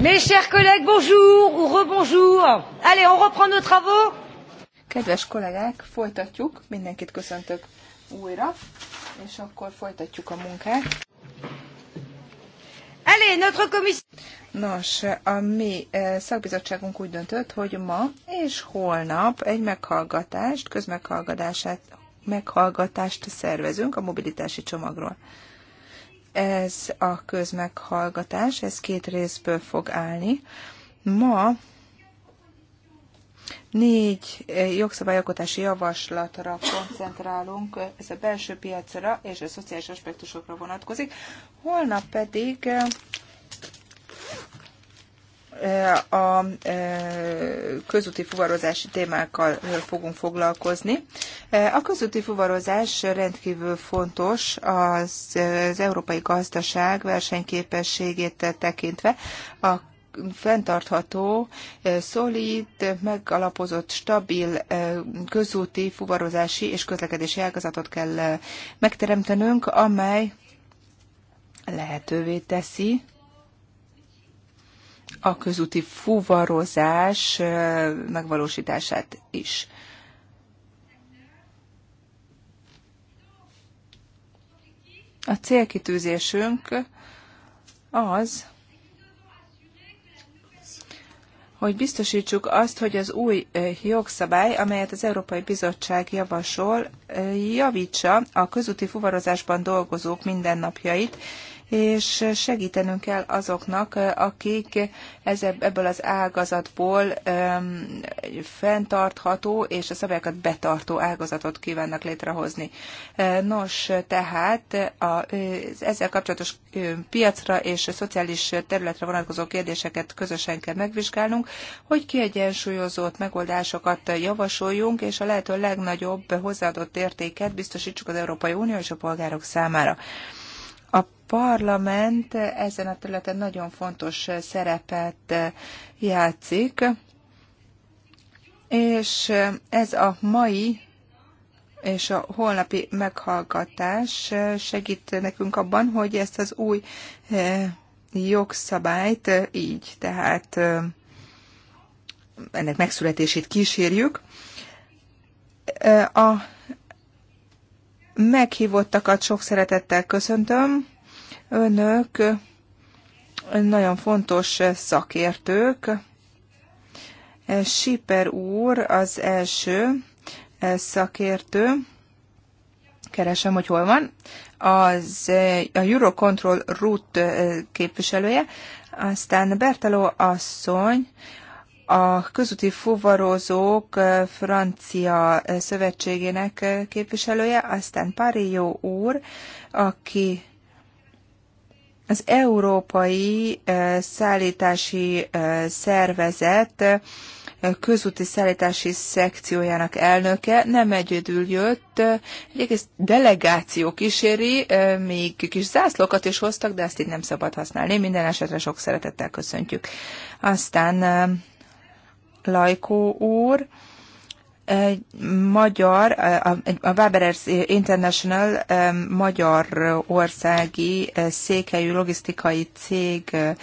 Mes chers collègues, bonjour ou rebonjour. Allez, on reprend nos travaux. Kedves kollégák, folytatjuk. Mindenkit köszöntök újra, és akkor folytatjuk a munkát. Allez, notre commission... Nos, a mi eh, szakbizottságunk úgy döntött, hogy ma és holnap egy meghallgatást, közmeghallgatását, meghallgatást szervezünk a mobilitási csomagról ez a közmeghallgatás, ez két részből fog állni. Ma négy eh, jogszabályalkotási javaslatra koncentrálunk, ez a belső piacra és a szociális aspektusokra vonatkozik. Holnap pedig eh, Eh, a eh, közúti fuvarozási témákkal eh, fogunk foglalkozni. A közúti fuvarozás rendkívül fontos az, az európai gazdaság versenyképességét tekintve. A fenntartható, szolid, megalapozott, stabil közúti fuvarozási és közlekedési ágazatot kell megteremtenünk, amely lehetővé teszi, a közúti fuvarozás megvalósítását is. A célkitűzésünk az, hogy biztosítsuk azt, hogy az új jogszabály, amelyet az Európai Bizottság javasol, javítsa a közúti fuvarozásban dolgozók mindennapjait, és segítenünk kell azoknak, akik ebből az ágazatból fenntartható és a szabályokat betartó ágazatot kívánnak létrehozni. E, nos, tehát az ezzel kapcsolatos piacra és a szociális területre vonatkozó kérdéseket közösen kell megvizsgálnunk, hogy kiegyensúlyozott megoldásokat javasoljunk, és a lehető legnagyobb hozzáadott értéket biztosítsuk az Európai Unió és a polgárok számára parlament ezen a területen nagyon fontos szerepet játszik, és ez a mai és a holnapi meghallgatás segít nekünk abban, hogy ezt az új eh, jogszabályt eh, így, tehát eh, ennek megszületését kísérjük. A meghívottakat sok szeretettel köszöntöm. Önök nagyon fontos szakértők. Siper úr az első szakértő. Keresem, hogy hol van. Az a Eurocontrol Root képviselője. Aztán Bertaló asszony, a közúti fuvarozók francia szövetségének képviselője, aztán Parió úr, aki az Európai Szállítási Szervezet közúti szállítási szekciójának elnöke nem egyedül jött, egy egész delegáció kíséri, még kis zászlókat is hoztak, de ezt így nem szabad használni. Minden esetre sok szeretettel köszöntjük. Aztán Lajkó úr, egy magyar, a Waberers International Magyar országi eh, székhelyű logisztikai cég eh,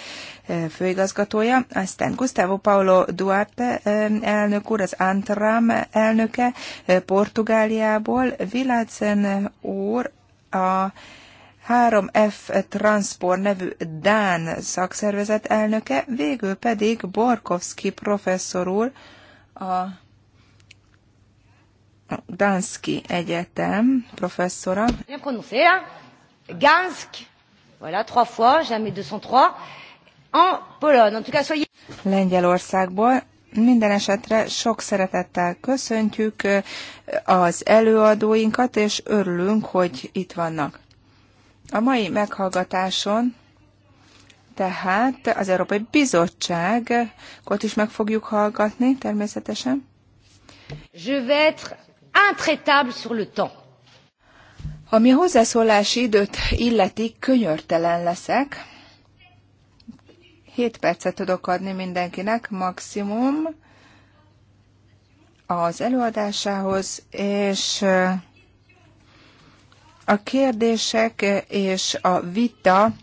főigazgatója, aztán Gustavo Paulo Duarte elnök úr, az Antram elnöke eh, Portugáliából, Vilácen úr a 3F Transport nevű Dán szakszervezet elnöke, végül pedig Borkovski professzor úr, a Danszki Egyetem professzora. Bien prononcé, hein? Gansk, voilà, trois fois, jamais 203, en Pologne. En tout cas, soyez... Lengyelországból. Minden esetre sok szeretettel köszöntjük az előadóinkat, és örülünk, hogy itt vannak. A mai meghallgatáson tehát az Európai Bizottságot is meg fogjuk hallgatni, természetesen. Je vais être intraitable sur le temps. Ami a hozzászólási időt illeti, könyörtelen leszek. 7 percet tudok adni mindenkinek maximum az előadásához, és eh, a kérdések és a vita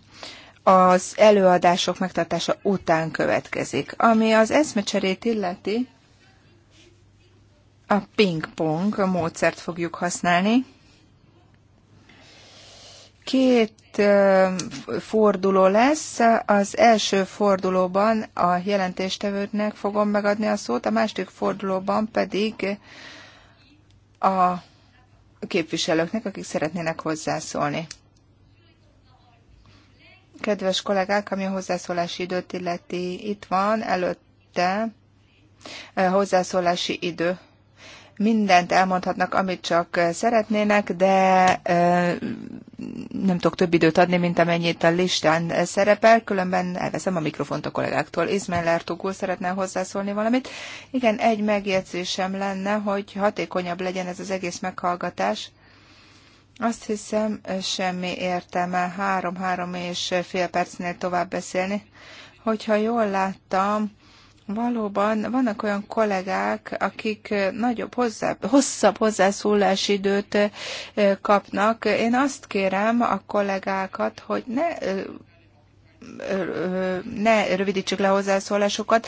az előadások megtartása után következik. Ami az eszmecserét illeti, a pingpong módszert fogjuk használni. Két forduló lesz. Az első fordulóban a jelentéstevőnek fogom megadni a szót, a második fordulóban pedig a képviselőknek, akik szeretnének hozzászólni. Kedves kollégák, ami a hozzászólási időt illeti, itt van előtte hozzászólási idő mindent elmondhatnak, amit csak szeretnének, de nem tudok több időt adni, mint amennyit a listán szerepel, különben elveszem a mikrofont a kollégáktól. Izmail Ertugul szeretne hozzászólni valamit. Igen, egy megjegyzésem lenne, hogy hatékonyabb legyen ez az egész meghallgatás. Azt hiszem, semmi értelme három-három és fél percnél tovább beszélni. Hogyha jól láttam, Valóban vannak olyan kollégák, akik nagyobb, hozzá, hosszabb hozzászólási időt kapnak. Én azt kérem a kollégákat, hogy ne ne rövidítsük le hozzászólásokat,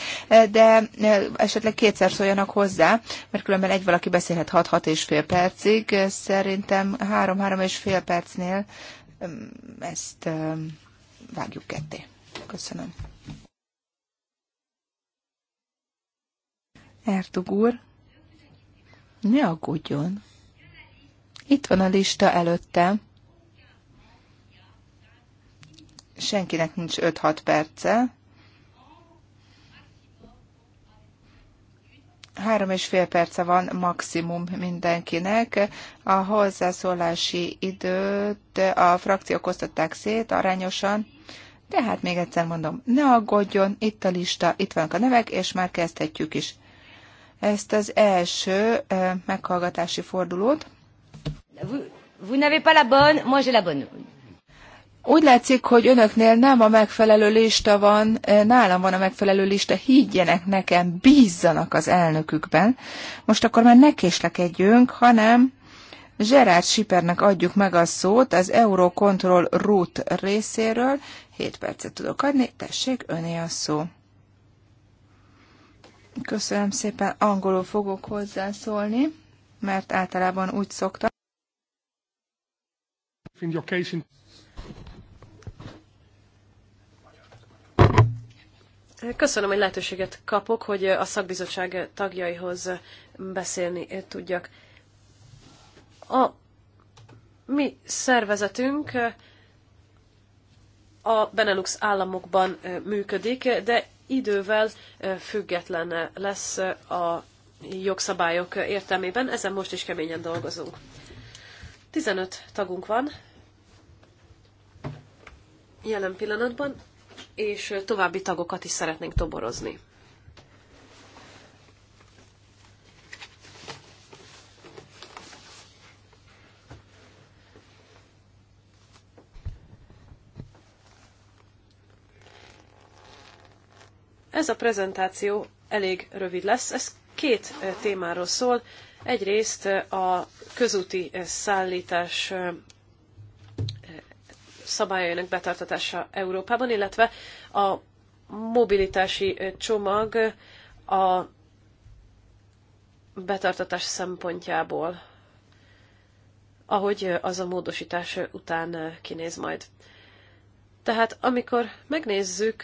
de esetleg kétszer szóljanak hozzá, mert különben egy valaki beszélhet 6-6 és fél percig. Szerintem 3-3 és fél percnél ezt vágjuk ketté. Köszönöm. Ertug úr, ne aggódjon. Itt van a lista előtte. Senkinek nincs 5-6 perce. Három és fél perce van maximum mindenkinek. A hozzászólási időt a frakciók osztották szét arányosan. Tehát még egyszer mondom, ne aggódjon, itt a lista, itt vannak a nevek, és már kezdhetjük is ezt az első meghallgatási fordulót. Vous n'avez pas la bonne, moi j'ai la bonne. Úgy látszik, hogy önöknél nem a megfelelő lista van, nálam van a megfelelő lista, higgyenek nekem, bízzanak az elnökükben. Most akkor már ne késlekedjünk, hanem Gerard Sipernek adjuk meg a szót az Eurocontrol Root részéről. 7 percet tudok adni, tessék, öné a szó. Köszönöm szépen, angolul fogok hozzászólni, mert általában úgy szoktam. Köszönöm, hogy lehetőséget kapok, hogy a szakbizottság tagjaihoz beszélni tudjak. A mi szervezetünk a Benelux államokban működik, de idővel független lesz a jogszabályok értelmében. Ezen most is keményen dolgozunk. 15 tagunk van jelen pillanatban, és további tagokat is szeretnénk toborozni. Ez a prezentáció elég rövid lesz, ez két eh, témáról szól. Egyrészt eh, a közúti eh, szállítás szabályainak betartatása Európában, illetve a mobilitási csomag a betartatás szempontjából, ahogy az a módosítás után kinéz majd. Tehát amikor megnézzük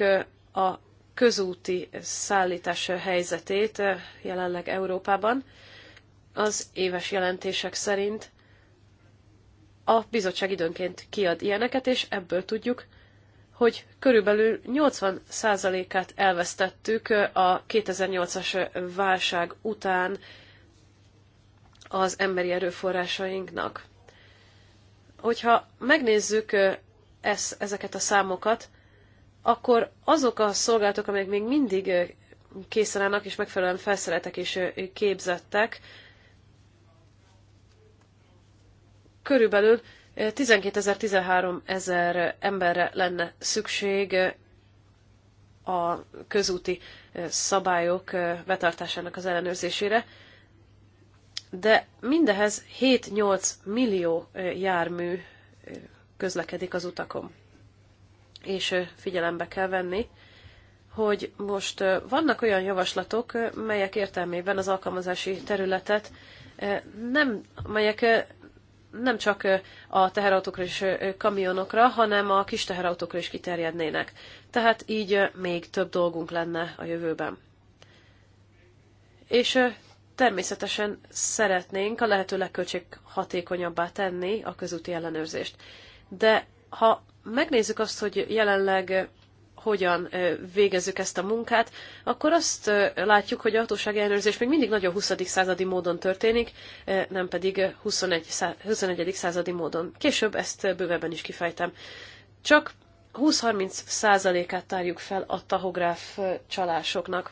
a közúti szállítás helyzetét eh, jelenleg Európában. Az éves jelentések szerint a bizottság időnként kiad ilyeneket, és ebből tudjuk, hogy körülbelül 80%-át elvesztettük eh, a 2008-as válság után az emberi erőforrásainknak. Hogyha megnézzük eh, ezt, ezeket a számokat, akkor azok a szolgálatok, amelyek még mindig készen állnak, és megfelelően felszereltek és képzettek, körülbelül 12000 13000 ezer emberre lenne szükség a közúti szabályok betartásának az ellenőrzésére, de mindehez 7-8 millió jármű közlekedik az utakon és figyelembe kell venni, hogy most vannak olyan javaslatok, melyek értelmében az alkalmazási területet nem, melyek nem csak a teherautókra és kamionokra, hanem a kis teherautókra is kiterjednének. Tehát így még több dolgunk lenne a jövőben. És természetesen szeretnénk a lehető legköltséghatékonyabbá tenni a közúti ellenőrzést. De ha megnézzük azt, hogy jelenleg eh, hogyan eh, végezzük ezt a munkát, akkor azt eh, látjuk, hogy a hatóság ellenőrzés még mindig nagyon 20. századi módon történik, nem pedig 21. 21. századi módon. Később ezt bővebben is kifejtem. Csak 20-30 százalékát tárjuk fel a tahográf csalásoknak.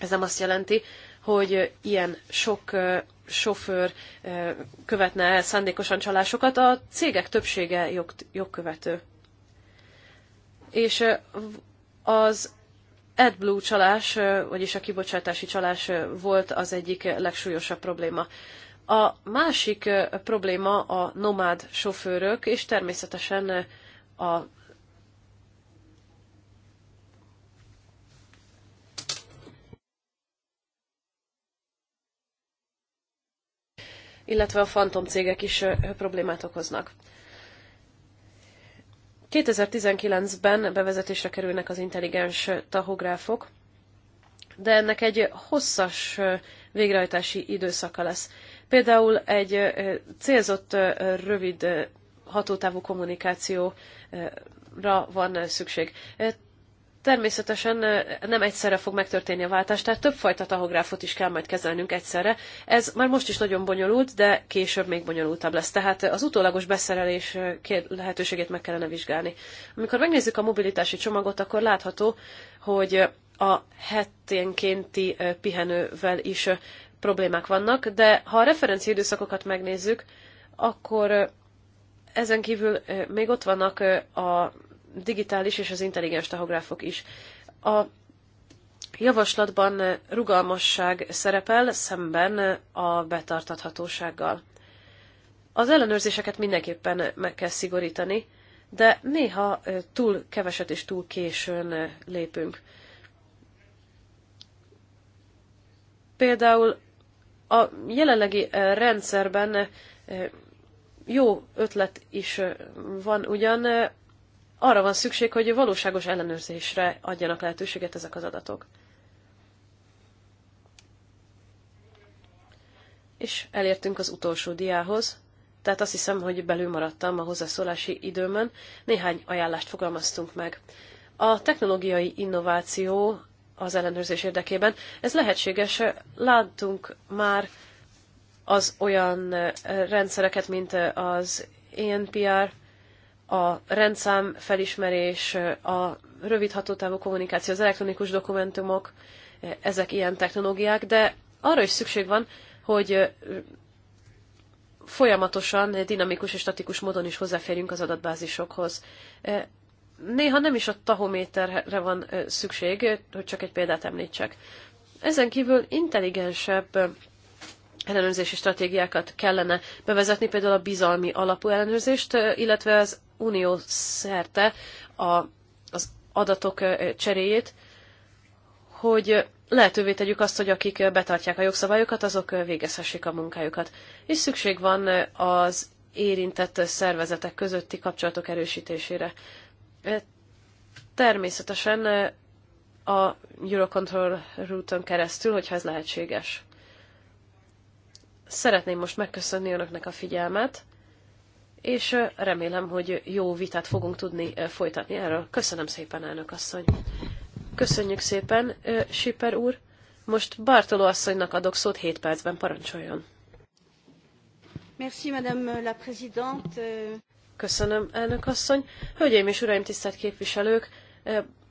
Ez nem azt jelenti, hogy ilyen sok sofőr követne el szándékosan csalásokat, a cégek többsége jog, jogkövető. És az AdBlue csalás, vagyis a kibocsátási csalás volt az egyik legsúlyosabb probléma. A másik probléma a nomád sofőrök, és természetesen a illetve a fantomcégek is problémát okoznak. 2019-ben bevezetésre kerülnek az intelligens tahográfok, de ennek egy hosszas végrehajtási időszaka lesz. Például egy célzott rövid hatótávú kommunikációra van szükség. Természetesen nem egyszerre fog megtörténni a váltás, tehát többfajta tahográfot is kell majd kezelnünk egyszerre. Ez már most is nagyon bonyolult, de később még bonyolultabb lesz. Tehát az utólagos beszerelés lehetőségét meg kellene vizsgálni. Amikor megnézzük a mobilitási csomagot, akkor látható, hogy a heténkénti pihenővel is problémák vannak, de ha a időszakokat megnézzük, akkor ezen kívül még ott vannak a digitális és az intelligens tahográfok is. A javaslatban rugalmasság szerepel szemben a betartathatósággal. Az ellenőrzéseket mindenképpen meg kell szigorítani, de néha túl keveset és túl későn lépünk. Például a jelenlegi rendszerben jó ötlet is van ugyan, arra van szükség, hogy valóságos ellenőrzésre adjanak lehetőséget ezek az adatok. És elértünk az utolsó diához, tehát azt hiszem, hogy belül maradtam a hozzászólási időmön. Néhány ajánlást fogalmaztunk meg. A technológiai innováció az ellenőrzés érdekében, ez lehetséges. Láttunk már az olyan eh, rendszereket, mint eh, az ENPR, a rendszám felismerés, a rövid hatótávú kommunikáció, az elektronikus dokumentumok, ezek ilyen technológiák, de arra is szükség van, hogy folyamatosan, dinamikus és statikus módon is hozzáférjünk az adatbázisokhoz. Néha nem is a tahométerre van szükség, hogy csak egy példát említsek. Ezen kívül intelligensebb ellenőrzési stratégiákat kellene bevezetni, például a bizalmi alapú ellenőrzést, illetve az unió szerte a, az adatok cseréjét, hogy lehetővé tegyük azt, hogy akik betartják a jogszabályokat, azok végezhessék a munkájukat. És szükség van az érintett szervezetek közötti kapcsolatok erősítésére. Természetesen a Eurocontrol rúton keresztül, hogyha ez lehetséges. Szeretném most megköszönni önöknek a figyelmet, és remélem, hogy jó vitát fogunk tudni folytatni erről. Köszönöm szépen, elnök asszony. Köszönjük szépen, Siper úr. Most Bartoló asszonynak adok szót 7 percben, parancsoljon. Merci, madame la présidente. Köszönöm, elnök asszony. Hölgyeim és uraim, tisztelt képviselők!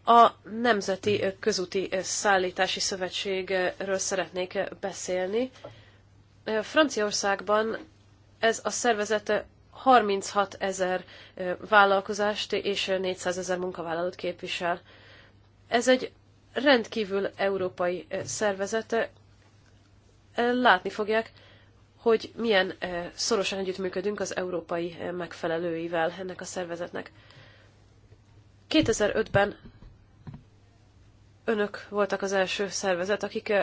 A Nemzeti Közúti Szállítási Szövetségről szeretnék beszélni. Franciaországban ez a szervezet 36 ezer vállalkozást és 400 ezer munkavállalót képvisel. Ez egy rendkívül európai szervezet. Látni fogják, hogy milyen szorosan együttműködünk az európai megfelelőivel ennek a szervezetnek. 2005-ben önök voltak az első szervezet, akik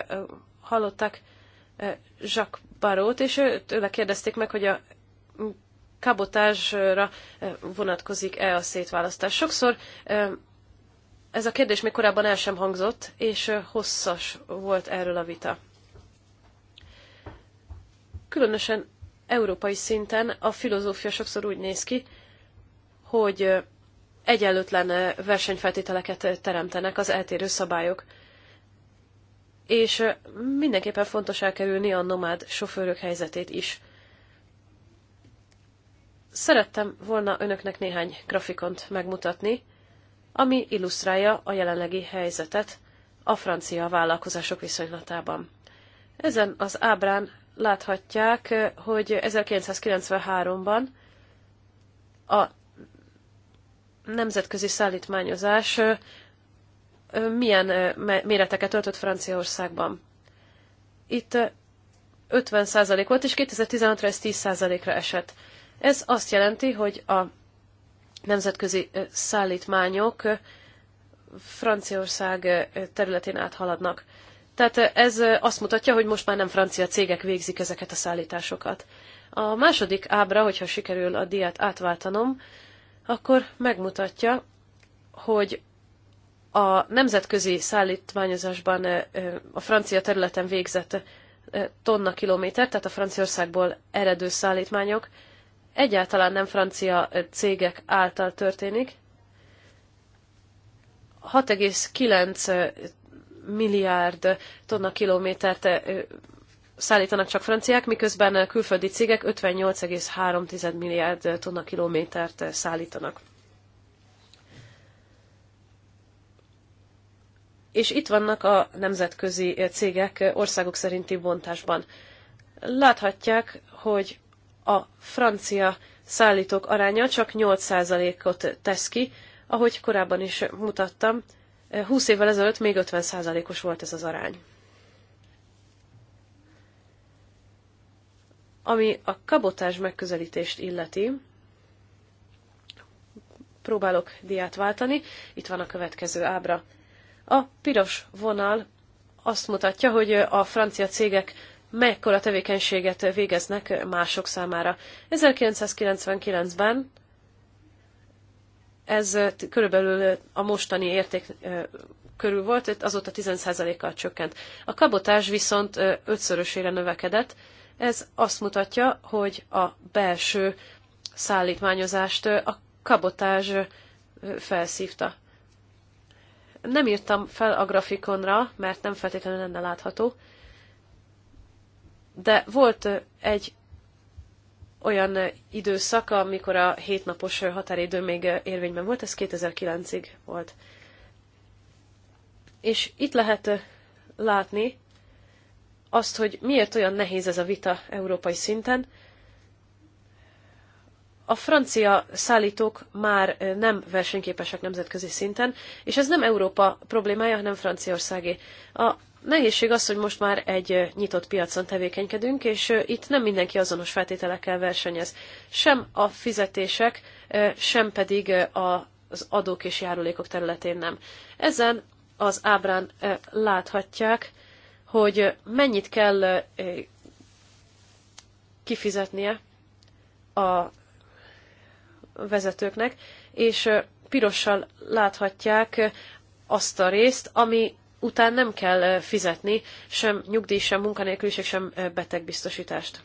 hallották Jacques Barót, és tőle kérdezték meg, hogy a kabotásra vonatkozik-e a szétválasztás. Sokszor ez a kérdés még korábban el sem hangzott, és hosszas volt erről a vita. Különösen európai szinten a filozófia sokszor úgy néz ki, hogy egyenlőtlen versenyfeltételeket teremtenek az eltérő szabályok. És mindenképpen fontos elkerülni a nomád sofőrök helyzetét is. Szerettem volna önöknek néhány grafikont megmutatni, ami illusztrálja a jelenlegi helyzetet a francia vállalkozások viszonylatában. Ezen az ábrán láthatják, hogy 1993-ban a nemzetközi szállítmányozás milyen méreteket öltött Franciaországban. Itt 50% volt, és 2016-ra ez 10%-ra esett. Ez azt jelenti, hogy a nemzetközi szállítmányok Franciaország területén áthaladnak. Tehát ez azt mutatja, hogy most már nem francia cégek végzik ezeket a szállításokat. A második ábra, hogyha sikerül a diát átváltanom, akkor megmutatja, hogy a nemzetközi szállítmányozásban a francia területen végzett tonna kilométer, tehát a Franciaországból eredő szállítmányok egyáltalán nem francia cégek által történik. 6,9 milliárd tonna kilométert szállítanak csak franciák, miközben külföldi cégek 58,3 milliárd tonna kilométert szállítanak. És itt vannak a nemzetközi cégek országok szerinti bontásban. Láthatják, hogy a francia szállítók aránya csak 8%-ot tesz ki, ahogy korábban is mutattam, 20 eh, évvel ezelőtt még 50%-os volt ez az arány. Ami a kabotás megközelítést illeti, próbálok diát váltani, itt van a következő ábra. A piros vonal azt mutatja, hogy a francia cégek mekkora tevékenységet végeznek mások számára. 1999-ben ez körülbelül a mostani érték körül volt, azóta 10%-kal csökkent. A kabotás viszont ötszörösére növekedett. Ez azt mutatja, hogy a belső szállítmányozást a kabotás felszívta. Nem írtam fel a grafikonra, mert nem feltétlenül lenne látható, de volt egy olyan időszaka, amikor a hétnapos határidő még érvényben volt, ez 2009-ig volt. És itt lehet látni azt, hogy miért olyan nehéz ez a vita európai szinten. A francia szállítók már nem versenyképesek nemzetközi szinten, és ez nem Európa problémája, hanem Franciaországé. A nehézség az, hogy most már egy nyitott piacon tevékenykedünk, és itt nem mindenki azonos feltételekkel versenyez. Sem a fizetések, sem pedig az adók és járulékok területén nem. Ezen az ábrán láthatják, hogy mennyit kell kifizetnie a vezetőknek, és pirossal láthatják azt a részt, ami után nem kell fizetni sem nyugdíj, sem munkanélküliség, sem betegbiztosítást.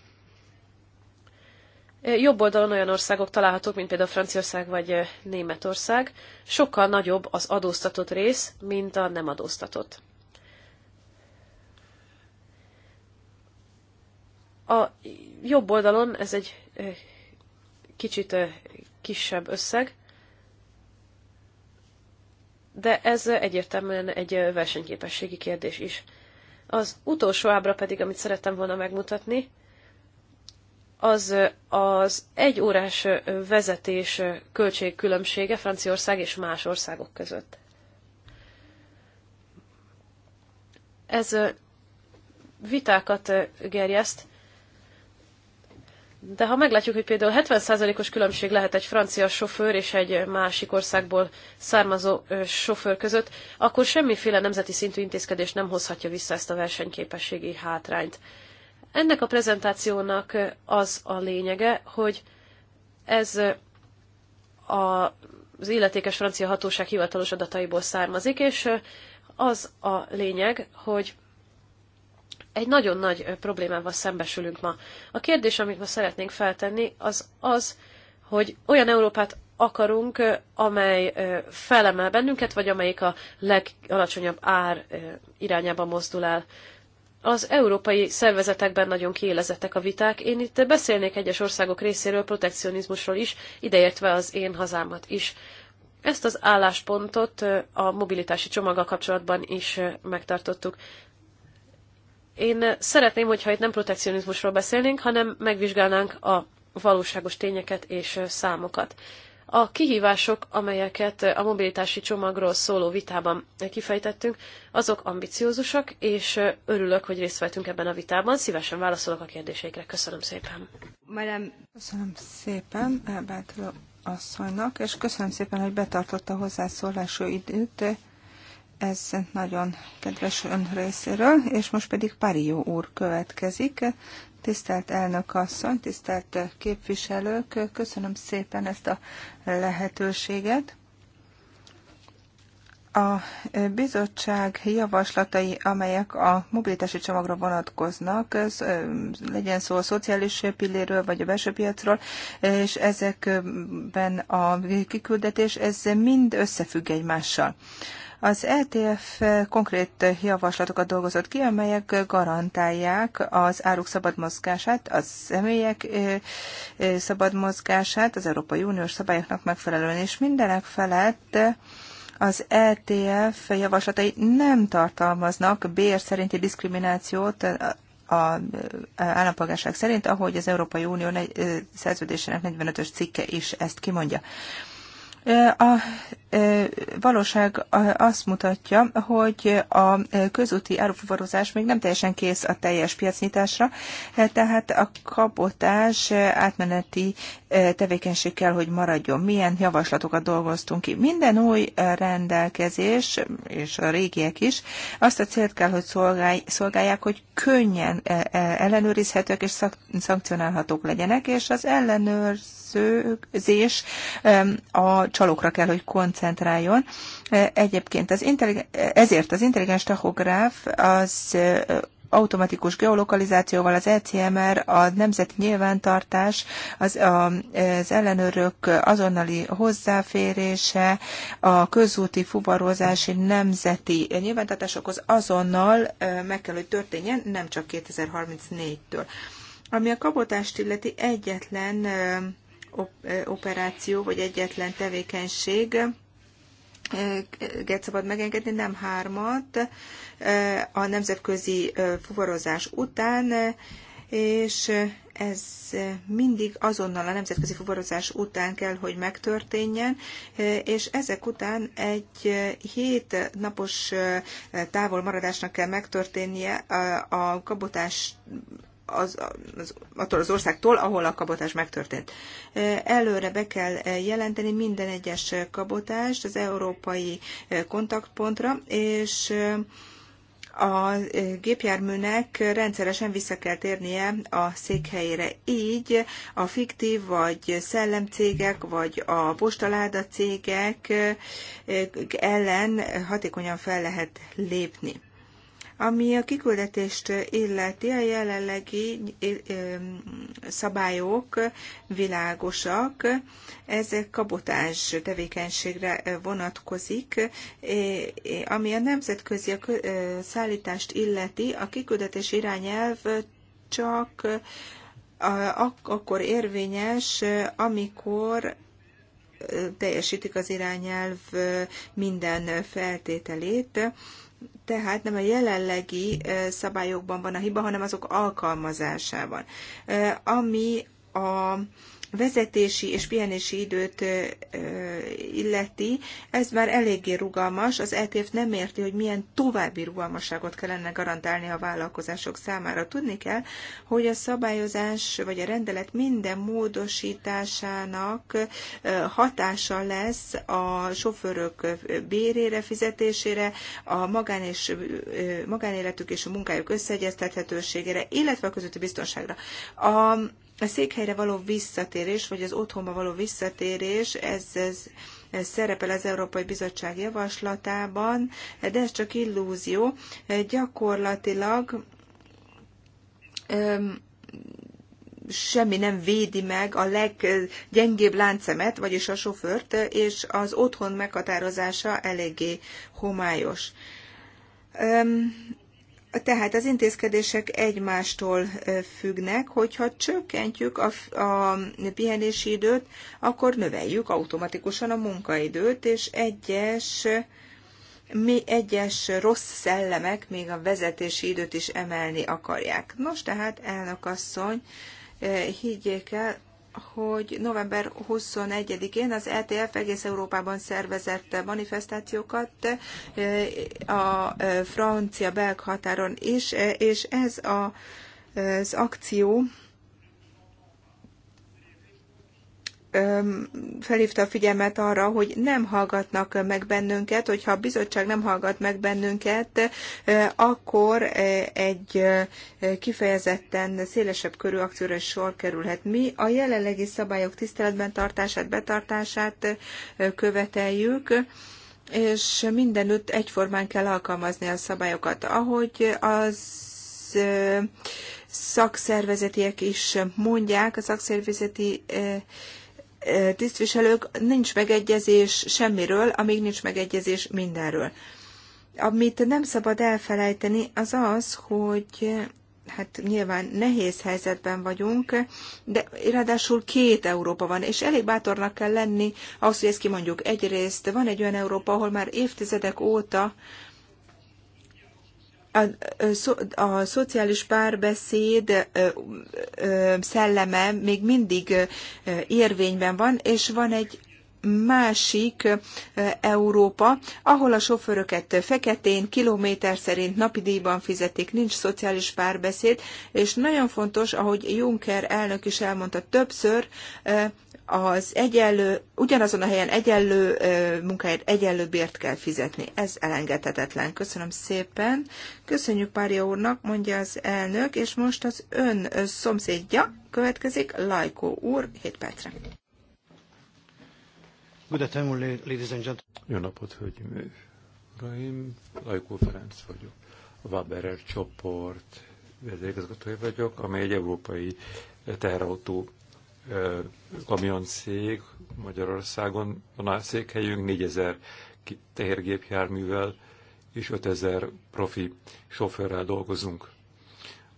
Jobb oldalon olyan országok találhatók, mint például Franciaország vagy Németország. Sokkal nagyobb az adóztatott rész, mint a nem adóztatott. A jobb oldalon ez egy kicsit kisebb összeg, de ez egyértelműen egy versenyképességi kérdés is. Az utolsó ábra pedig, amit szerettem volna megmutatni, az az egy órás vezetés költség különbsége Franciaország és más országok között. Ez vitákat gerjeszt, de ha meglátjuk, hogy például 70%-os különbség lehet egy francia sofőr és egy másik országból származó sofőr között, akkor semmiféle nemzeti szintű intézkedés nem hozhatja vissza ezt a versenyképességi hátrányt. Ennek a prezentációnak az a lényege, hogy ez a, az illetékes francia hatóság hivatalos adataiból származik, és az a lényeg, hogy egy nagyon nagy problémával szembesülünk ma. A kérdés, amit ma szeretnénk feltenni, az az, hogy olyan Európát akarunk, amely felemel bennünket, vagy amelyik a legalacsonyabb ár irányába mozdul el. Az európai szervezetekben nagyon kiélezettek a viták. Én itt beszélnék egyes országok részéről protekcionizmusról is, ideértve az én hazámat is. Ezt az álláspontot a mobilitási csomaggal kapcsolatban is megtartottuk. Én szeretném, hogyha itt nem protekcionizmusról beszélnénk, hanem megvizsgálnánk a valóságos tényeket és számokat. A kihívások, amelyeket a mobilitási csomagról szóló vitában kifejtettünk, azok ambiciózusak, és örülök, hogy részt vettünk ebben a vitában. Szívesen válaszolok a kérdéseikre. Köszönöm szépen. Köszönöm szépen Bátor asszonynak, és köszönöm szépen, hogy betartotta a hozzászólású időt. Ez nagyon kedves ön részéről, és most pedig Parió úr következik. Tisztelt elnök asszony, tisztelt képviselők, köszönöm szépen ezt a lehetőséget. A bizottság javaslatai, amelyek a mobilitási csomagra vonatkoznak, ez, legyen szó a szociális pilléről, vagy a belső piacról, és ezekben a kiküldetés, ez mind összefügg egymással. Az ETF konkrét javaslatokat dolgozott ki, amelyek garantálják az áruk szabad mozgását, a személyek szabad mozgását az Európai Uniós szabályoknak megfelelően, és mindenek felett az ETF javaslatai nem tartalmaznak bér szerinti diszkriminációt a állampolgárság szerint, ahogy az Európai Unió szerződésének 45-ös cikke is ezt kimondja. A valóság azt mutatja, hogy a közúti árufuvarozás még nem teljesen kész a teljes piacnyitásra, tehát a kapotás átmeneti tevékenység kell, hogy maradjon. Milyen javaslatokat dolgoztunk ki? Minden új rendelkezés, és a régiek is, azt a célt kell, hogy szolgálják, hogy könnyen ellenőrizhetők és szankcionálhatók legyenek, és az ellenőrzés a csalókra kell, hogy koncentrálják koncentráljon. E, egyébként az ezért az intelligens tachográf az e, automatikus geolokalizációval, az ECMR, a nemzeti nyilvántartás, az, a, az ellenőrök azonnali hozzáférése, a közúti fuvarozási nemzeti nyilvántartásokhoz azonnal e, meg kell, hogy történjen, nem csak 2034-től. Ami a kabotást illeti egyetlen operáció, vagy egyetlen tevékenység, szabad megengedni, nem hármat eh, a nemzetközi eh, fuvarozás után, eh, és ez mindig azonnal a nemzetközi fuvarozás után kell, hogy megtörténjen, és ezek után egy hét napos távolmaradásnak kell megtörténnie a kabotás az, az, attól az országtól, ahol a kabotás megtörtént. Előre be kell jelenteni minden egyes kabotást az európai kontaktpontra, és a gépjárműnek rendszeresen vissza kell térnie a székhelyére. Így a fiktív vagy szellemcégek, vagy a postaláda cégek ellen hatékonyan fel lehet lépni. Ami a kiküldetést illeti, a jelenlegi szabályok világosak, ez kabotás tevékenységre vonatkozik, ami a nemzetközi szállítást illeti, a kiküldetés irányelv csak akkor érvényes, amikor teljesítik az irányelv minden feltételét tehát nem a jelenlegi szabályokban van a hiba, hanem azok alkalmazásában. Ami a vezetési és pihenési időt illeti, ez már eléggé rugalmas, az ETF nem érti, hogy milyen további rugalmasságot kellene garantálni a vállalkozások számára. Tudni kell, hogy a szabályozás vagy a rendelet minden módosításának hatása lesz a sofőrök bérére, fizetésére, a magán és, magánéletük és a munkájuk összeegyeztethetőségére, illetve a közötti biztonságra. A a székhelyre való visszatérés, vagy az otthonba való visszatérés, ez, ez, ez szerepel az Európai Bizottság javaslatában, de ez csak illúzió. Gyakorlatilag öm, semmi nem védi meg a leggyengébb láncemet, vagyis a sofőrt, és az otthon meghatározása eléggé homályos. Öm, tehát az intézkedések egymástól függnek, hogyha csökkentjük a, a pihenési időt, akkor növeljük automatikusan a munkaidőt, és egyes, mi egyes rossz szellemek még a vezetési időt is emelni akarják. Nos, tehát elnök asszony, higgyék el, hogy november 21-én az ETF egész Európában szervezett manifestációkat eh, a eh, francia-belg határon is, eh, és ez a, az akció felhívta a figyelmet arra, hogy nem hallgatnak meg bennünket, hogyha a bizottság nem hallgat meg bennünket, akkor egy kifejezetten szélesebb körű akcióra sor kerülhet. Mi a jelenlegi szabályok tiszteletben tartását, betartását követeljük, és mindenütt egyformán kell alkalmazni a szabályokat. Ahogy az szakszervezetiek is mondják, a szakszervezeti tisztviselők, nincs megegyezés semmiről, amíg nincs megegyezés mindenről. Amit nem szabad elfelejteni, az az, hogy hát nyilván nehéz helyzetben vagyunk, de ráadásul két Európa van, és elég bátornak kell lenni ahhoz, hogy ezt kimondjuk. Egyrészt van egy olyan Európa, ahol már évtizedek óta a, a szociális párbeszéd szelleme még mindig érvényben van, és van egy másik Európa, ahol a sofőröket feketén, kilométer szerint napi díjban fizetik, nincs szociális párbeszéd, és nagyon fontos, ahogy Juncker elnök is elmondta többször, az egyenlő, ugyanazon a helyen egyenlő munkáért egyenlő bért kell fizetni. Ez elengedhetetlen. Köszönöm szépen. Köszönjük Pária úrnak, mondja az elnök, és most az ön szomszédja következik, Lajkó úr, 7 percre. Jó napot, hölgyeim uraim. Lajkó Ferenc vagyok. A Waberer csoport vezérigazgatója vagyok, amely egy európai teherautó kamioncég Magyarországon. Van a székhelyünk 4000 tehergépjárművel és 5000 profi sofőrrel dolgozunk.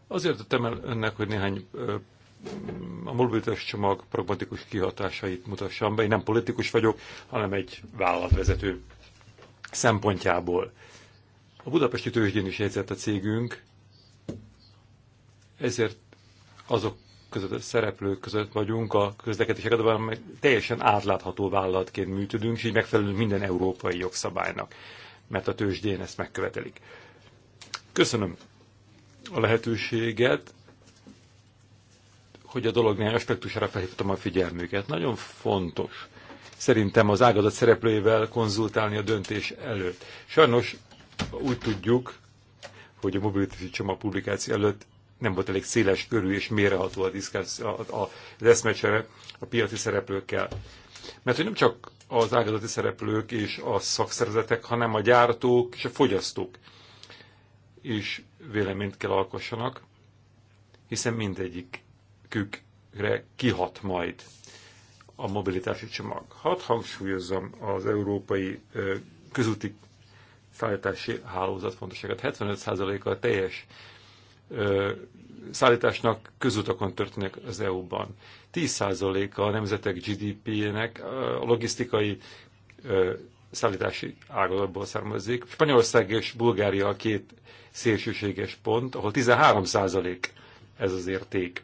Azért tettem el önnek, hogy néhány a mobilitás csomag pragmatikus kihatásait mutassam be. Én nem politikus vagyok, hanem egy vállalatvezető szempontjából. A budapesti tőzsdén is jegyzett a cégünk, ezért azok között, a szereplők között vagyunk a közlekedések adatban, amely teljesen átlátható vállalatként működünk, és így megfelelünk minden európai jogszabálynak, mert a tőzsdén ezt megkövetelik. Köszönöm a lehetőséget, hogy a dolog néhány aspektusára felhívtam a figyelmüket. Nagyon fontos szerintem az ágazat szereplőivel konzultálni a döntés előtt. Sajnos úgy tudjuk, hogy a mobilitási csomag publikáció előtt nem volt elég széles körű és méreható a diszkász, a, a, az eszmecsere a piaci szereplőkkel. Mert hogy nem csak az ágazati szereplők és a szakszervezetek, hanem a gyártók és a fogyasztók is véleményt kell alkossanak, hiszen mindegyik érdekükre kihat majd a mobilitási csomag. Hadd hangsúlyozzam az európai közúti szállítási hálózat fontosságát. 75%-a a teljes szállításnak közutakon történik az EU-ban. 10%-a a nemzetek GDP-nek a logisztikai szállítási ágazatból származik. Spanyolország és Bulgária a két szélsőséges pont, ahol 13% ez az érték.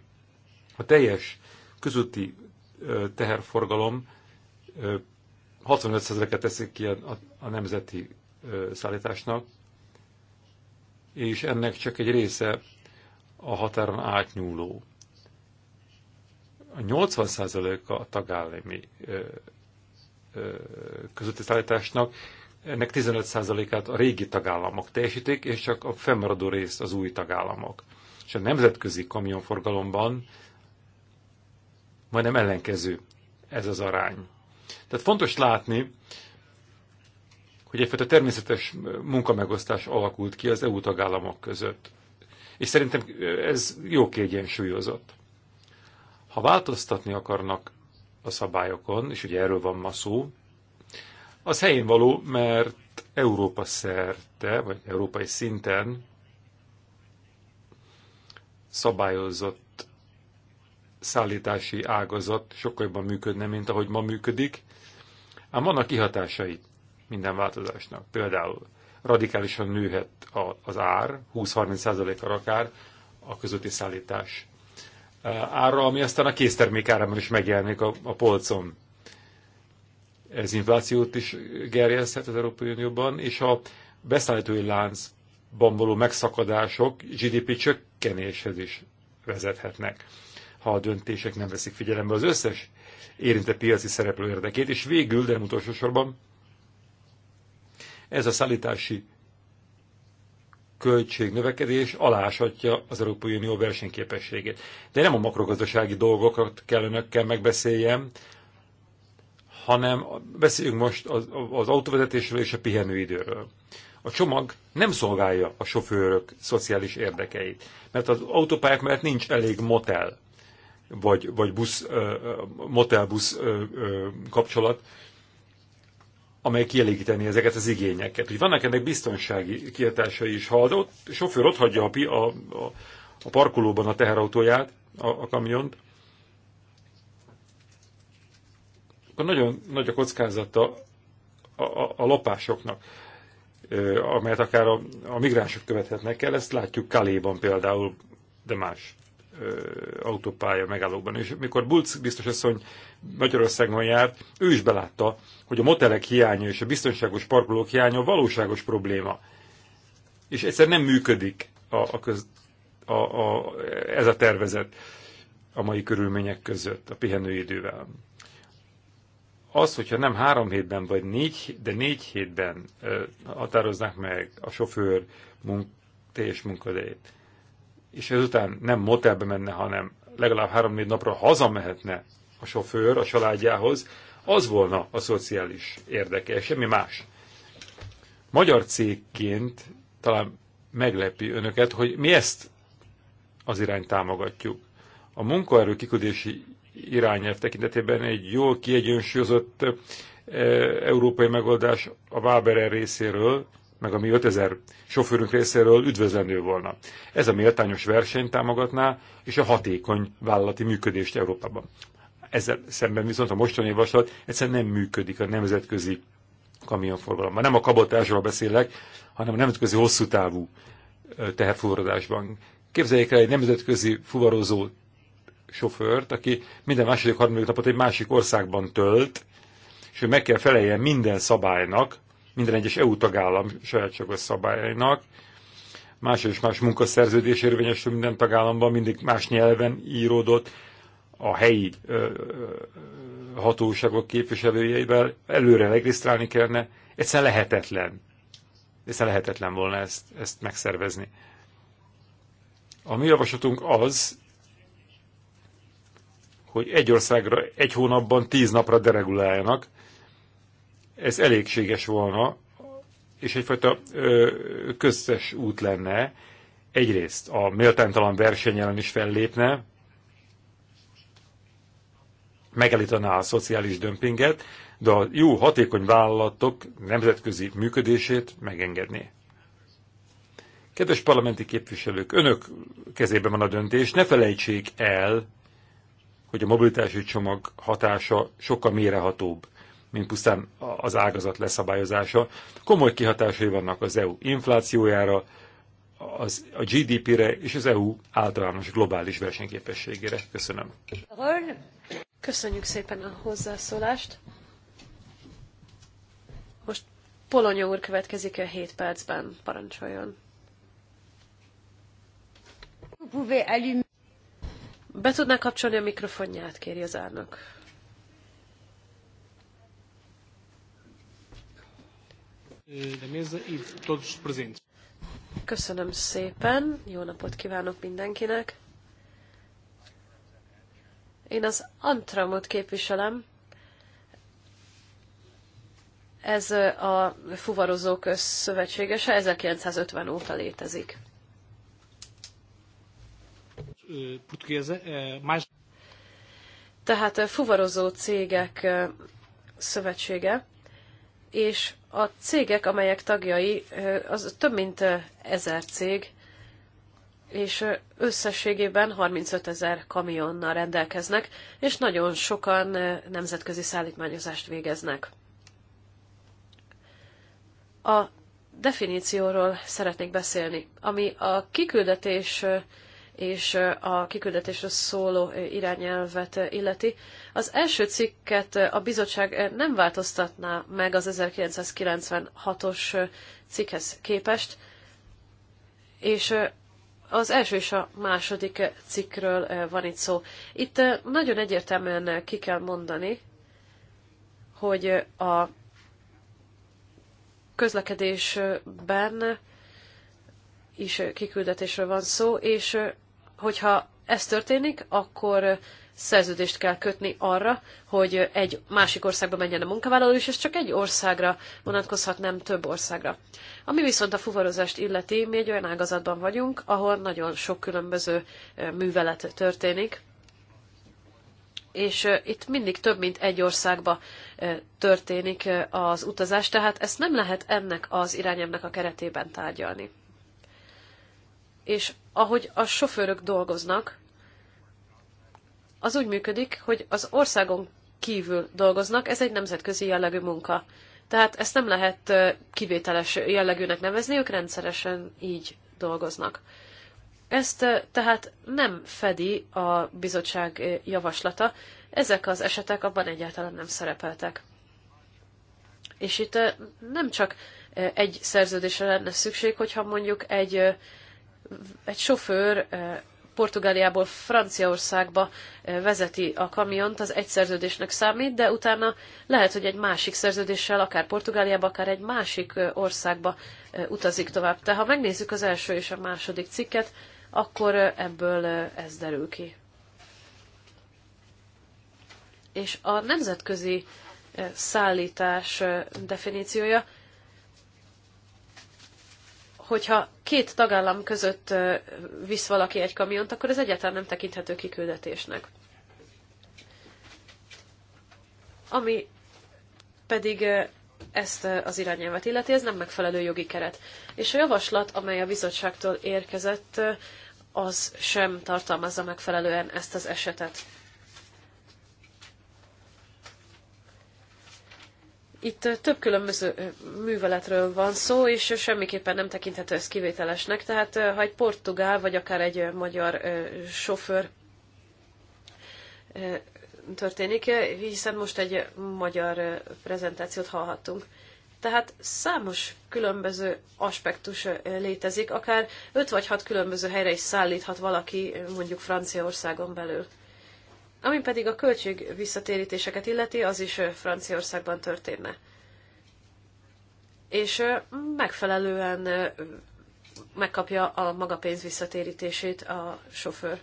A teljes közúti teherforgalom 65%-et teszik ki a, a, a nemzeti szállításnak, és ennek csak egy része a határon átnyúló. A 80% a tagállami közötti szállításnak, ennek 15%-át a régi tagállamok teljesítik, és csak a fennmaradó részt az új tagállamok. És a nemzetközi kamionforgalomban majdnem ellenkező ez az arány. Tehát fontos látni, hogy egyfajta természetes munkamegosztás alakult ki az EU tagállamok között. És szerintem ez jó kiegyensúlyozott. Ha változtatni akarnak a szabályokon, és ugye erről van ma szó, az helyén való, mert Európa szerte, vagy európai szinten szabályozott szállítási ágazat sokkal jobban működne, mint ahogy ma működik, ám vannak kihatásai minden változásnak. Például radikálisan nőhet az ár, 20 30 a akár a közötti szállítás e, ára, ami aztán a késztermék árában is megjelenik a, a polcon. Ez inflációt is gerjeszthet az Európai Unióban, és a beszállítói láncban való megszakadások GDP csökkenéshez is vezethetnek ha a döntések nem veszik figyelembe az összes érintett piaci szereplő érdekét, és végül, de utolsó sorban, ez a szállítási költségnövekedés aláshatja az Európai Unió versenyképességét. De nem a makrogazdasági dolgokat kell önökkel megbeszéljem, hanem beszéljünk most az, az autóvezetésről és a pihenőidőről. A csomag nem szolgálja a sofőrök szociális érdekeit, mert az autópályák mellett nincs elég motel vagy, vagy busz, motelbusz kapcsolat, amely kielégíteni ezeket az igényeket. Úgy vannak ennek biztonsági kiértásai is. Ha a sofőr ott hagyja a, a, a parkolóban a teherautóját, a, a kamiont, akkor nagyon nagy a kockázata a, a, a lopásoknak, amelyet akár a, a migránsok követhetnek el. Ezt látjuk Kaléban például, de más autópálya megállóban. És mikor Bulc biztos asszony Magyarországon járt, ő is belátta, hogy a motelek hiánya és a biztonságos parkolók hiánya a valóságos probléma. És egyszer nem működik a, a, köz, a, a, ez a tervezet a mai körülmények között, a pihenőidővel. Az, hogyha nem három hétben vagy négy, de négy hétben határoznák meg a sofőr munk, teljes munkadejét, és ezután nem motelbe menne, hanem legalább három-négy napra hazamehetne a sofőr a családjához, az volna a szociális érdeke, semmi más. Magyar cégként talán meglepi önöket, hogy mi ezt az irányt támogatjuk. A munkaerő kiküldési irányelv tekintetében egy jól kiegyensúlyozott eh, európai megoldás a Waberer részéről, meg a mi 5000 sofőrünk részéről üdvözlendő volna. Ez a méltányos versenyt támogatná, és a hatékony vállalati működést Európában. Ezzel szemben viszont a mostani javaslat egyszerűen nem működik a nemzetközi kamionforgalomban. Nem a kabotásról beszélek, hanem a nemzetközi hosszú távú teherfuvarozásban. Képzeljék el egy nemzetközi fuvarozó sofőrt, aki minden második, harmadik napot egy másik országban tölt, és hogy meg kell feleljen minden szabálynak, minden egyes EU tagállam sajátságos szabályainak. Más és más munkaszerződés érvényesül minden tagállamban, mindig más nyelven íródott a helyi ö, hatóságok képviselőjeivel előre regisztrálni kellene. Egyszerűen lehetetlen. Egyszerűen lehetetlen volna ezt, ezt megszervezni. A mi javaslatunk az, hogy egy országra egy hónapban tíz napra dereguláljanak, ez elégséges volna, és egyfajta ö, köztes út lenne. Egyrészt a méltánytalan verseny ellen is fellépne, megállítaná a szociális dömpinget, de a jó, hatékony vállalatok nemzetközi működését megengedné. Kedves parlamenti képviselők, önök kezében van a döntés, ne felejtsék el, hogy a mobilitási csomag hatása sokkal mérehatóbb, mint pusztán az ágazat leszabályozása. Komoly kihatásai vannak az EU inflációjára, az, a GDP-re és az EU általános globális versenyképességére. Köszönöm. Köszönjük szépen a hozzászólást. Most Polonya úr következik a 7 percben. Parancsoljon. Be tudná kapcsolni a mikrofonját, kéri az árnak. da mesa e todos os presentes. Köszönöm szépen, jó napot kívánok mindenkinek. Én az Antramot képviselem. Ez a fuvarozók szövetségese 1950 óta létezik. Tehát fuvarozó cégek szövetsége és a cégek, amelyek tagjai, az több mint ezer cég, és összességében 35 ezer kamionnal rendelkeznek, és nagyon sokan nemzetközi szállítmányozást végeznek. A definícióról szeretnék beszélni, ami a kiküldetés és a kiküldetésre szóló irányelvet illeti. Az első cikket a bizottság nem változtatná meg az 1996-os cikkhez képest, és az első és a második cikkről van itt szó. Itt nagyon egyértelműen ki kell mondani, hogy a közlekedésben is kiküldetésről van szó, és hogyha ez történik, akkor szerződést kell kötni arra, hogy egy másik országba menjen a munkavállaló, és ez csak egy országra vonatkozhat, nem több országra. Ami viszont a fuvarozást illeti, mi egy olyan ágazatban vagyunk, ahol nagyon sok különböző művelet történik, és itt mindig több mint egy országba történik az utazás, tehát ezt nem lehet ennek az irányemnek a keretében tárgyalni és ahogy a sofőrök dolgoznak, az úgy működik, hogy az országon kívül dolgoznak, ez egy nemzetközi jellegű munka. Tehát ezt nem lehet kivételes jellegűnek nevezni, ők rendszeresen így dolgoznak. Ezt tehát nem fedi a bizottság javaslata, ezek az esetek abban egyáltalán nem szerepeltek. És itt nem csak egy szerződésre lenne szükség, hogyha mondjuk egy egy sofőr Portugáliából Franciaországba vezeti a kamiont, az egy szerződésnek számít, de utána lehet, hogy egy másik szerződéssel, akár Portugáliába, akár egy másik országba utazik tovább. Tehát ha megnézzük az első és a második cikket, akkor ebből ez derül ki. És a nemzetközi szállítás definíciója hogyha két tagállam között visz valaki egy kamiont, akkor ez egyáltalán nem tekinthető kiküldetésnek. Ami pedig ezt az irányelvet illeti, ez nem megfelelő jogi keret. És a javaslat, amely a bizottságtól érkezett, az sem tartalmazza megfelelően ezt az esetet. Itt több különböző műveletről van szó, és semmiképpen nem tekinthető ez kivételesnek. Tehát ha egy portugál, vagy akár egy magyar sofőr történik, hiszen most egy magyar prezentációt hallhattunk. Tehát számos különböző aspektus létezik, akár öt vagy hat különböző helyre is szállíthat valaki mondjuk Franciaországon belül. Ami pedig a költség visszatérítéseket illeti, az is Franciaországban történne. És megfelelően megkapja a maga pénz visszatérítését a sofőr.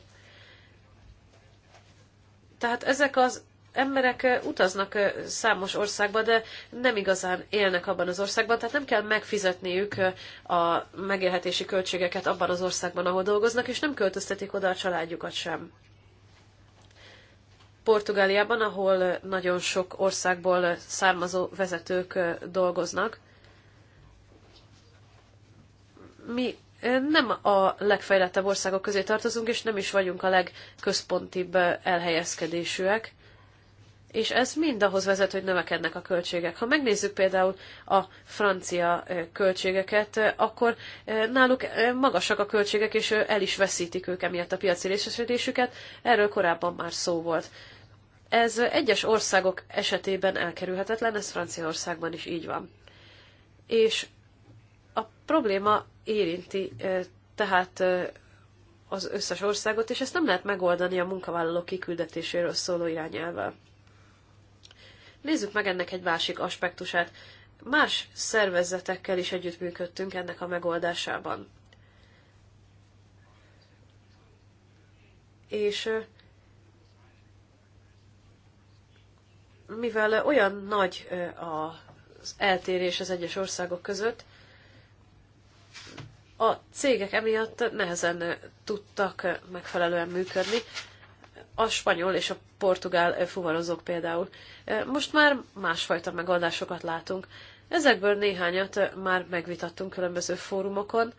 Tehát ezek az emberek utaznak számos országba, de nem igazán élnek abban az országban, tehát nem kell megfizetniük a megélhetési költségeket abban az országban, ahol dolgoznak, és nem költöztetik oda a családjukat sem. Portugáliában, ahol nagyon sok országból származó vezetők dolgoznak. Mi nem a legfejlettebb országok közé tartozunk, és nem is vagyunk a legközpontibb elhelyezkedésűek és ez mind ahhoz vezet, hogy növekednek a költségek. Ha megnézzük például a francia költségeket, akkor náluk magasak a költségek, és el is veszítik ők emiatt a piaci részesedésüket, erről korábban már szó volt. Ez egyes országok esetében elkerülhetetlen, ez Franciaországban is így van. És a probléma érinti tehát az összes országot, és ezt nem lehet megoldani a munkavállalók kiküldetéséről szóló irányelvvel. Nézzük meg ennek egy másik aspektusát. Más szervezetekkel is együttműködtünk ennek a megoldásában. És mivel olyan nagy az eltérés az egyes országok között, a cégek emiatt nehezen tudtak megfelelően működni, a spanyol és a portugál fuvarozók például. Most már másfajta megoldásokat látunk. Ezekből néhányat már megvitattunk különböző fórumokon.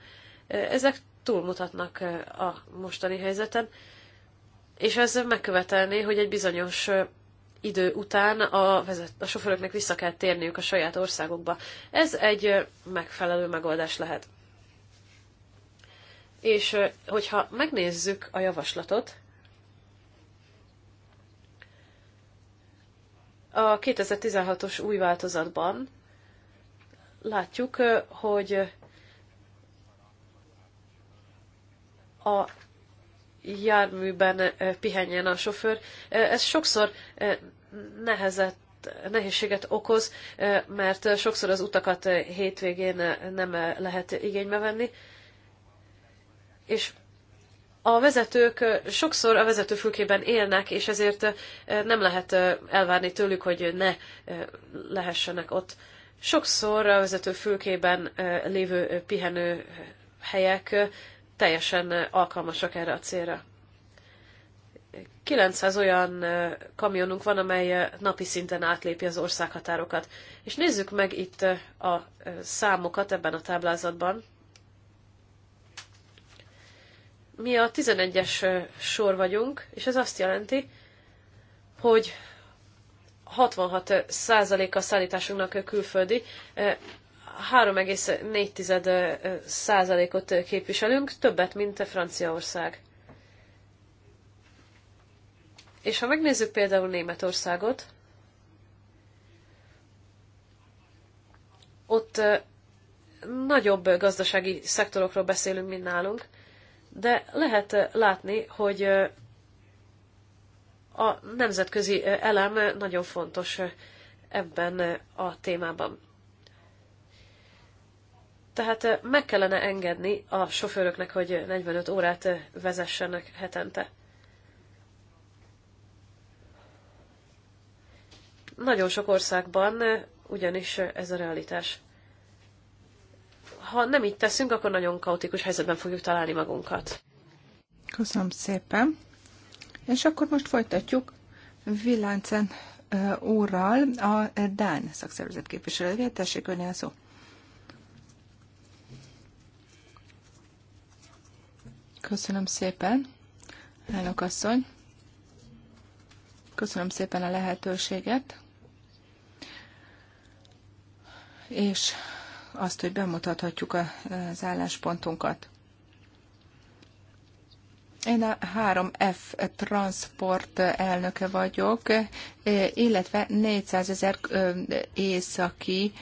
Ezek túlmutatnak a mostani helyzeten, és ez megkövetelné, hogy egy bizonyos idő után a, vezet, a sofőröknek vissza kell térniük a saját országokba. Ez egy megfelelő megoldás lehet. És hogyha megnézzük a javaslatot, A 2016-os új változatban látjuk, hogy a járműben pihenjen a sofőr. Ez sokszor nehezett nehézséget okoz, mert sokszor az utakat hétvégén nem lehet igénybe venni, és a vezetők sokszor a vezetőfülkében élnek, és ezért nem lehet elvárni tőlük, hogy ne lehessenek ott. Sokszor a vezetőfülkében lévő pihenő helyek teljesen alkalmasak erre a célra. 900 olyan kamionunk van, amely napi szinten átlépi az országhatárokat. És nézzük meg itt a számokat ebben a táblázatban mi a 11-es sor vagyunk, és ez azt jelenti, hogy 66% a szállításunknak külföldi, 3,4%-ot képviselünk, többet, mint a Franciaország. És ha megnézzük például Németországot, ott nagyobb gazdasági szektorokról beszélünk, mint nálunk, de lehet eh, látni, hogy eh, a nemzetközi eh, elem nagyon fontos ebben a témában. Tehát meg kellene engedni a sofőröknek, hogy 45 órát vezessenek hetente. Nagyon sok országban ugyanis ez a realitás ha nem így teszünk, akkor nagyon kaotikus helyzetben fogjuk találni magunkat. Köszönöm szépen. És akkor most folytatjuk Villáncen úrral a Dán szakszervezet képviselője. Tessék önni a szó. Köszönöm szépen, elnök asszony. Köszönöm szépen a lehetőséget. És azt, hogy bemutathatjuk az álláspontunkat. Én a 3F transport elnöke vagyok, illetve 400 ezer északi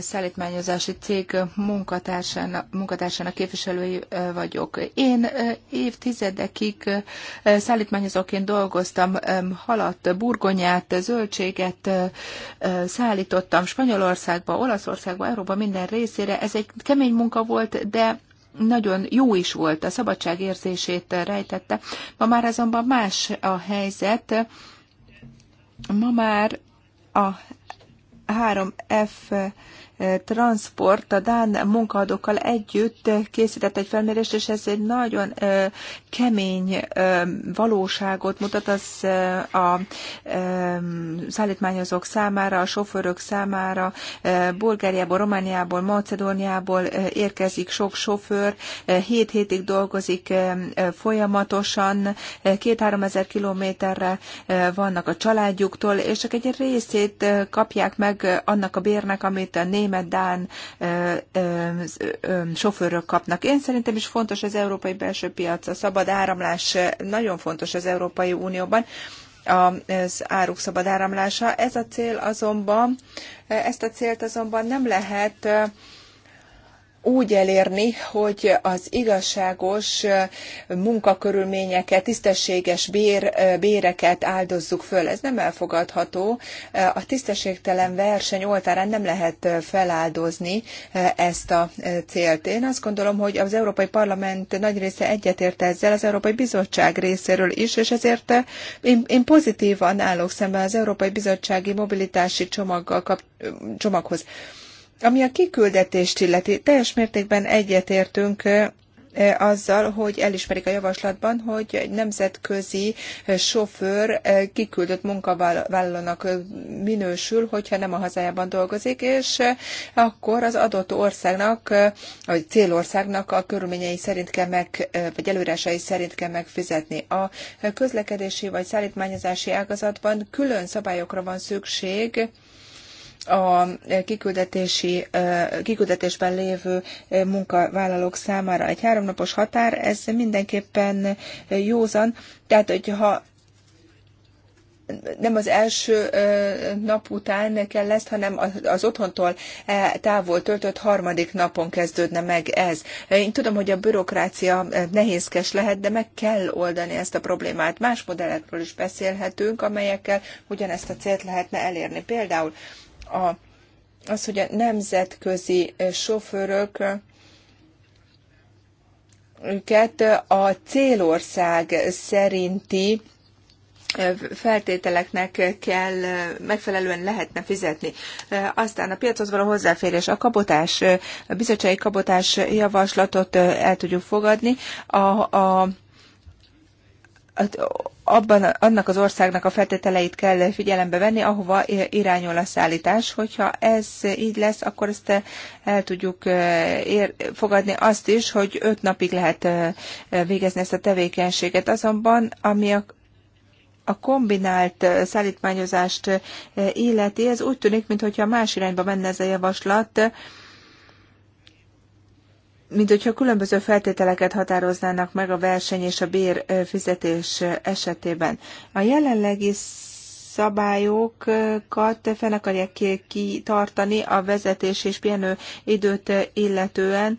szállítmányozási cég munkatársának, munkatársának képviselői vagyok. Én évtizedekig szállítmányozóként dolgoztam, halat, burgonyát, zöldséget szállítottam Spanyolországba, Olaszországba, Európa minden részére. Ez egy kemény munka volt, de nagyon jó is volt, a szabadság érzését rejtette. Ma már azonban más a helyzet, ma már a 3F eh, Transport a Dán munkaadókkal együtt készített egy felmérést, és ez egy nagyon eh, kemény eh, valóságot mutat az a szállítmányozók számára, a sofőrök számára. Bulgáriából, Romániából, Macedóniából érkezik sok sofőr, hét hétig dolgozik folyamatosan, két-három ezer kilométerre vannak a családjuktól, és csak egy részét kapják meg meg annak a bérnek, amit a német-dán sofőrök kapnak. Én szerintem is fontos az európai belső piac, a szabad áramlás nagyon fontos az Európai Unióban az áruk szabad áramlása. Ez a cél azonban, ezt a célt azonban nem lehet úgy elérni, hogy az igazságos munkakörülményeket, tisztességes bér, béreket áldozzuk föl. Ez nem elfogadható. A tisztességtelen verseny oltárán nem lehet feláldozni ezt a célt. Én azt gondolom, hogy az Európai Parlament nagy része egyetért ezzel, az Európai Bizottság részéről is, és ezért én, én pozitívan állok szemben az Európai Bizottsági Mobilitási csomaggal kap, csomaghoz. Ami a kiküldetést illeti, teljes mértékben egyetértünk azzal, hogy elismerik a javaslatban, hogy egy nemzetközi sofőr kiküldött munkavállalónak minősül, hogyha nem a hazájában dolgozik, és akkor az adott országnak, vagy célországnak a körülményei szerint kell meg, vagy előírásai szerint kell megfizetni. A közlekedési vagy szállítmányozási ágazatban külön szabályokra van szükség, a kiküldetési, kiküldetésben lévő munkavállalók számára egy háromnapos határ, ez mindenképpen józan, tehát hogyha nem az első nap után kell lesz, hanem az otthontól e, távol töltött harmadik napon kezdődne meg ez. Én tudom, hogy a bürokrácia nehézkes lehet, de meg kell oldani ezt a problémát. Más modellekről is beszélhetünk, amelyekkel ugyanezt a célt lehetne elérni. Például a, az, hogy a nemzetközi sofőrök őket a célország szerinti feltételeknek kell megfelelően lehetne fizetni. Aztán a piachoz való hozzáférés, a kabotás, a bizottsági kabotás javaslatot el tudjuk fogadni. A, a, a abban, annak az országnak a feltételeit kell figyelembe venni, ahova irányul a szállítás. Hogyha ez így lesz, akkor ezt el tudjuk eh, ér, fogadni azt is, hogy öt napig lehet eh, végezni ezt a tevékenységet. Azonban, ami a a kombinált eh, szállítmányozást illeti, ez úgy tűnik, mintha más irányba menne ez a javaslat, mint hogyha különböző feltételeket határoznának meg a verseny és a bér fizetés esetében. A jelenlegi szabályokat fel akarják kitartani a vezetés és pihenő időt illetően.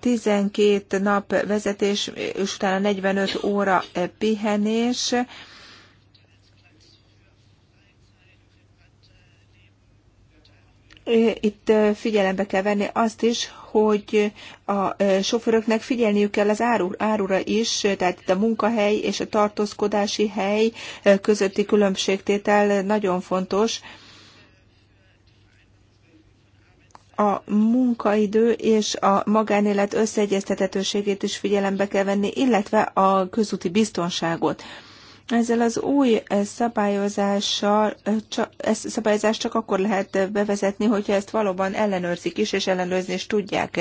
12 nap vezetés, és utána 45 óra pihenés. Itt figyelembe kell venni azt is, hogy a sofőröknek figyelniük kell az áru, árura is, tehát itt a munkahely és a tartózkodási hely közötti különbségtétel nagyon fontos. a munkaidő és a magánélet összeegyeztethetőségét is figyelembe kell venni, illetve a közúti biztonságot. Ezzel az új eh, szabályozással, ezt eh, eh, szabályozást csak akkor lehet bevezetni, hogyha ezt valóban ellenőrzik is, és ellenőrizni is tudják.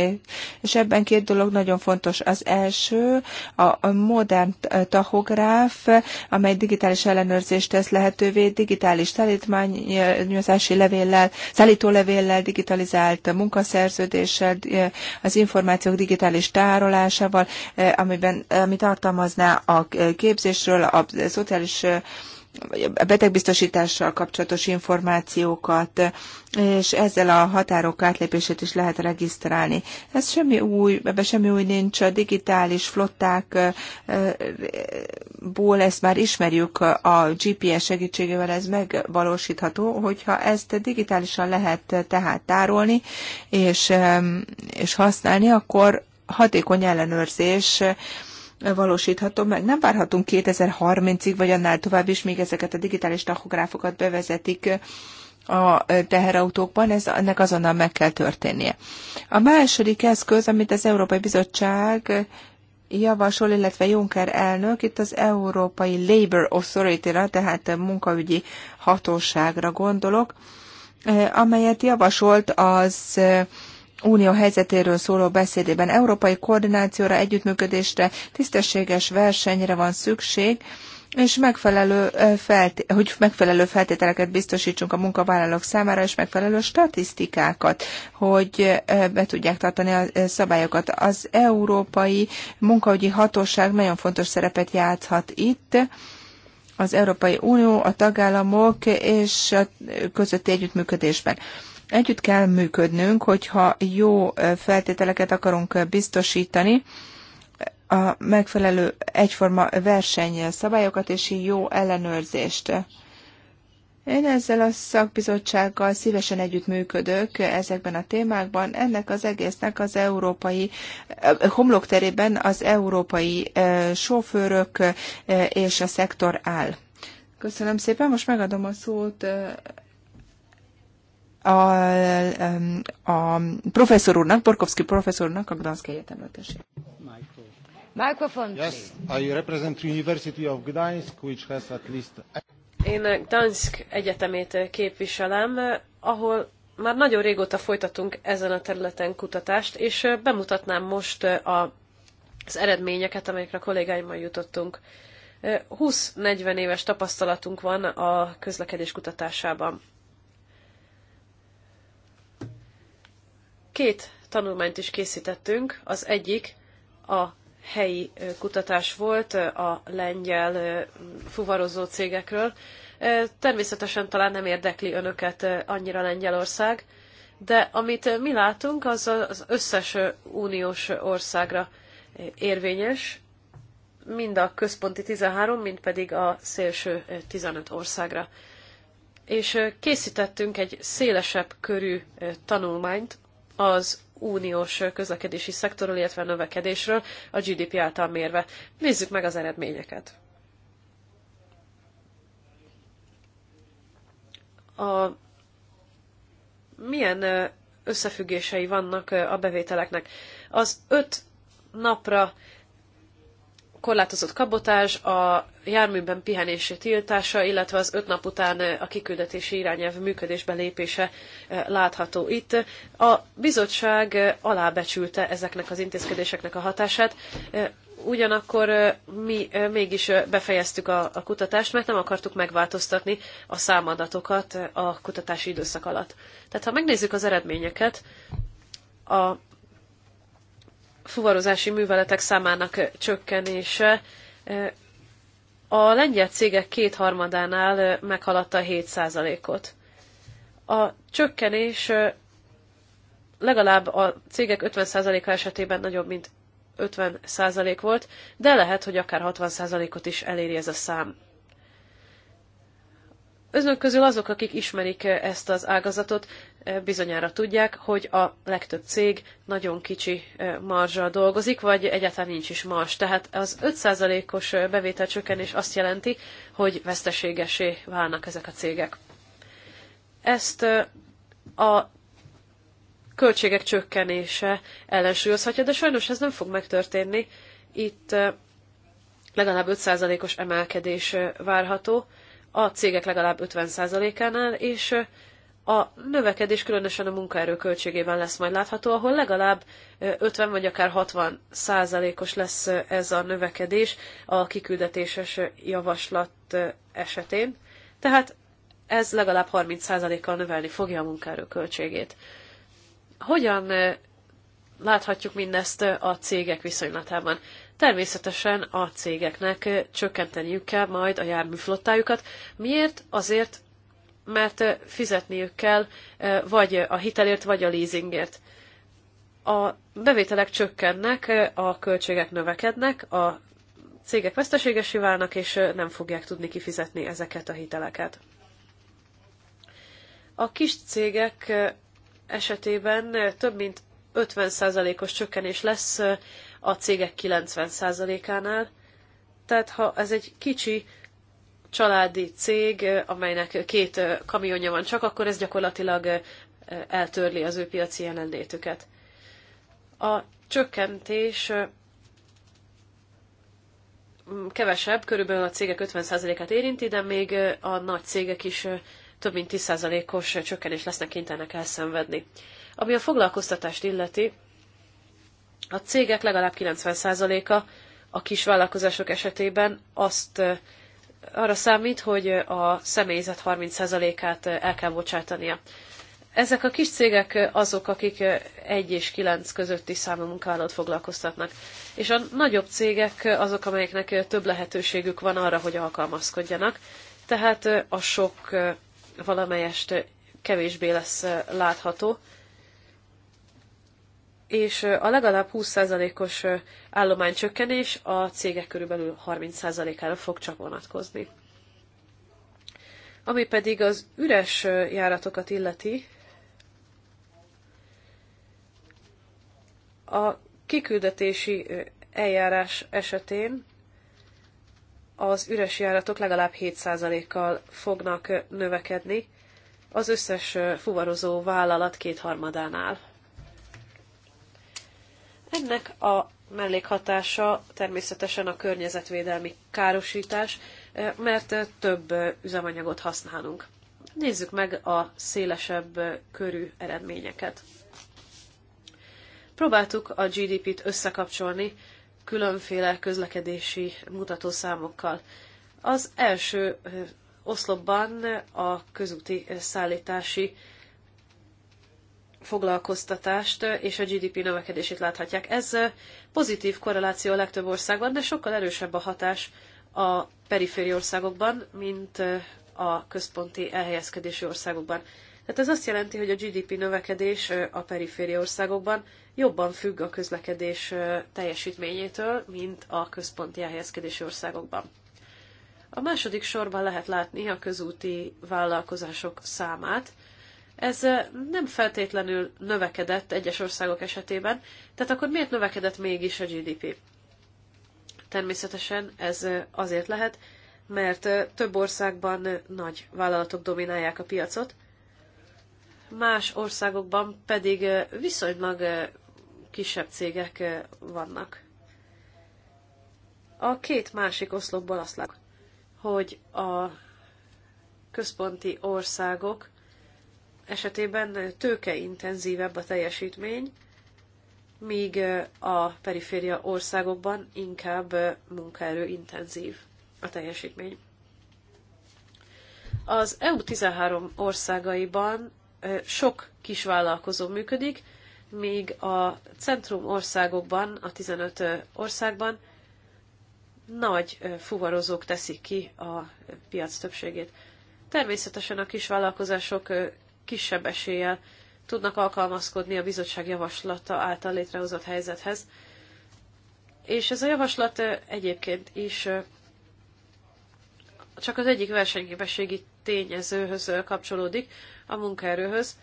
És ebben két dolog nagyon fontos. Az első a modern tahográf, amely digitális ellenőrzést tesz lehetővé, digitális szállítmányozási levéllel, szállítólevéllel, digitalizált munkaszerződéssel, az információk digitális tárolásával, amiben, ami tartalmazná a képzésről, az szociális a betegbiztosítással kapcsolatos információkat, és ezzel a határok átlépését is lehet regisztrálni. Ez semmi új, ebben semmi új nincs, a digitális flottákból ezt már ismerjük, a GPS segítségével ez megvalósítható, hogyha ezt digitálisan lehet tehát tárolni és, és használni, akkor hatékony ellenőrzés valósítható meg. Nem várhatunk 2030-ig, vagy annál tovább is, még ezeket a digitális tachográfokat bevezetik a teherautókban, ez, ennek azonnal meg kell történnie. A második eszköz, amit az Európai Bizottság javasol, illetve Juncker elnök itt az Európai Labour Authority-ra, tehát munkaügyi hatóságra gondolok, eh, amelyet javasolt az eh, Unió helyzetéről szóló beszédében európai koordinációra, együttműködésre, tisztességes versenyre van szükség, és megfelelő felté- hogy megfelelő feltételeket biztosítsunk a munkavállalók számára, és megfelelő statisztikákat, hogy be tudják tartani a szabályokat. Az Európai Munkaügyi Hatóság nagyon fontos szerepet játszhat itt, az Európai Unió, a tagállamok és a közötti együttműködésben. Együtt kell működnünk, hogyha jó feltételeket akarunk biztosítani, a megfelelő egyforma versenyszabályokat és jó ellenőrzést. Én ezzel a szakbizottsággal szívesen együttműködök ezekben a témákban. Ennek az egésznek az európai homlokterében az európai sofőrök és a szektor áll. Köszönöm szépen, most megadom a szót a, a professzor úrnak, Borkovszki professzor úrnak a Gdansk Egyetemről tessék. Mikrofon. yes, I represent University of Gdansk, which has at least... Én Gdansk Egyetemét képviselem, ahol már nagyon régóta folytatunk ezen a területen kutatást, és bemutatnám most a, az eredményeket, amelyekre a kollégáimmal jutottunk. 20-40 éves tapasztalatunk van a közlekedés kutatásában. Két tanulmányt is készítettünk, az egyik a helyi kutatás volt a lengyel fuvarozó cégekről. Természetesen talán nem érdekli önöket annyira Lengyelország, de amit mi látunk, az az összes uniós országra érvényes, mind a központi 13, mind pedig a szélső 15 országra. És készítettünk egy szélesebb körű tanulmányt, az uniós közlekedési szektorról, illetve a növekedésről a GDP által mérve. Nézzük meg az eredményeket. A milyen összefüggései vannak a bevételeknek? Az öt napra korlátozott kabotás, a járműben pihenési tiltása, illetve az öt nap után a kiküldetési irányelv működésbe lépése látható itt. A bizottság alábecsülte ezeknek az intézkedéseknek a hatását, ugyanakkor mi mégis befejeztük a, a kutatást, mert nem akartuk megváltoztatni a számadatokat a kutatási időszak alatt. Tehát ha megnézzük az eredményeket, a fuvarozási műveletek számának csökkenése a lengyel cégek kétharmadánál meghaladta 7%-ot. A csökkenés legalább a cégek 50%-a esetében nagyobb, mint 50% volt, de lehet, hogy akár 60%-ot is eléri ez a szám. Önök közül azok, akik ismerik ezt az ágazatot, bizonyára tudják, hogy a legtöbb cég nagyon kicsi marzsal dolgozik, vagy egyáltalán nincs is marzs. Tehát az 5%-os bevételcsökkenés azt jelenti, hogy veszteségesé válnak ezek a cégek. Ezt a költségek csökkenése ellensúlyozhatja, de sajnos ez nem fog megtörténni. Itt legalább 5%-os emelkedés várható, a cégek legalább 50%-ánál, és a növekedés különösen a munkaerő költségében lesz majd látható, ahol legalább 50 vagy akár 60 százalékos lesz ez a növekedés a kiküldetéses javaslat esetén. Tehát ez legalább 30 százalékkal növelni fogja a munkaerő költségét. Hogyan láthatjuk mindezt a cégek viszonylatában? Természetesen a cégeknek csökkenteniük kell majd a járműflottájukat. Miért? Azért, mert fizetniük kell vagy a hitelért, vagy a leasingért. A bevételek csökkennek, a költségek növekednek, a cégek veszteségesi válnak, és nem fogják tudni kifizetni ezeket a hiteleket. A kis cégek esetében több mint 50%-os csökkenés lesz a cégek 90%-ánál. Tehát ha ez egy kicsi családi cég, amelynek két kamionja van csak, akkor ez gyakorlatilag eltörli az ő piaci jelenlétüket. A csökkentés kevesebb, körülbelül a cégek 50%-át érinti, de még a nagy cégek is több mint 10%-os csökkenés lesznek kénytelenek elszenvedni. Ami a foglalkoztatást illeti, a cégek legalább 90%-a a kisvállalkozások esetében azt arra számít, hogy a személyzet 30%-át el kell bocsátania. Ezek a kis cégek azok, akik 1 és 9 közötti számú munkálat foglalkoztatnak. És a nagyobb cégek azok, amelyeknek több lehetőségük van arra, hogy alkalmazkodjanak. Tehát a sok valamelyest kevésbé lesz látható, és a legalább 20%-os állománycsökkenés a cégek körülbelül 30%-ára fog csak vonatkozni. Ami pedig az üres járatokat illeti, a kiküldetési eljárás esetén az üres járatok legalább 7%-kal fognak növekedni az összes fuvarozó vállalat kétharmadánál. Ennek a mellékhatása természetesen a környezetvédelmi károsítás, eh, mert eh, több eh, üzemanyagot használunk. Nézzük meg a szélesebb körű eredményeket. Próbáltuk a GDP-t összekapcsolni különféle közlekedési mutatószámokkal. Az első oszlopban a közúti szállítási foglalkoztatást és a GDP növekedését láthatják. Ez pozitív korreláció a legtöbb országban, de sokkal erősebb a hatás a periféri országokban, mint a központi elhelyezkedési országokban. Tehát ez azt jelenti, hogy a GDP növekedés a periféri országokban jobban függ a közlekedés teljesítményétől, mint a központi elhelyezkedési országokban. A második sorban lehet látni a közúti vállalkozások számát, ez nem feltétlenül növekedett egyes országok esetében, tehát akkor miért növekedett mégis a GDP? Természetesen ez azért lehet, mert több országban nagy vállalatok dominálják a piacot, más országokban pedig viszonylag kisebb cégek vannak. A két másik oszlopból azt látjuk, hogy a központi országok esetében tőkeintenzívebb a teljesítmény, míg a periféria országokban inkább intenzív a teljesítmény. Az EU13 országaiban sok kisvállalkozó működik, míg a centrum országokban, a 15 országban nagy fuvarozók teszik ki a piac többségét. Természetesen a kisvállalkozások kisebb eséllyel tudnak alkalmazkodni a bizottság javaslata által létrehozott helyzethez. És ez a javaslat egyébként is csak az egyik versenyképességi tényezőhöz kapcsolódik, a munkaerőhöz.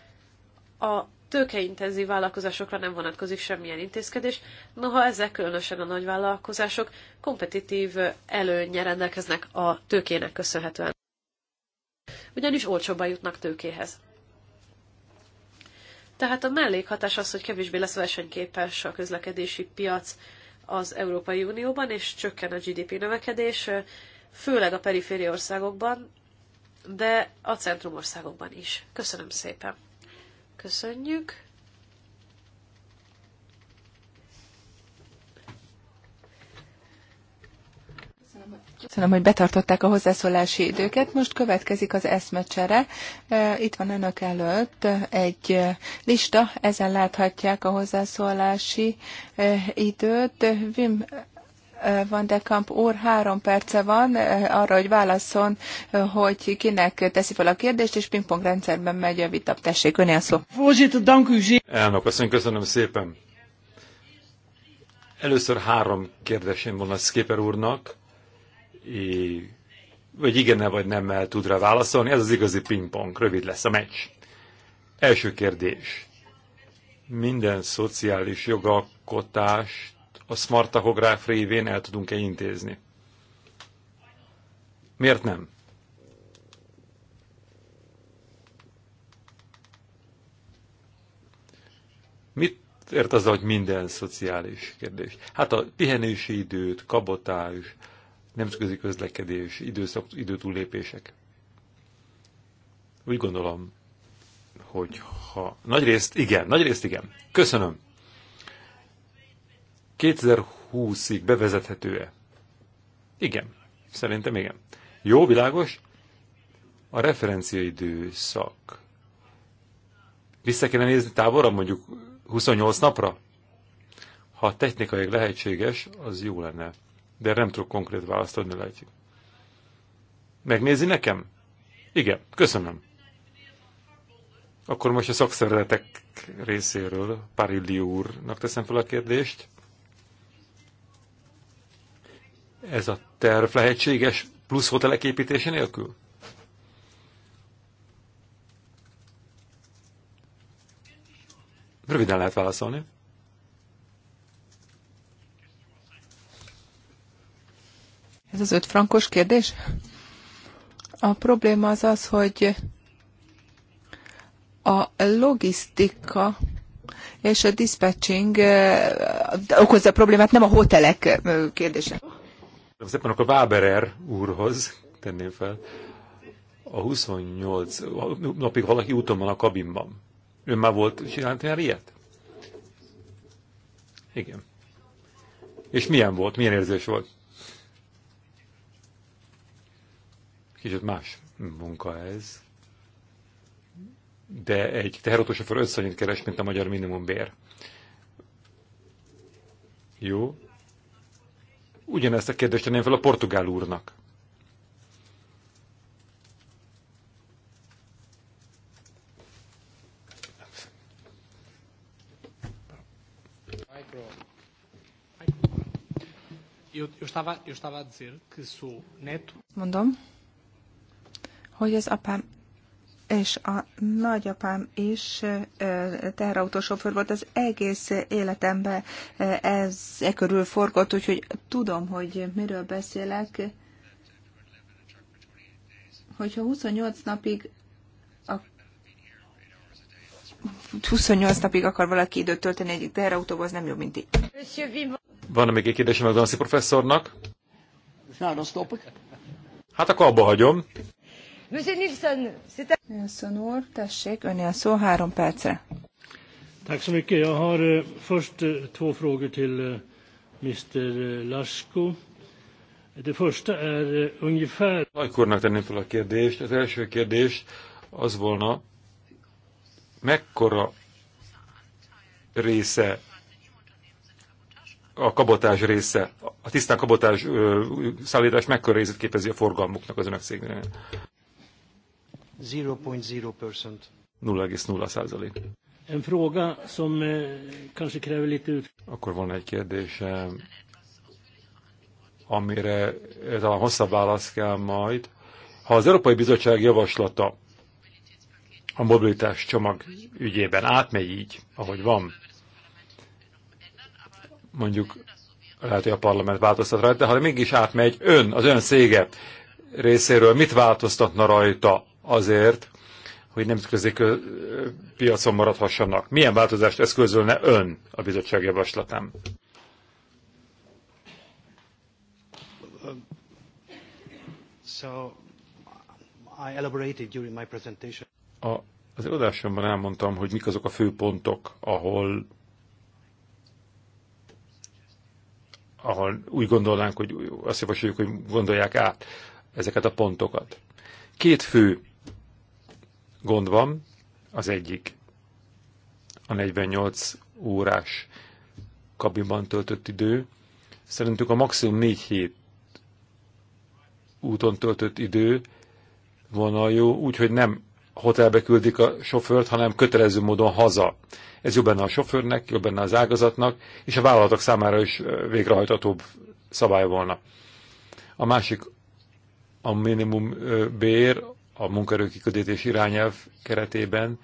A tőkeintenzív vállalkozásokra nem vonatkozik semmilyen intézkedés, noha ezek különösen a nagyvállalkozások kompetitív előnyre rendelkeznek a tőkének köszönhetően. Ugyanis olcsóban jutnak tőkéhez. Tehát a mellékhatás az, hogy kevésbé lesz versenyképes a közlekedési piac az Európai Unióban, és csökken a GDP növekedés, főleg a periféri országokban, de a centrumországokban is. Köszönöm szépen. Köszönjük. Köszönöm, hogy betartották a hozzászólási időket. Most következik az eszmecsere. E, itt van önök előtt egy lista, ezen láthatják a hozzászólási e, időt. Vim e, Van de Kamp úr, három perce van arra, hogy válaszol, hogy kinek teszi fel a kérdést, és pingpong rendszerben megy a vitap. Tessék, önél szó. Elnök, köszönöm, köszönöm szépen. Először három kérdésem volna Skipper úrnak vagy igen vagy nemmel tud rá válaszolni. Ez az igazi pingpong, rövid lesz a meccs. Első kérdés. Minden szociális jogalkotást a smart tachográf révén el tudunk-e intézni? Miért nem? Mit ért az, hogy minden szociális kérdés? Hát a pihenési időt, kabotás, nemzetközi közlekedés, időszak, időtúlépések. Úgy gondolom, hogy ha... Nagyrészt igen, nagyrészt igen. Köszönöm. 2020-ig bevezethető-e? Igen, szerintem igen. Jó, világos? A referenciaidőszak. Vissza kellene nézni távolra, mondjuk 28 napra? Ha technikai lehetséges, az jó lenne de nem tudok konkrét választ adni lehetjük. Megnézi nekem? Igen, köszönöm. Akkor most a szakszervezetek részéről Parilli úrnak teszem fel a kérdést. Ez a terv lehetséges plusz hotelek építése nélkül? Röviden lehet válaszolni. Ez az öt frankos kérdés? A probléma az az, hogy a logisztika és a dispatching eh, okozza a problémát, nem a hotelek eh, kérdése. Szépen akkor Váberer úrhoz tenném fel. A 28 napig valaki úton van a kabinban. Ön már volt, csinált már ilyet? Igen. És milyen volt? Milyen érzés volt? Kicsit más munka ez. De egy teherautósofőr összanyit keres, mint a magyar minimumbér. Jó. Ugyanezt a kérdést tenném fel a portugál úrnak. Mondom hogy az apám és a nagyapám is teherautósofőr volt, az egész életemben ez e körül forgott, úgyhogy tudom, hogy miről beszélek. Hogyha 28 napig 28 napig akar valaki időt tölteni egy teherautóba, az nem jó, mint így. Van -e még egy kérdésem a Danci professzornak? Hát akkor abba hagyom. Monsieur Nilsson, c'est à... úr, tessék, szó három percre. Tack så mycket. Jag har eh, först eh, två frågor till eh, Mr Lasko. Det första är ungefär... Ajkornak tenném fel a kérdést. Az első kérdés az volna, mekkora része a kabotás része, a tisztán kabotás szállítás mekkora részét képezi a forgalmuknak az önök cégnél? 0,0%. százalék. Eh, Akkor van egy kérdés, amire eh, talán hosszabb válasz kell majd. Ha az Európai Bizottság javaslata a mobilitás csomag ügyében átmegy így, ahogy van, mondjuk lehet, hogy a parlament változtat rajta, de ha mégis átmegy ön, az ön szége részéről, mit változtatna rajta azért, hogy nemzetközi piacon maradhassanak. Milyen változást eszközölne ön a bizottság javaslatán? So, I elaborated during my presentation. A, az előadásomban elmondtam, hogy mik azok a fő pontok, ahol ahol úgy gondolnánk, hogy azt javasoljuk, hogy gondolják át ezeket a pontokat. Két fő Gond van, az egyik a 48 órás kabinban töltött idő. Szerintük a maximum 4 hét úton töltött idő volna jó, úgyhogy nem hotelbe küldik a sofőrt, hanem kötelező módon haza. Ez jobb benne a sofőrnek, jobb benne az ágazatnak, és a vállalatok számára is végrehajtatóbb szabály volna. A másik a minimum bér, a munkaerőkiködítés irányelv keretében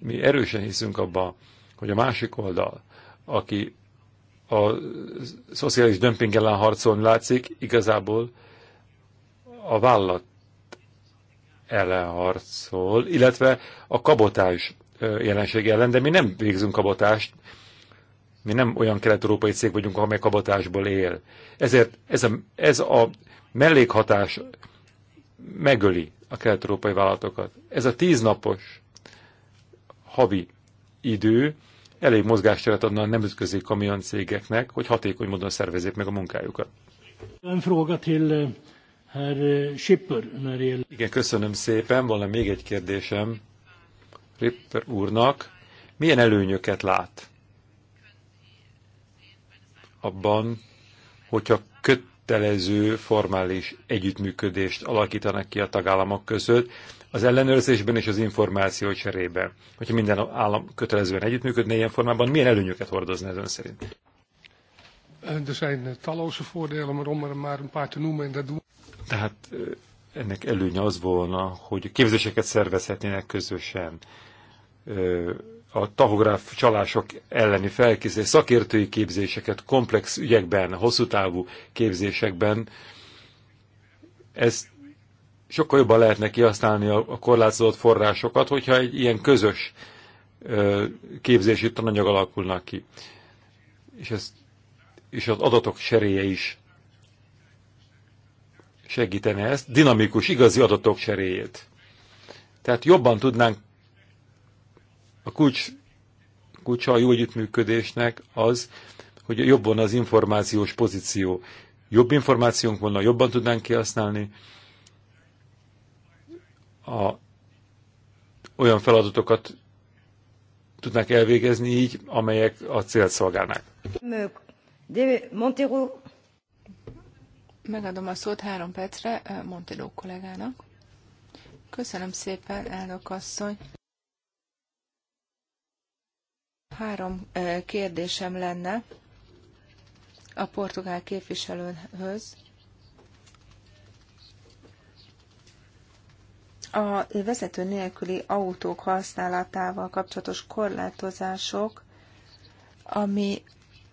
mi erősen hiszünk abban, hogy a másik oldal, aki a szociális dömping ellen harcolni látszik, igazából a vállalat ellen harcol, illetve a kabotás jelenség ellen, de mi nem végzünk kabotást, mi nem olyan kelet-európai cég vagyunk, amely kabotásból él. Ezért ez a, ez a mellékhatás megöli a kelet-európai vállalatokat. Ez a tíznapos havi idő elég mozgásteret adna a nemzetközi kamioncégeknek, hogy hatékony módon szervezzék meg a munkájukat. Ön fråga till herr Schipper när Igen, köszönöm szépen. Van még egy kérdésem Ripper úrnak. Milyen előnyöket lát abban, hogyha köt kötelező formális együttműködést alakítanak ki a tagállamok között, az ellenőrzésben és az információ cserében. Hogyha minden állam kötelezően együttműködne ilyen formában, milyen előnyöket hordozna ez ön szerint? Er zijn eh, talloze voordelen, maar om er maar een paar te noemen, en dat doen. Tehát eh, ennek előnye az volna, hogy képzéseket szervezhetnének közösen, eh, a tahográf csalások elleni felkészítés, szakértői képzéseket komplex ügyekben, hosszú távú képzésekben, ez sokkal jobban lehetne kihasználni a korlátozott forrásokat, hogyha egy ilyen közös képzési tananyag alakulnak ki. És, ez, és az adatok seréje is segítene ezt, dinamikus, igazi adatok seréjét. Tehát jobban tudnánk a kulcs, kulcsa a jó együttműködésnek az, hogy jobban az információs pozíció. Jobb információnk volna, jobban tudnánk kihasználni a, olyan feladatokat tudnak elvégezni így, amelyek a célt szolgálnák. Montero. Megadom a szót három percre eh, Montero kollégának. Köszönöm szépen, elnök asszony. Három kérdésem lenne a portugál képviselőhöz. A vezető nélküli autók használatával kapcsolatos korlátozások, ami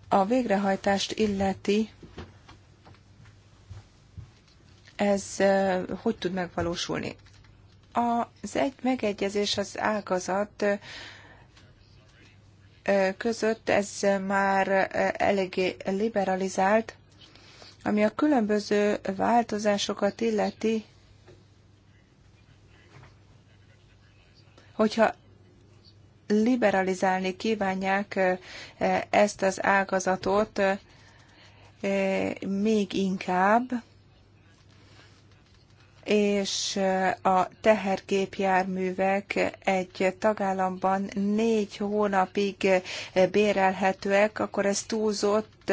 a végrehajtást illeti, ez hogy tud megvalósulni? Az egy megegyezés az ágazat között ez már eléggé liberalizált, ami a különböző változásokat illeti, hogyha liberalizálni kívánják ezt az ágazatot még inkább, és a tehergépjárművek egy tagállamban négy hónapig bérelhetőek, akkor ez túlzott,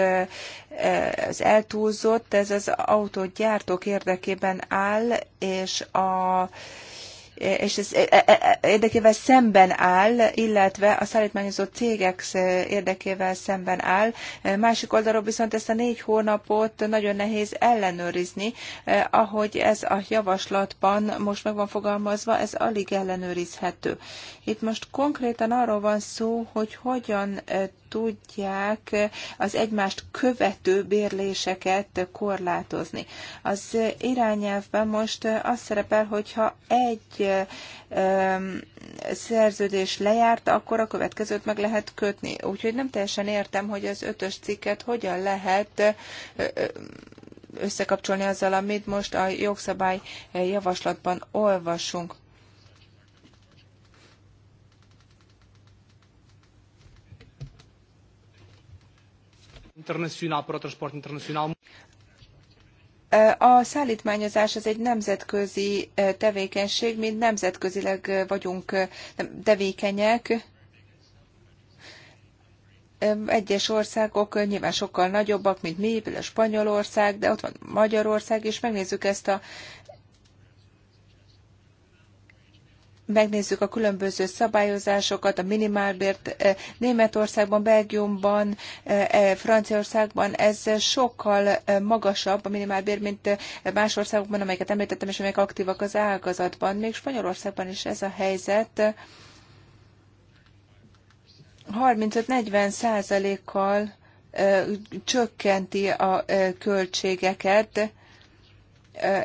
ez eltúlzott, ez az autógyártók érdekében áll, és a és ez érdekével szemben áll, illetve a szállítmányozó cégek érdekével szemben áll. Másik oldalról viszont ezt a négy hónapot nagyon nehéz ellenőrizni, eh, ahogy ez a javaslatban most meg van fogalmazva, ez alig ellenőrizhető. Itt most konkrétan arról van szó, hogy hogyan eh, tudják az egymást követő bérléseket korlátozni. Az irányelvben most az szerepel, hogyha egy szerződés lejárt, akkor a következőt meg lehet kötni. Úgyhogy nem teljesen értem, hogy az ötös cikket hogyan lehet összekapcsolni azzal, amit most a jogszabály eh, javaslatban olvasunk. internacional para o transporte internacional. A szállítmányozás az egy nemzetközi tevékenység, mint nemzetközileg vagyunk tevékenyek. Egyes országok nyilván sokkal nagyobbak, mint mi, például Spanyolország, de ott van Magyarország, és megnézzük ezt a megnézzük a különböző szabályozásokat, a minimálbért eh, Németországban, Belgiumban, eh, eh, Franciaországban, ez sokkal magasabb a minimálbér, mint más országokban, amelyeket említettem, és amelyek aktívak az ágazatban. Még Spanyolországban is ez a helyzet. 35-40 százalékkal csökkenti a költségeket,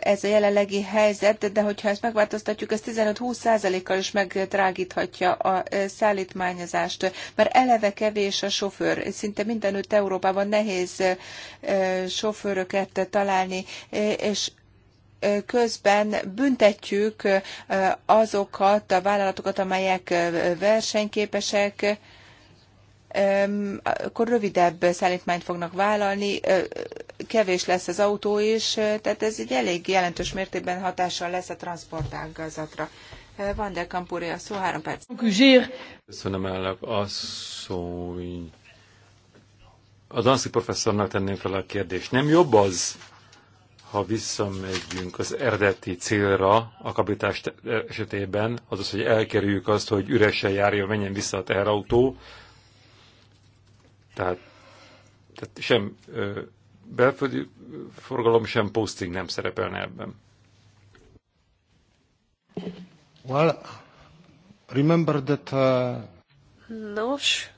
ez a jelenlegi helyzet, de hogyha ezt megváltoztatjuk, ez 15-20%-kal is megdrágíthatja a szállítmányozást, mert eleve kevés a sofőr. Szinte mindenütt Európában nehéz sofőröket találni, és közben büntetjük azokat a vállalatokat, amelyek versenyképesek, akkor rövidebb szállítmányt fognak vállalni, kevés lesz az autó is, tehát ez egy elég jelentős mértékben hatással lesz a transportágazatra. Van de Kampúri a szó, három perc. Köszönöm elnök asszony. A Danszki professzornak tenném fel a kérdést. Nem jobb az, ha visszamegyünk az eredeti célra a kapitás esetében, azaz, hogy elkerüljük azt, hogy üresen járjon, menjen vissza a teherautó, tehát, tehát sem ö, belföldi forgalom, sem posting nem szerepelne ebben. Well, remember that... Uh... Nos,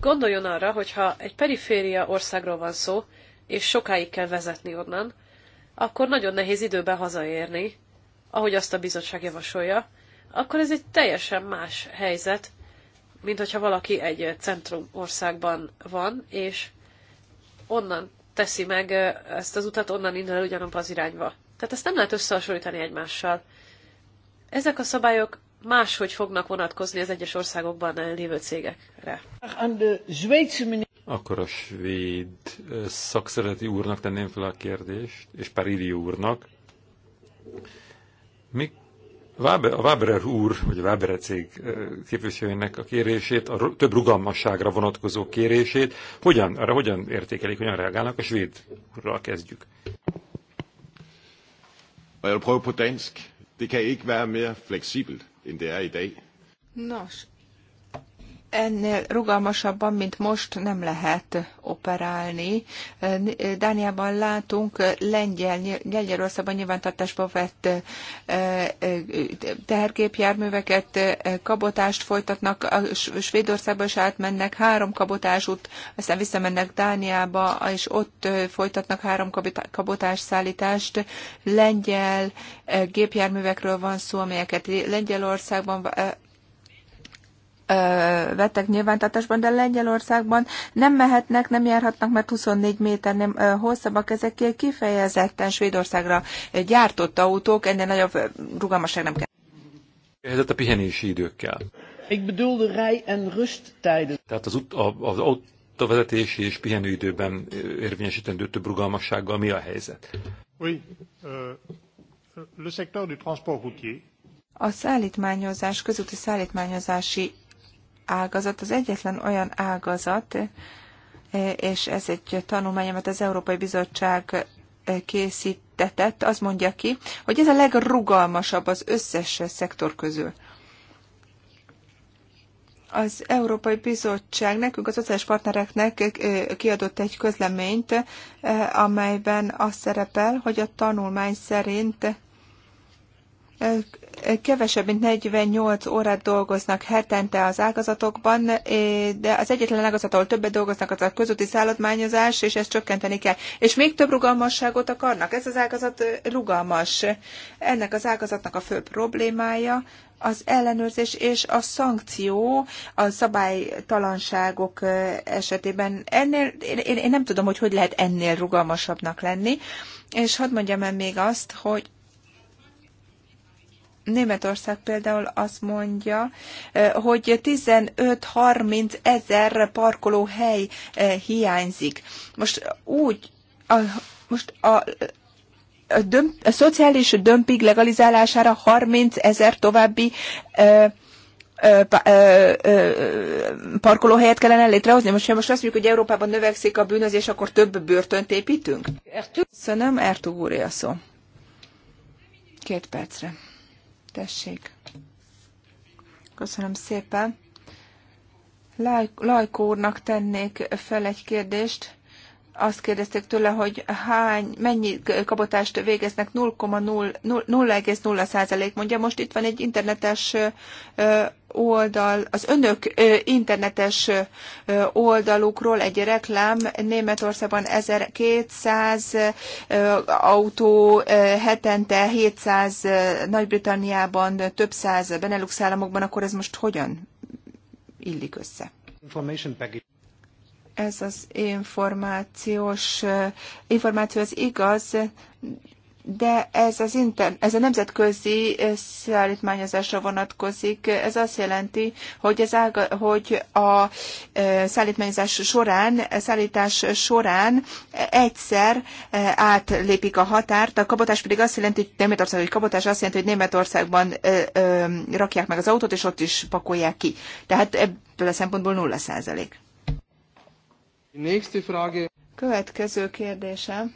gondoljon arra, hogyha egy periféria országról van szó, és sokáig kell vezetni onnan, akkor nagyon nehéz időben hazaérni, ahogy azt a bizottság javasolja, akkor ez egy teljesen más helyzet, mint hogyha valaki egy centrum országban van, és onnan teszi meg ezt az utat, onnan indul el ugyanabba az irányba. Tehát ezt nem lehet összehasonlítani egymással. Ezek a szabályok máshogy fognak vonatkozni az egyes országokban lévő cégekre. Akkor a svéd szakszereti úrnak tenném fel a kérdést, és Parili úrnak. Mik a Waberer úr, vagy a Waberer cég képviselőjének a kérését, a több rugalmasságra vonatkozó kérését, hogyan, arra hogyan értékelik, hogyan reagálnak? A úrral kezdjük. Er Nos, ennél rugalmasabban, mint most nem lehet operálni. Dániában látunk Lengyel, Lengyelországban nyilvántartásba vett eh, eh, tehergépjárműveket, eh, kabotást folytatnak, a Svédországban is átmennek, három kabotásút, aztán visszamennek Dániába, és ott folytatnak három kabotás szállítást. Lengyel gépjárművekről van szó, amelyeket Lengyelországban vettek nyilvántartásban, de Lengyelországban nem mehetnek, nem járhatnak, mert 24 méter nem hosszabbak ezek kifejezetten Svédországra gyártott autók, ennél nagyobb rugalmasság nem kell. Ez a pihenési időkkel. Ik bedoel de rij- en rusttijden. Tehát az, a, az autóvezetési és pihenőidőben érvényesítendő több rugalmassággal mi a helyzet? Oui, uh, le secteur du transport routier a szállítmányozás, közúti szállítmányozási ágazat az egyetlen olyan ágazat, e, és ez egy tanulmány, amit az Európai Bizottság e, készítetett, az mondja ki, hogy ez a legrugalmasabb az összes szektor közül. Az Európai Bizottság nekünk, az összes partnereknek e, kiadott egy közleményt, amelyben az szerepel, hogy a tanulmány szerint kevesebb, mint 48 órát dolgoznak hetente az ágazatokban, eh, de az egyetlen ágazat, ahol többet dolgoznak, az a közúti szállodmányozás, és ezt csökkenteni kell. És még több rugalmasságot akarnak. Ez az ágazat eh, rugalmas. Ennek az ágazatnak a fő problémája az ellenőrzés és a szankció a szabálytalanságok eh, esetében. Ennél, én, én nem tudom, hogy hogy lehet ennél rugalmasabbnak lenni. És hadd mondjam el még azt, hogy Németország például azt mondja, hogy 15-30 ezer parkolóhely hiányzik. Most úgy, a, most a, a, dömp, a szociális dömping legalizálására 30 ezer további ö, ö, ö, ö, parkolóhelyet kellene létrehozni. Most, ha most azt mondjuk, hogy Európában növekszik a bűnözés, akkor több börtönt építünk? Köszönöm, Ertug úr, a szó. Két percre. Tessék. Köszönöm szépen. Lajkórnak Lajkó úrnak tennék fel egy kérdést azt kérdezték tőle, hogy hány, mennyi kabotást végeznek, 0,0 százalék mondja. Most itt van egy internetes oldal, az önök internetes oldalukról egy reklám, Németországban 1200 autó hetente, 700 Nagy-Britanniában, több száz Benelux államokban, akkor ez most hogyan illik össze? ez az információs információ az igaz, de ez, az inter, ez a nemzetközi szállítmányozásra vonatkozik. Ez azt jelenti, hogy, ez ága, hogy a szállítmányozás során, szállítás során egyszer átlépik a határt. A kabotás pedig azt jelenti, hogy Németország, hogy kabotás azt jelenti, hogy Németországban rakják meg az autót, és ott is pakolják ki. Tehát ebből a szempontból nulla százalék. Következő kérdésem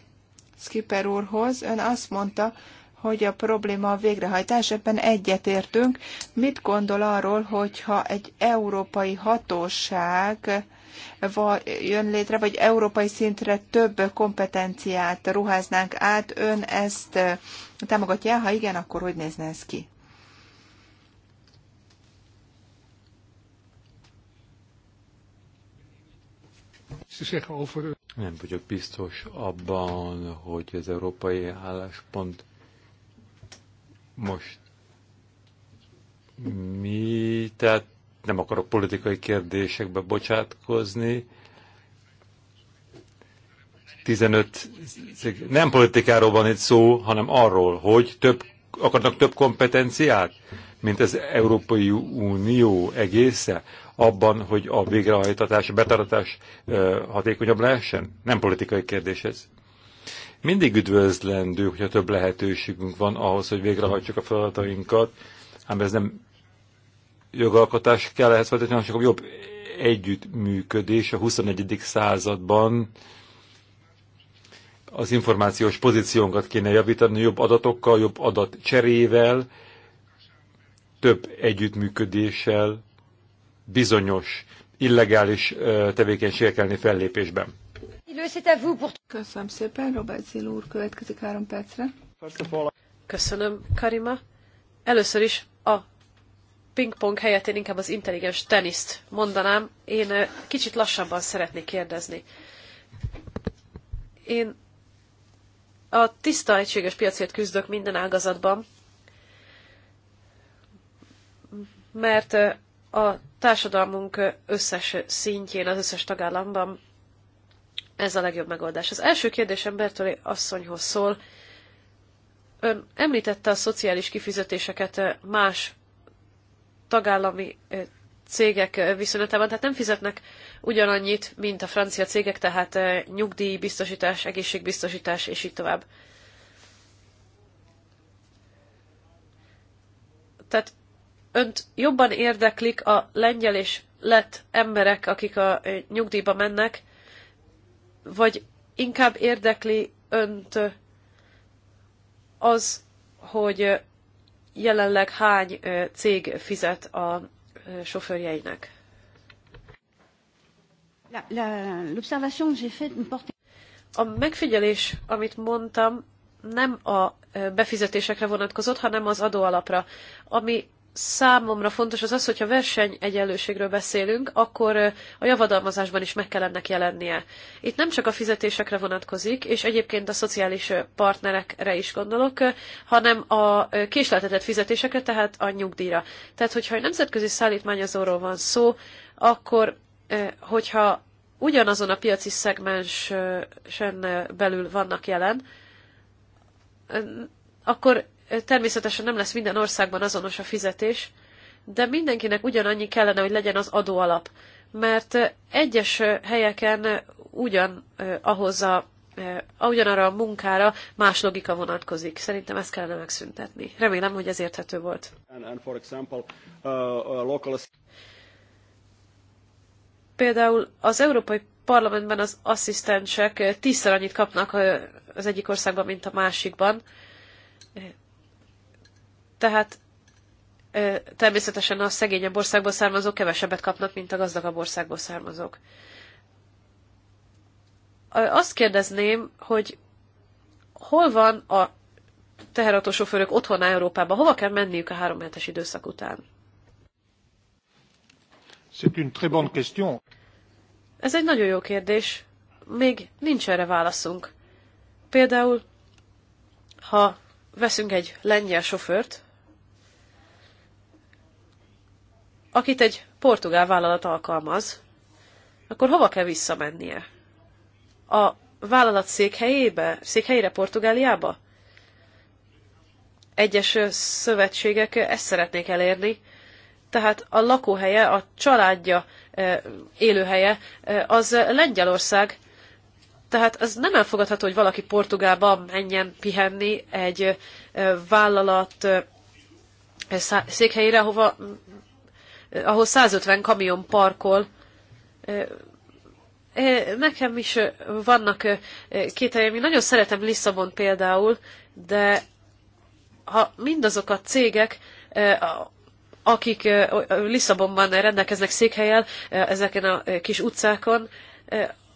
Skipper úrhoz. Ön azt mondta, hogy a probléma a végrehajtás, ebben egyetértünk. Mit gondol arról, hogyha egy európai hatóság jön létre, vagy európai szintre több kompetenciát ruháznánk át, ön ezt eh, támogatja? Ha igen, akkor hogy nézne ez ki? Nem vagyok biztos abban, hogy az európai álláspont most mi, tehát nem akarok politikai kérdésekbe bocsátkozni. 15, nem politikáról van itt szó, hanem arról, hogy több, akarnak több kompetenciát, mint az Európai Unió egésze abban, hogy a végrehajtatás, a betaratás hatékonyabb lehessen? Nem politikai kérdés ez. Mindig üdvözlendő, hogyha több lehetőségünk van ahhoz, hogy végrehajtsuk a feladatainkat, ám ez nem jogalkotás kell ehhez vezetni, hanem csak jobb együttműködés a 21. században az információs pozíciónkat kéne javítani, jobb adatokkal, jobb adatcserével, több együttműködéssel, bizonyos illegális tevékenységek elleni fellépésben. Köszönöm szépen, Robert Zil úr következik három percre. Köszönöm, Karima. Először is a pingpong helyett én inkább az intelligens teniszt mondanám. Én kicsit lassabban szeretnék kérdezni. Én a tiszta egységes piacért küzdök minden ágazatban, mert a társadalmunk összes szintjén, az összes tagállamban ez a legjobb megoldás. Az első kérdésem Bertoli asszonyhoz szól. Ön említette a szociális kifizetéseket más tagállami cégek viszonylatában, tehát nem fizetnek ugyanannyit, mint a francia cégek, tehát nyugdíjbiztosítás, egészségbiztosítás, és így tovább. Tehát önt jobban érdeklik a lengyel és lett emberek, akik a nyugdíjba mennek, vagy inkább érdekli önt az, hogy jelenleg hány cég fizet a sofőrjeinek? A megfigyelés, amit mondtam, nem a befizetésekre vonatkozott, hanem az adóalapra, ami számomra fontos az az, hogyha egyenlőségről beszélünk, akkor a javadalmazásban is meg kell ennek jelennie. Itt nem csak a fizetésekre vonatkozik, és egyébként a szociális partnerekre is gondolok, hanem a késleltetett fizetésekre, tehát a nyugdíjra. Tehát, hogyha egy nemzetközi szállítmányozóról van szó, akkor hogyha ugyanazon a piaci szegmensen belül vannak jelen, akkor Természetesen nem lesz minden országban azonos a fizetés, de mindenkinek ugyanannyi kellene, hogy legyen az adóalap. Mert egyes helyeken ugyan ahhoz a ugyanarra a munkára más logika vonatkozik. Szerintem ezt kellene megszüntetni. Remélem, hogy ez érthető volt. And, and for example, uh, uh, local... Például az Európai Parlamentben az asszisztensek tízszer annyit kapnak az egyik országban, mint a másikban. Tehát természetesen a szegényebb országból származók kevesebbet kapnak, mint a gazdagabb országból származók. Azt kérdezném, hogy hol van a teherautósofőrök otthon Európában, hova kell menniük a három hetes időszak után? Ez egy nagyon jó kérdés. Még nincs erre válaszunk. Például, ha veszünk egy lengyel sofőrt, akit egy portugál vállalat alkalmaz, akkor hova kell visszamennie? A vállalat székhelyébe? Székhelyére Portugáliába? Egyes szövetségek ezt szeretnék elérni, tehát a lakóhelye, a családja élőhelye az Lengyelország, tehát az nem elfogadható, hogy valaki Portugálba menjen pihenni egy vállalat székhelyére, hova Eh, ahol 150 kamion parkol. Eh, eh, nekem is vannak két helyem. Én nagyon szeretem Lisszabon például, de ha mindazok a cégek, akik Lisszabonban rendelkeznek székhelyel, ezeken a kis utcákon,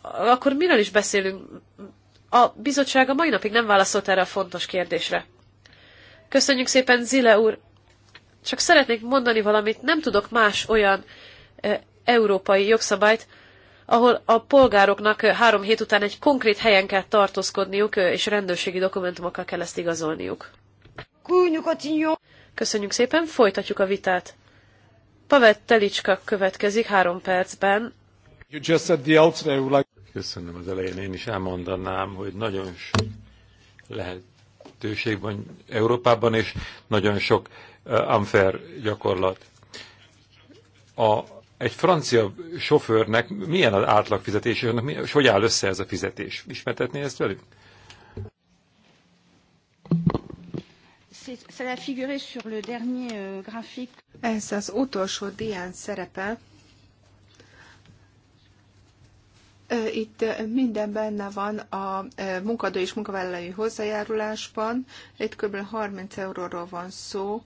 akkor miről is beszélünk? A bizottság a mai napig nem válaszolt erre a fontos kérdésre. Köszönjük szépen, Zile úr! Csak szeretnék mondani valamit, nem tudok más olyan e, európai jogszabályt, ahol a polgároknak e, három hét után egy konkrét helyen kell tartózkodniuk, e, és rendőrségi dokumentumokkal kell ezt igazolniuk. Köszönjük szépen, folytatjuk a vitát. Pavel Telicska következik három percben. Köszönöm az elején, én is elmondanám, hogy nagyon sok lehetőség van Európában, és nagyon sok Eh, unfair gyakorlat. A, egy francia sofőrnek milyen az átlag fizetés, és hogy áll össze ez a fizetés? Ismertetné ezt velük? Euh, ez az utolsó dián szerepel Itt minden benne van a munkadó és munkavállalói hozzájárulásban. Itt kb. 30 euróról van szó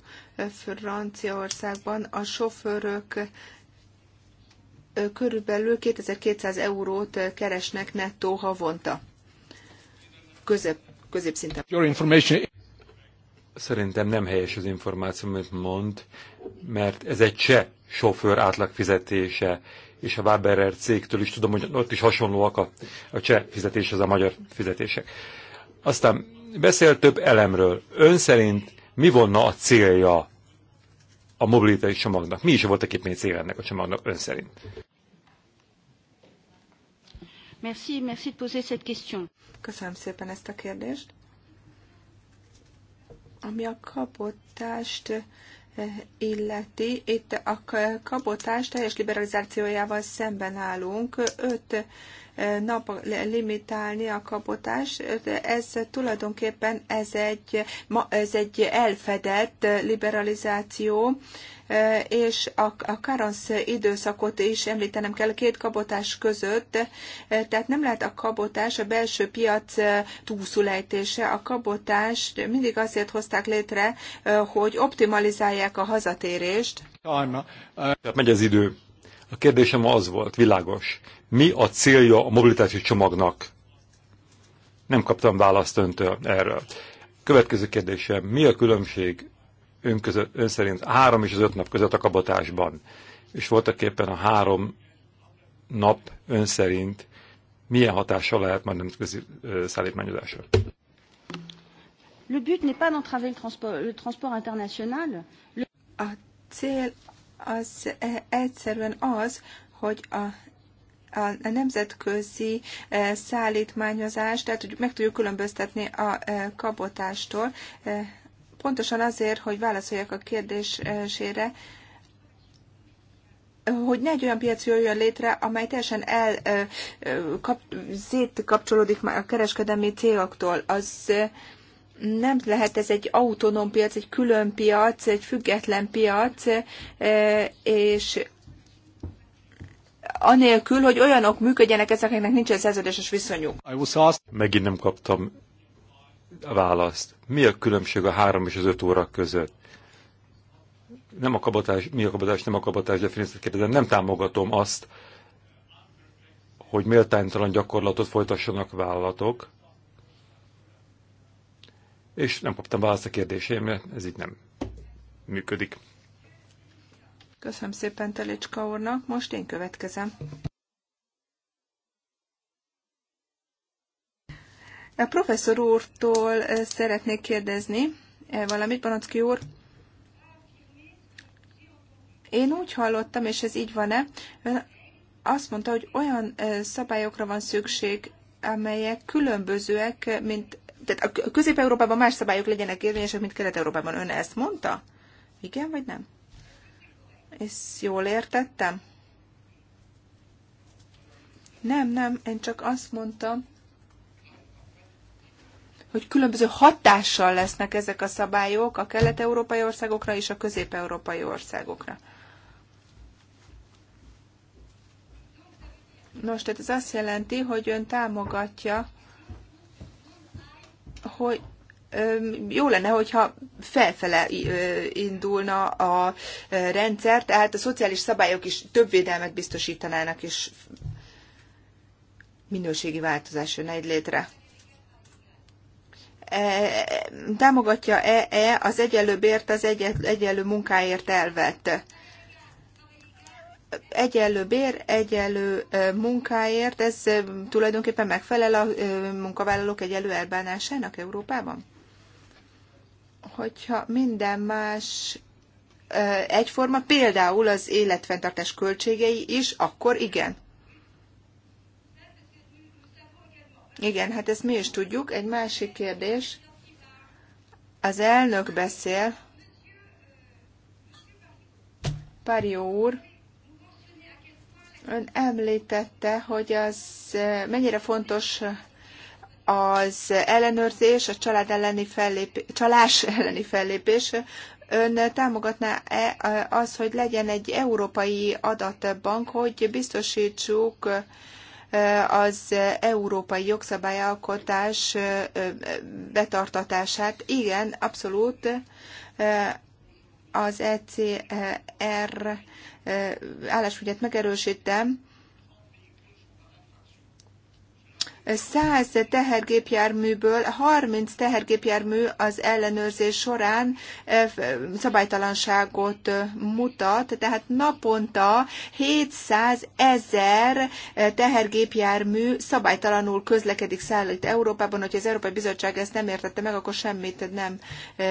Franciaországban. A sofőrök körülbelül 2200 eurót keresnek nettó havonta. közep középszinten. Your information... Szerintem nem helyes az információ, amit mond, mert ez egy cseh sofőr átlagfizetése és a Waberer cégtől is tudom, hogy ott is hasonlóak a, a cseh fizetéshez a magyar fizetések. Aztán beszél több elemről. Ön szerint mi volna a célja a mobilitási csomagnak? Mi is volt a képmény cél ennek a csomagnak ön szerint? Merci, merci de poser cette question. Köszönöm szépen ezt a kérdést. Ami a kapotást illeti, itt a kabotás teljes liberalizációjával szemben állunk. Öt nap limitálni a kapotás. ez tulajdonképpen ez egy, ez egy elfedett liberalizáció, E, és a karansz időszakot is említenem kell a két kabotás között, e, tehát nem lehet a kabotás a belső piac e, túlszulejtése. A kabotást mindig azért hozták létre, hogy optimalizálják a hazatérést. Anna, megy az idő. A kérdésem az volt, világos. Mi a célja a mobilitási csomagnak? Nem kaptam választ öntől erről. Következő kérdésem, mi a különbség ön, között, ön szerint három és az öt nap között a kabotásban. És voltak éppen a három nap ön szerint milyen hatással lehet majd nemzetközi szállítmányozásra? Le but n'est pas d'entraver le transport, le transport international. Le... A cél az e, egyszerűen az, hogy a a nemzetközi e, szállítmányozás, tehát hogy meg tudjuk különböztetni a e, kabotástól pontosan azért, hogy válaszoljak a kérdésére, hogy ne egy olyan piac jöjjön létre, amely teljesen el kap, kapcsolódik már a kereskedelmi céloktól. Az nem lehet ez egy autonóm piac, egy külön piac, egy független piac, és anélkül, hogy olyanok működjenek ezeknek, akiknek nincsen szerződéses viszonyuk. Megint nem kaptam választ. Mi a különbség a három és az öt óra között? Nem a kabotás, mi a kabotás, nem a kabotás definíciót kérdezem, nem támogatom azt, hogy méltánytalan gyakorlatot folytassanak vállalatok, és nem kaptam választ a kérdéseimre, ez így nem működik. Köszönöm szépen Telicska úrnak, most én következem. A professzor úrtól szeretnék kérdezni valamit, Banocki úr. Én úgy hallottam, és ez így van-e, azt mondta, hogy olyan szabályokra van szükség, amelyek különbözőek, mint tehát a Közép-Európában más szabályok legyenek érvényesek, mint Kelet-Európában. Ön ezt mondta? Igen, vagy nem? Ezt jól értettem? Nem, nem, én csak azt mondtam, hogy különböző hatással lesznek ezek a szabályok a kelet-európai országokra és a közép-európai országokra. Nos, tehát ez azt jelenti, hogy ön támogatja, hogy jó lenne, hogyha felfele indulna a rendszer, tehát a szociális szabályok is több védelmet biztosítanának, és minőségi változás jön egy létre. E, támogatja-e e az egyenlő bért az egyenlő munkáért elvet? Egyenlő bér, e, egyenlő munkáért, ez tulajdonképpen megfelel a munkavállalók egyenlő elbánásának Európában? Hogyha minden más egyforma, például az életfenntartás költségei is, akkor igen. Igen, hát ezt mi is tudjuk. Egy másik kérdés. Az elnök beszél. Párió úr, ön említette, hogy az mennyire fontos az ellenőrzés, a család elleni fellépés, csalás elleni fellépés. Ön támogatná-e az, hogy legyen egy európai adatbank, hogy biztosítsuk az európai jogszabályalkotás betartatását. Igen, abszolút az ECR álláspontját megerősítem, 100 tehergépjárműből 30 tehergépjármű az ellenőrzés során eh, szabálytalanságot eh, mutat, tehát naponta 700 ezer eh, tehergépjármű szabálytalanul közlekedik szállít Európában. Hogyha az Európai Bizottság ezt nem értette meg, akkor semmit nem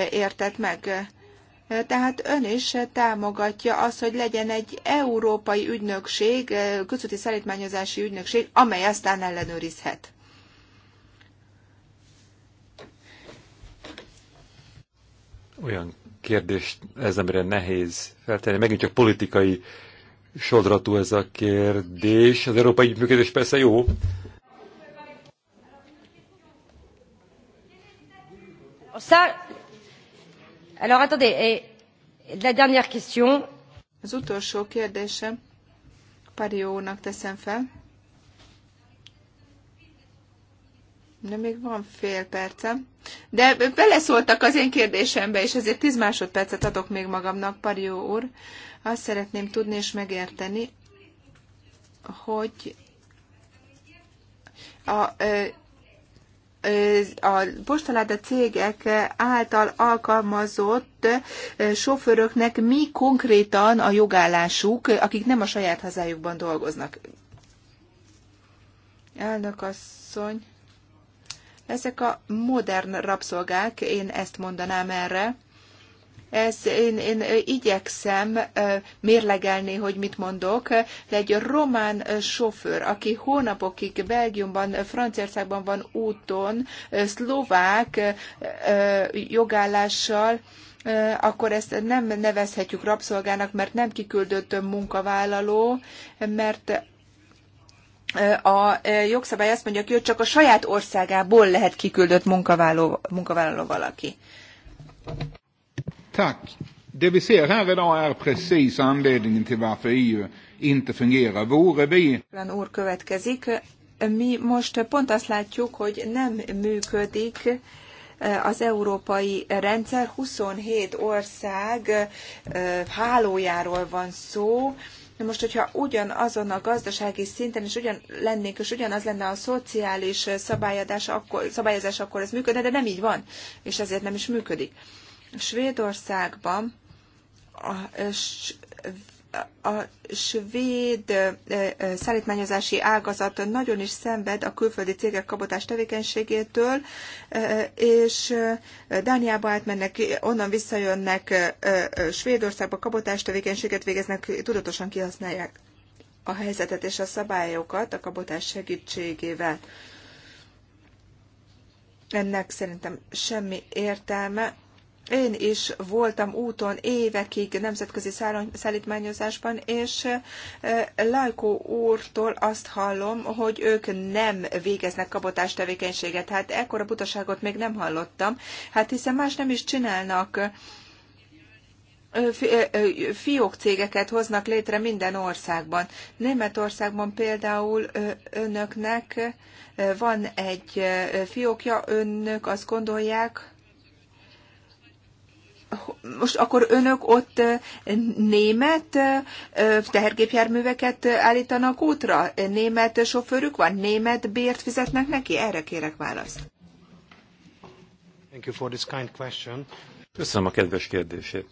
értett meg. Tehát ön is támogatja azt, hogy legyen egy európai ügynökség, eh, közúti szállítmányozási ügynökség, amely aztán ellenőrizhet. Olyan kérdést ez amire nehéz feltenni. Megint csak politikai sodratú ez a kérdés. Az európai ügynökség persze jó, A Alors attendez, et la dernière question. Az utolsó kérdésem Pariónak teszem fel. De még van fél percem. De beleszóltak az én kérdésembe, és ezért 10 másodpercet adok még magamnak, Parió úr. Azt szeretném tudni és megérteni, hogy a a postaláda cégek által alkalmazott sofőröknek mi konkrétan a jogállásuk, akik nem a saját hazájukban dolgoznak. Elnök asszony, ezek a modern rabszolgák, én ezt mondanám erre ez, én, én igyekszem mérlegelni, hogy mit mondok, de egy román sofőr, aki hónapokig Belgiumban, Franciaországban van úton, szlovák jogállással, akkor ezt nem nevezhetjük rabszolgának, mert nem kiküldött munkavállaló, mert a jogszabály azt mondja ki, hogy csak a saját országából lehet kiküldött munkavállaló, munkavállaló valaki. Tack. Det vi ser här idag är precis anledningen till varför EU inte fungerar. Vore vi... következik. Mi most pont azt látjuk, hogy nem működik eh, az európai rendszer. 27 ország eh, hálójáról van szó. Na most, hogyha ugyanazon a gazdasági szinten és ugyan lennénk, és ugyanaz lenne a szociális eh, szabályozás, akkor, szabályozás, akkor ez működne, de nem így van, és ezért nem is működik. Svédországban a, a svéd szállítmányozási ágazat nagyon is szenved a külföldi cégek kabotás tevékenységétől, és Dániába átmennek, onnan visszajönnek Svédországba, kabotás tevékenységet végeznek, tudatosan kihasználják a helyzetet és a szabályokat a kabotás segítségével. Ennek szerintem semmi értelme, én is voltam úton évekig nemzetközi szállítmányozásban, és Lajkó úrtól azt hallom, hogy ők nem végeznek kabotás tevékenységet. Hát ekkora butaságot még nem hallottam. Hát hiszen más nem is csinálnak fiók cégeket hoznak létre minden országban. Németországban például önöknek van egy fiókja, önök azt gondolják, most akkor önök ott német tehergépjárműveket állítanak útra? Német sofőrük van? Német bért fizetnek neki? Erre kérek választ. Thank you for this kind question. Köszönöm a kedves kérdését.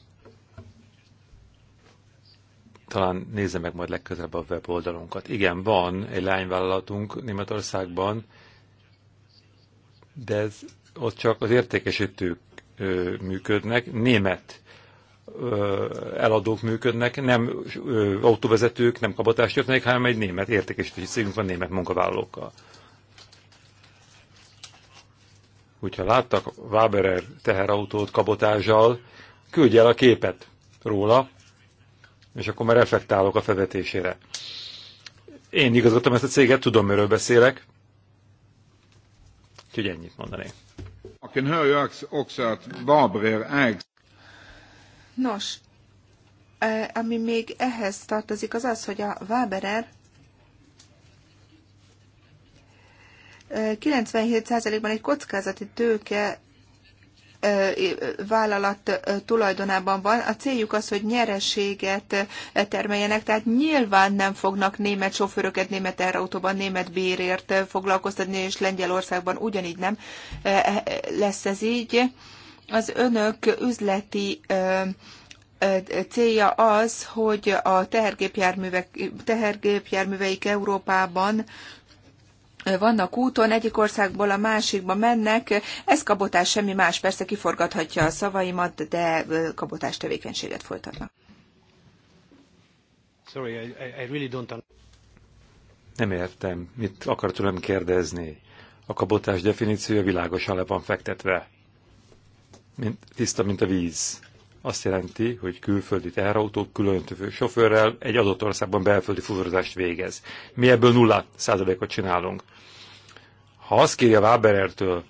Talán nézze meg majd legközelebb a weboldalunkat. Igen, van egy lányvállalatunk Németországban, de ez, ott csak az értékesítők működnek, német eladók működnek, nem autóvezetők, nem kabatást hanem egy német értékesítési cégünk van német munkavállalókkal. Hogyha láttak Waberer teherautót kabotással, küldj el a képet róla, és akkor már reflektálok a fedetésére. Én igazgatom ezt a céget, tudom, miről beszélek. Úgyhogy ennyit mondanék saken hör ju också att Barber ägs. Nos, ami még ehhez tartozik, az az, hogy a Waberer 97%-ban egy kockázati tőke vállalat tulajdonában van. A céljuk az, hogy nyereséget termeljenek, tehát nyilván nem fognak német sofőröket német autóban német bérért foglalkoztatni, és Lengyelországban ugyanígy nem lesz ez így. Az önök üzleti célja az, hogy a tehergépjárművek, tehergépjárműveik Európában vannak úton, egyik országból a másikba mennek, ez kabotás, semmi más, persze kiforgathatja a szavaimat, de kabotás tevékenységet folytatnak. Sorry, I, I really don't... Nem értem, mit akar tőlem kérdezni. A kabotás definíciója világosan le van fektetve. Mint, tiszta, mint a víz azt jelenti, hogy külföldi teherautó külön sofőrrel egy adott országban belföldi fuvarozást végez. Mi ebből nulla százalékot csinálunk. Ha azt kérje Waberertől,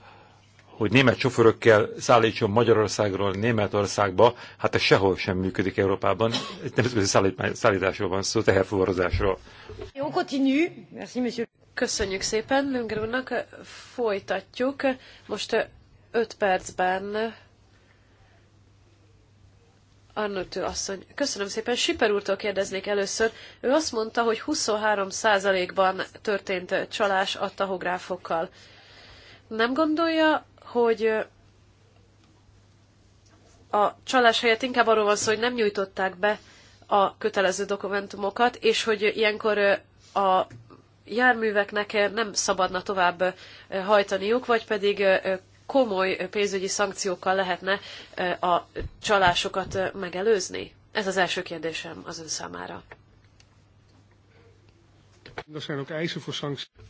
hogy német sofőrökkel szállítson Magyarországról Németországba, hát ez sehol sem működik Európában. Itt nemzetközi szállításról van szó, teherfuvarozásról. Köszönjük szépen Lünger folytatjuk. Most 5 percben Arnotő asszony. Köszönöm szépen. Siper úrtól kérdeznék először. Ő azt mondta, hogy 23%-ban történt csalás a tahográfokkal. Nem gondolja, hogy a csalás helyett inkább arról van szó, hogy nem nyújtották be a kötelező dokumentumokat, és hogy ilyenkor a járműveknek nem szabadna tovább hajtaniuk, vagy pedig komoly pénzügyi szankciókkal lehetne a csalásokat megelőzni? Ez az első kérdésem az ön számára.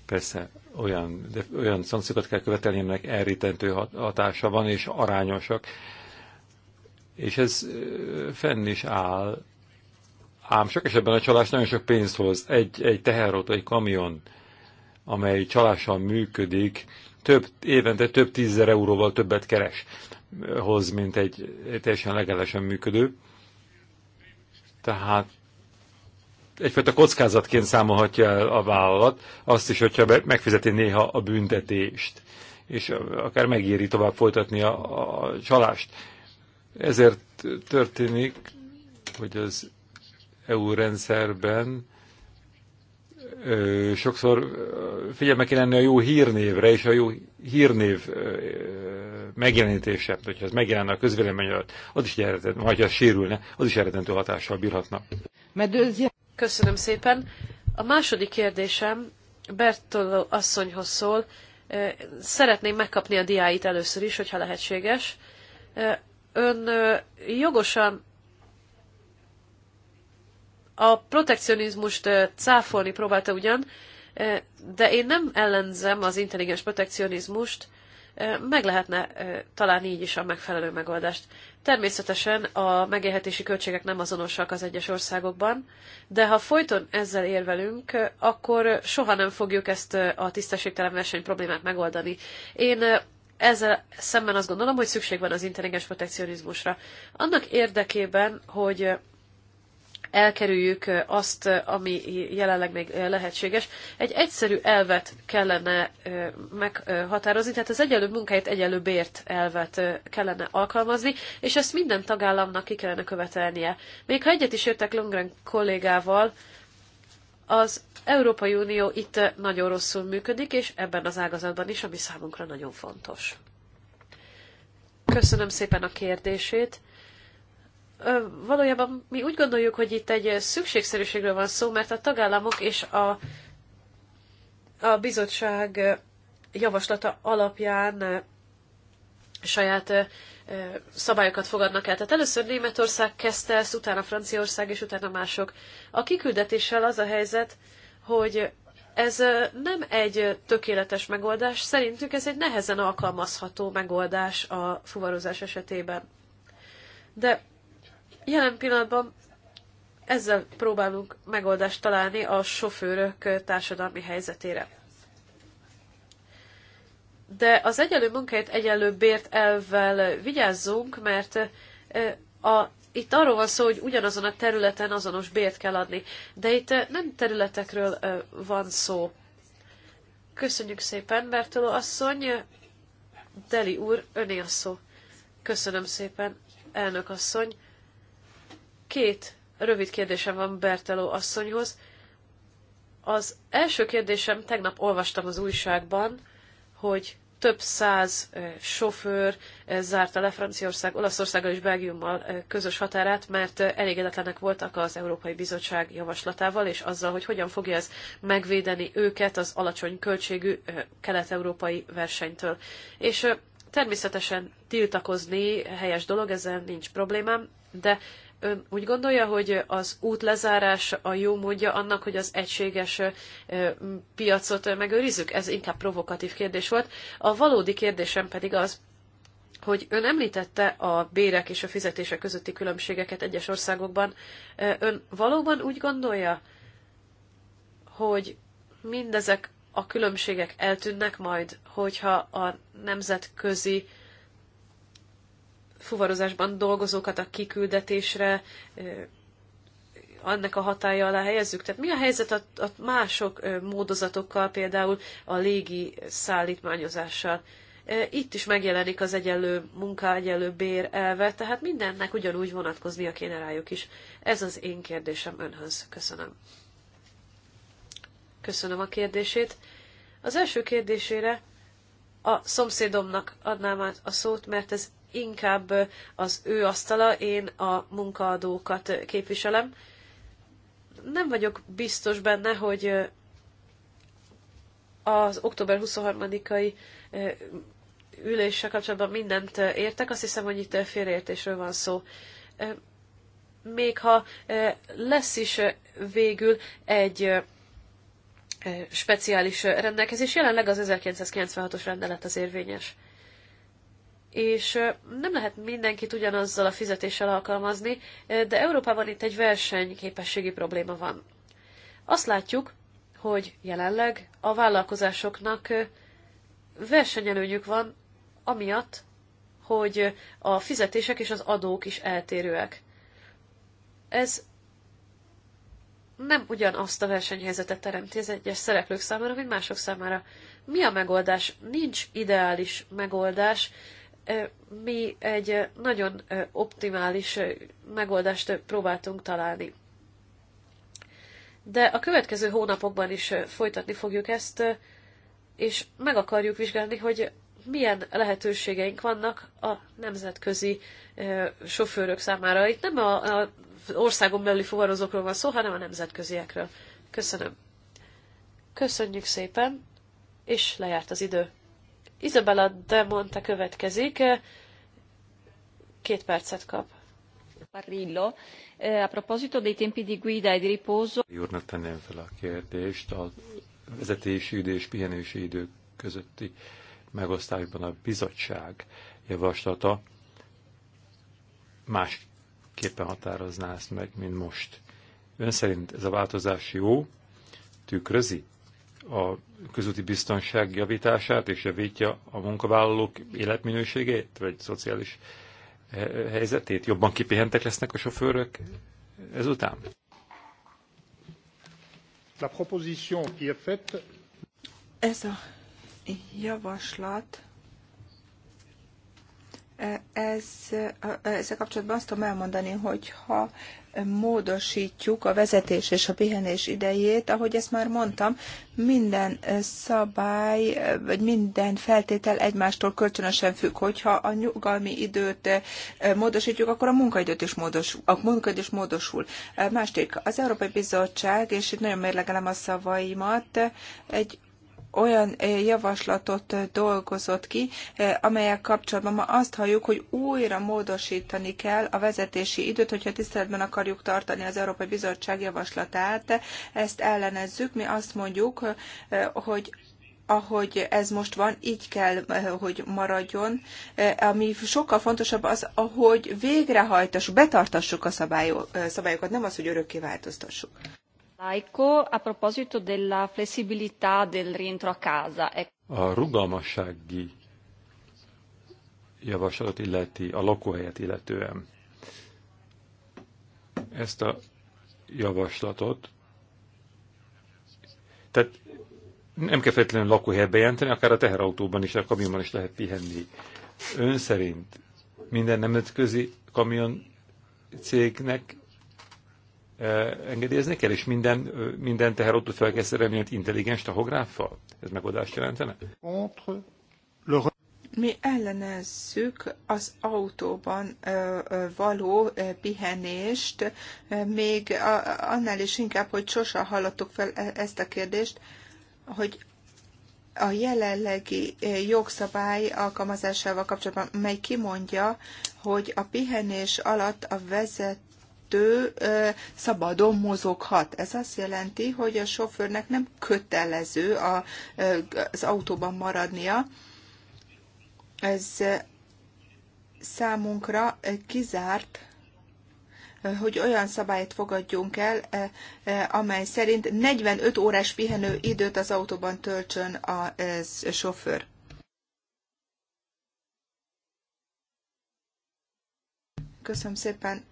Persze, olyan, de olyan szankciókat kell követelni, aminek elritentő hatása van, és arányosak. És ez fenn is áll. Ám sok esetben a csalás nagyon sok pénzt hoz. Egy, egy teherautó, egy kamion, amely csalással működik, több évente több tízezer euróval többet keres hoz, mint egy teljesen legelesen működő. Tehát egyfajta kockázatként számolhatja el a vállalat, azt is, hogyha megfizeti néha a büntetést, és akár megéri tovább folytatni a, a csalást. Ezért történik, hogy az EU rendszerben sokszor figyelme kell lenni a jó hírnévre és a jó hírnév megjelenítése, hogyha ez megjelenne a közvélemény alatt, az is eredetlen, vagy ha sérülne, az is eredető hatással bírhatna. Köszönöm szépen. A második kérdésem Bertolo asszonyhoz szól. Szeretném megkapni a diáit először is, hogyha lehetséges. Ön jogosan a protekcionizmust cáfolni próbálta ugyan, de én nem ellenzem az intelligens protekcionizmust, meg lehetne találni így is a megfelelő megoldást. Természetesen a megélhetési költségek nem azonosak az egyes országokban, de ha folyton ezzel érvelünk, akkor soha nem fogjuk ezt a tisztességtelen verseny problémát megoldani. Én ezzel szemben azt gondolom, hogy szükség van az intelligens protekcionizmusra. Annak érdekében, hogy elkerüljük azt, ami jelenleg még lehetséges. Egy egyszerű elvet kellene meghatározni, tehát az egyenlő munkáért egyenlő bért elvet kellene alkalmazni, és ezt minden tagállamnak ki kellene követelnie. Még ha egyet is értek Lundgren kollégával, az Európai Unió itt nagyon rosszul működik, és ebben az ágazatban is, ami számunkra nagyon fontos. Köszönöm szépen a kérdését valójában mi úgy gondoljuk, hogy itt egy szükségszerűségről van szó, mert a tagállamok és a, a bizottság javaslata alapján saját szabályokat fogadnak el. Tehát először Németország kezdte ezt, utána Franciaország, és utána mások. A kiküldetéssel az a helyzet, hogy ez nem egy tökéletes megoldás, szerintük ez egy nehezen alkalmazható megoldás a fuvarozás esetében. De Jelen pillanatban ezzel próbálunk megoldást találni a sofőrök társadalmi helyzetére. De az egyenlő munkáért egyenlő bért elvvel vigyázzunk, mert a, itt arról van szó, hogy ugyanazon a területen azonos bért kell adni. De itt nem területekről van szó. Köszönjük szépen, Bertoló asszony. Deli úr, öné a szó. Köszönöm szépen, elnök asszony. Két rövid kérdésem van Berteló asszonyhoz. Az első kérdésem, tegnap olvastam az újságban, hogy több száz sofőr zárta le Franciaország, Olaszországgal és Belgiummal közös határát, mert elégedetlenek voltak az Európai Bizottság javaslatával, és azzal, hogy hogyan fogja ez megvédeni őket az alacsony költségű kelet-európai versenytől. És természetesen tiltakozni helyes dolog, ezzel nincs problémám, de Ön úgy gondolja, hogy az út lezárása a jó módja annak, hogy az egységes piacot megőrizzük? Ez inkább provokatív kérdés volt. A valódi kérdésem pedig az, hogy ön említette a bérek és a fizetések közötti különbségeket egyes országokban. Ön valóban úgy gondolja, hogy mindezek a különbségek eltűnnek majd, hogyha a nemzetközi fuvarozásban dolgozókat a kiküldetésre annak a hatája alá helyezzük? Tehát mi a helyzet a, a mások módozatokkal, például a légi szállítmányozással? Itt is megjelenik az egyenlő munka, egyenlő bér elve, tehát mindennek ugyanúgy vonatkoznia kéne rájuk is. Ez az én kérdésem önhöz. Köszönöm. Köszönöm a kérdését. Az első kérdésére a szomszédomnak adnám át a szót, mert ez inkább az ő asztala, én a munkaadókat képviselem. Nem vagyok biztos benne, hogy az október 23-ai üléssel kapcsolatban mindent értek, azt hiszem, hogy itt félreértésről van szó. Még ha lesz is végül egy speciális rendelkezés, jelenleg az 1996-os rendelet az érvényes és nem lehet mindenkit ugyanazzal a fizetéssel alkalmazni, de Európában itt egy versenyképességi probléma van. Azt látjuk, hogy jelenleg a vállalkozásoknak versenyelőnyük van, amiatt, hogy a fizetések és az adók is eltérőek. Ez nem ugyanazt a versenyhelyzetet teremti az egyes szereplők számára, mint mások számára. Mi a megoldás? Nincs ideális megoldás, mi egy nagyon optimális megoldást próbáltunk találni. De a következő hónapokban is folytatni fogjuk ezt, és meg akarjuk vizsgálni, hogy milyen lehetőségeink vannak a nemzetközi sofőrök számára. Itt nem az országon belüli fuvarozókról van szó, hanem a nemzetköziekről. Köszönöm. Köszönjük szépen, és lejárt az idő. Isabella de Monta következik, két percet kap. Parrillo. Eh, a proposito dei tempi di guida e di riposo... Úrnak tenném fel a kérdést a vezetési idő és pihenési idő közötti megosztásban a bizottság javaslata másképpen határozná ezt meg, mint most. Ön szerint ez a változás jó? Tükrözi a közúti biztonság javítását és javítja a munkavállalók életminőségét, vagy szociális helyzetét? Jobban kipihentek lesznek a sofőrök ezután? La proposition qui est faite... Ez a javaslat ez, ezzel kapcsolatban azt tudom elmondani, hogy ha módosítjuk a vezetés és a pihenés idejét, ahogy ezt már mondtam, minden szabály, vagy minden feltétel egymástól kölcsönösen függ. Hogyha a nyugalmi időt módosítjuk, akkor a munkaidőt is módosul. A munkaidő is módosul. Másik, az Európai Bizottság, és itt nagyon mérlegelem a szavaimat, egy olyan javaslatot dolgozott ki, amelyek kapcsolatban ma azt halljuk, hogy újra módosítani kell a vezetési időt, hogyha tiszteletben akarjuk tartani az Európai Bizottság javaslatát. Ezt ellenezzük, mi azt mondjuk, hogy ahogy ez most van, így kell, hogy maradjon. Ami sokkal fontosabb az, ahogy végrehajtassuk, betartassuk a szabályokat, nem az, hogy örökké változtassuk. Aiko, a proposito della flessibilità del rientro a casa. A rugalmassági javaslatot illeti, a lakóhelyet illetően. Ezt a javaslatot, tehát nem kell feltétlenül lakóhelyet bejelenteni, akár a teherautóban is, a kamionban is lehet pihenni. Ön szerint minden nemzetközi kamion cégnek engedélyezni kell, és minden, minden teherautó fel kell szerelni intelligens tahográffal? Ez megoldást jelentene? Mi ellenezzük az autóban való pihenést, még annál is inkább, hogy sosa hallottuk fel e, ezt a kérdést, hogy a jelenlegi jogszabály alkalmazásával kapcsolatban, mely kimondja, hogy a pihenés alatt a vezet kettő szabadon mozoghat. Ez azt jelenti, hogy a sofőrnek nem kötelező az autóban maradnia. Ez számunkra kizárt hogy olyan szabályt fogadjunk el, amely szerint 45 órás pihenő időt az autóban töltsön a sofőr. Köszönöm szépen,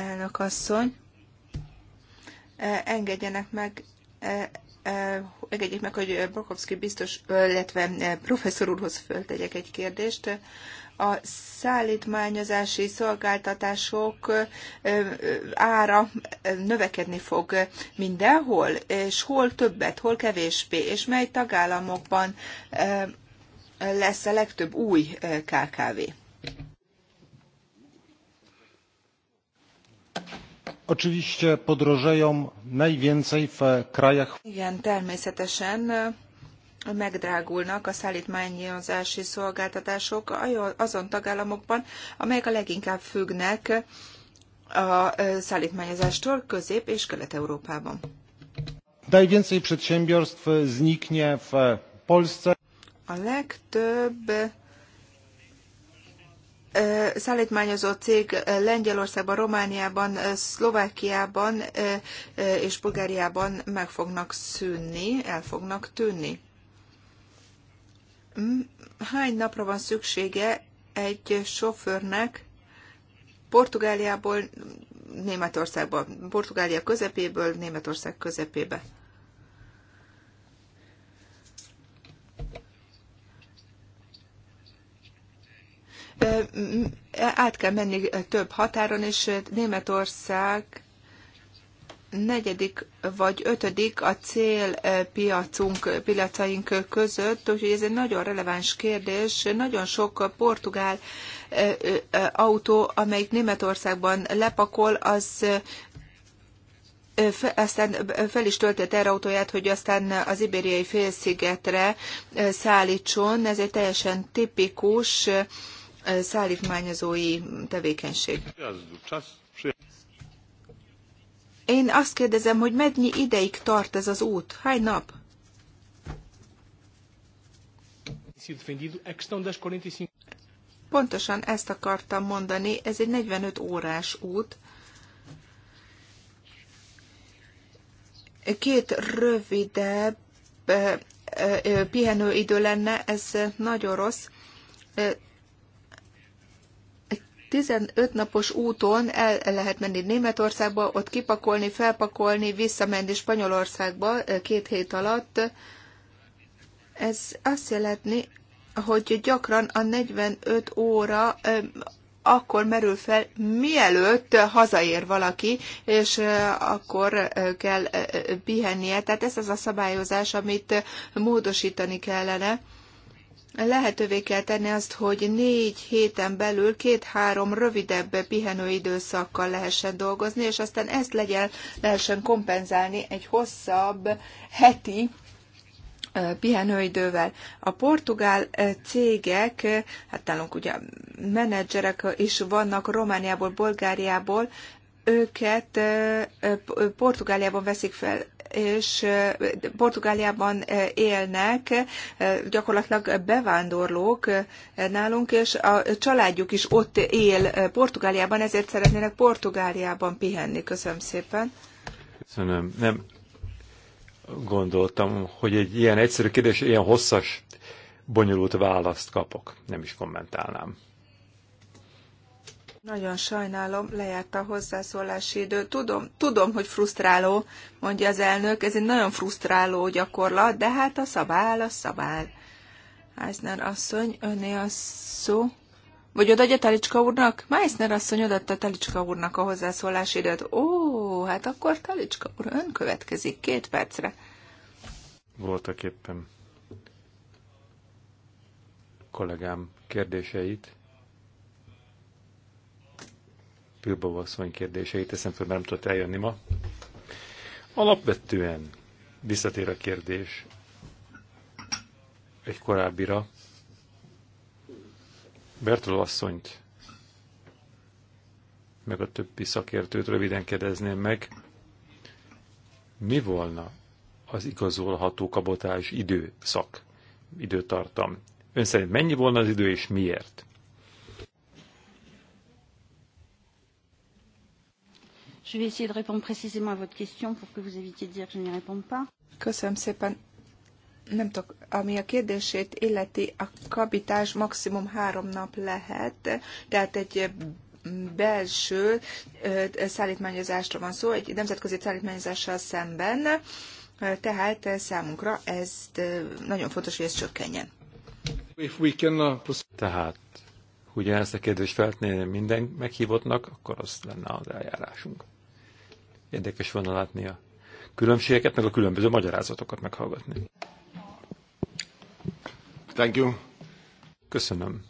elnök asszony. E, engedjenek meg e, e, engedjék meg, hogy Bokovszki biztos, illetve professzor úrhoz föltegyek egy kérdést. A szállítmányozási szolgáltatások ára növekedni fog mindenhol, és hol többet, hol kevésbé, és mely tagállamokban lesz a legtöbb új KKV. Oczywiście podrożeją najwięcej w krajach. Igen, természetesen e, megdrágulnak a szállítmányozási szolgáltatások azon tagállamokban, amelyek a leginkább függnek a e, szállítmányozástól Közép- és Kelet-Európában. Najwięcej przedsiębiorstw zniknie w Polsce. A legtöbb szállítmányozó cég Lengyelországban, Romániában, Szlovákiában és Bulgáriában meg fognak szűnni, el fognak tűnni. Hány napra van szüksége egy sofőrnek Portugáliából Németországba, Portugália közepéből Németország közepébe? át kell menni több határon, és Németország negyedik vagy ötödik a célpiacunk, piacaink között, úgyhogy ez egy nagyon releváns kérdés. Nagyon sok portugál autó, amelyik Németországban lepakol, az aztán fel is tölti a terautóját, hogy aztán az ibériai félszigetre szállítson. Ez egy teljesen tipikus szállítmányozói tevékenység. Én azt kérdezem, hogy mennyi ideig tart ez az út? Hány nap? E Pontosan ezt akartam mondani, ez egy 45 órás út. Két rövidebb eh, eh, pihenőidő lenne, ez nagyon rossz. Eh, 15 napos úton el lehet menni Németországba, ott kipakolni, felpakolni, visszamenni Spanyolországba eh, két hét alatt. Ez azt jelenti, hogy gyakran a 45 óra eh, akkor merül fel, mielőtt hazaér valaki, és eh, akkor kell pihennie. Tehát ez az a szabályozás, amit módosítani kellene lehetővé kell tenni azt, hogy négy héten belül két-három rövidebb pihenőidőszakkal lehessen dolgozni, és aztán ezt legyen, lehessen kompenzálni egy hosszabb heti pihenőidővel. A portugál cégek, hát nálunk ugye menedzserek is vannak Romániából, Bulgáriából, őket Portugáliában veszik fel és Portugáliában élnek gyakorlatilag bevándorlók nálunk, és a családjuk is ott él Portugáliában, ezért szeretnének Portugáliában pihenni. Köszönöm szépen. Köszönöm. Nem gondoltam, hogy egy ilyen egyszerű kérdés, ilyen hosszas, bonyolult választ kapok. Nem is kommentálnám. Nagyon sajnálom, lejárt a hozzászólási idő. Tudom, tudom, hogy frusztráló, mondja az elnök, ez egy nagyon frusztráló gyakorlat, de hát a szabál, a szabál. Meissner asszony, öné a szó. Vagy odaadja Talicska úrnak? Meissner asszony odaadta Talicska úrnak a hozzászólási időt. Ó, hát akkor Talicska úr, ön következik két percre. Voltak éppen kollégám kérdéseit Bilbao asszony kérdéseit teszem fel, nem tudott eljönni ma. Alapvetően visszatér a kérdés egy korábbira. Bertol asszonyt meg a többi szakértőt röviden kérdezném meg. Mi volna az igazolható kabotás időszak, időtartam? Ön szerint mennyi volna az idő és miért? Je vais essayer de répondre précisément à votre question pour que vous évitiez de dire que je n'y réponds pas. Köszönöm szépen. Nem tudok, ami a kérdését illeti, a kapitás maximum három nap lehet, tehát egy belső szállítmányozásra van szó, egy nemzetközi szállítmányozással szemben, tehát számunkra ez nagyon fontos, hogy ez csökkenjen. Uh, tehát, ugye ezt a kérdést feltenném minden meghívottnak, akkor az lenne az eljárásunk érdekes volna látni a különbségeket, meg a különböző magyarázatokat meghallgatni. Thank you. Köszönöm.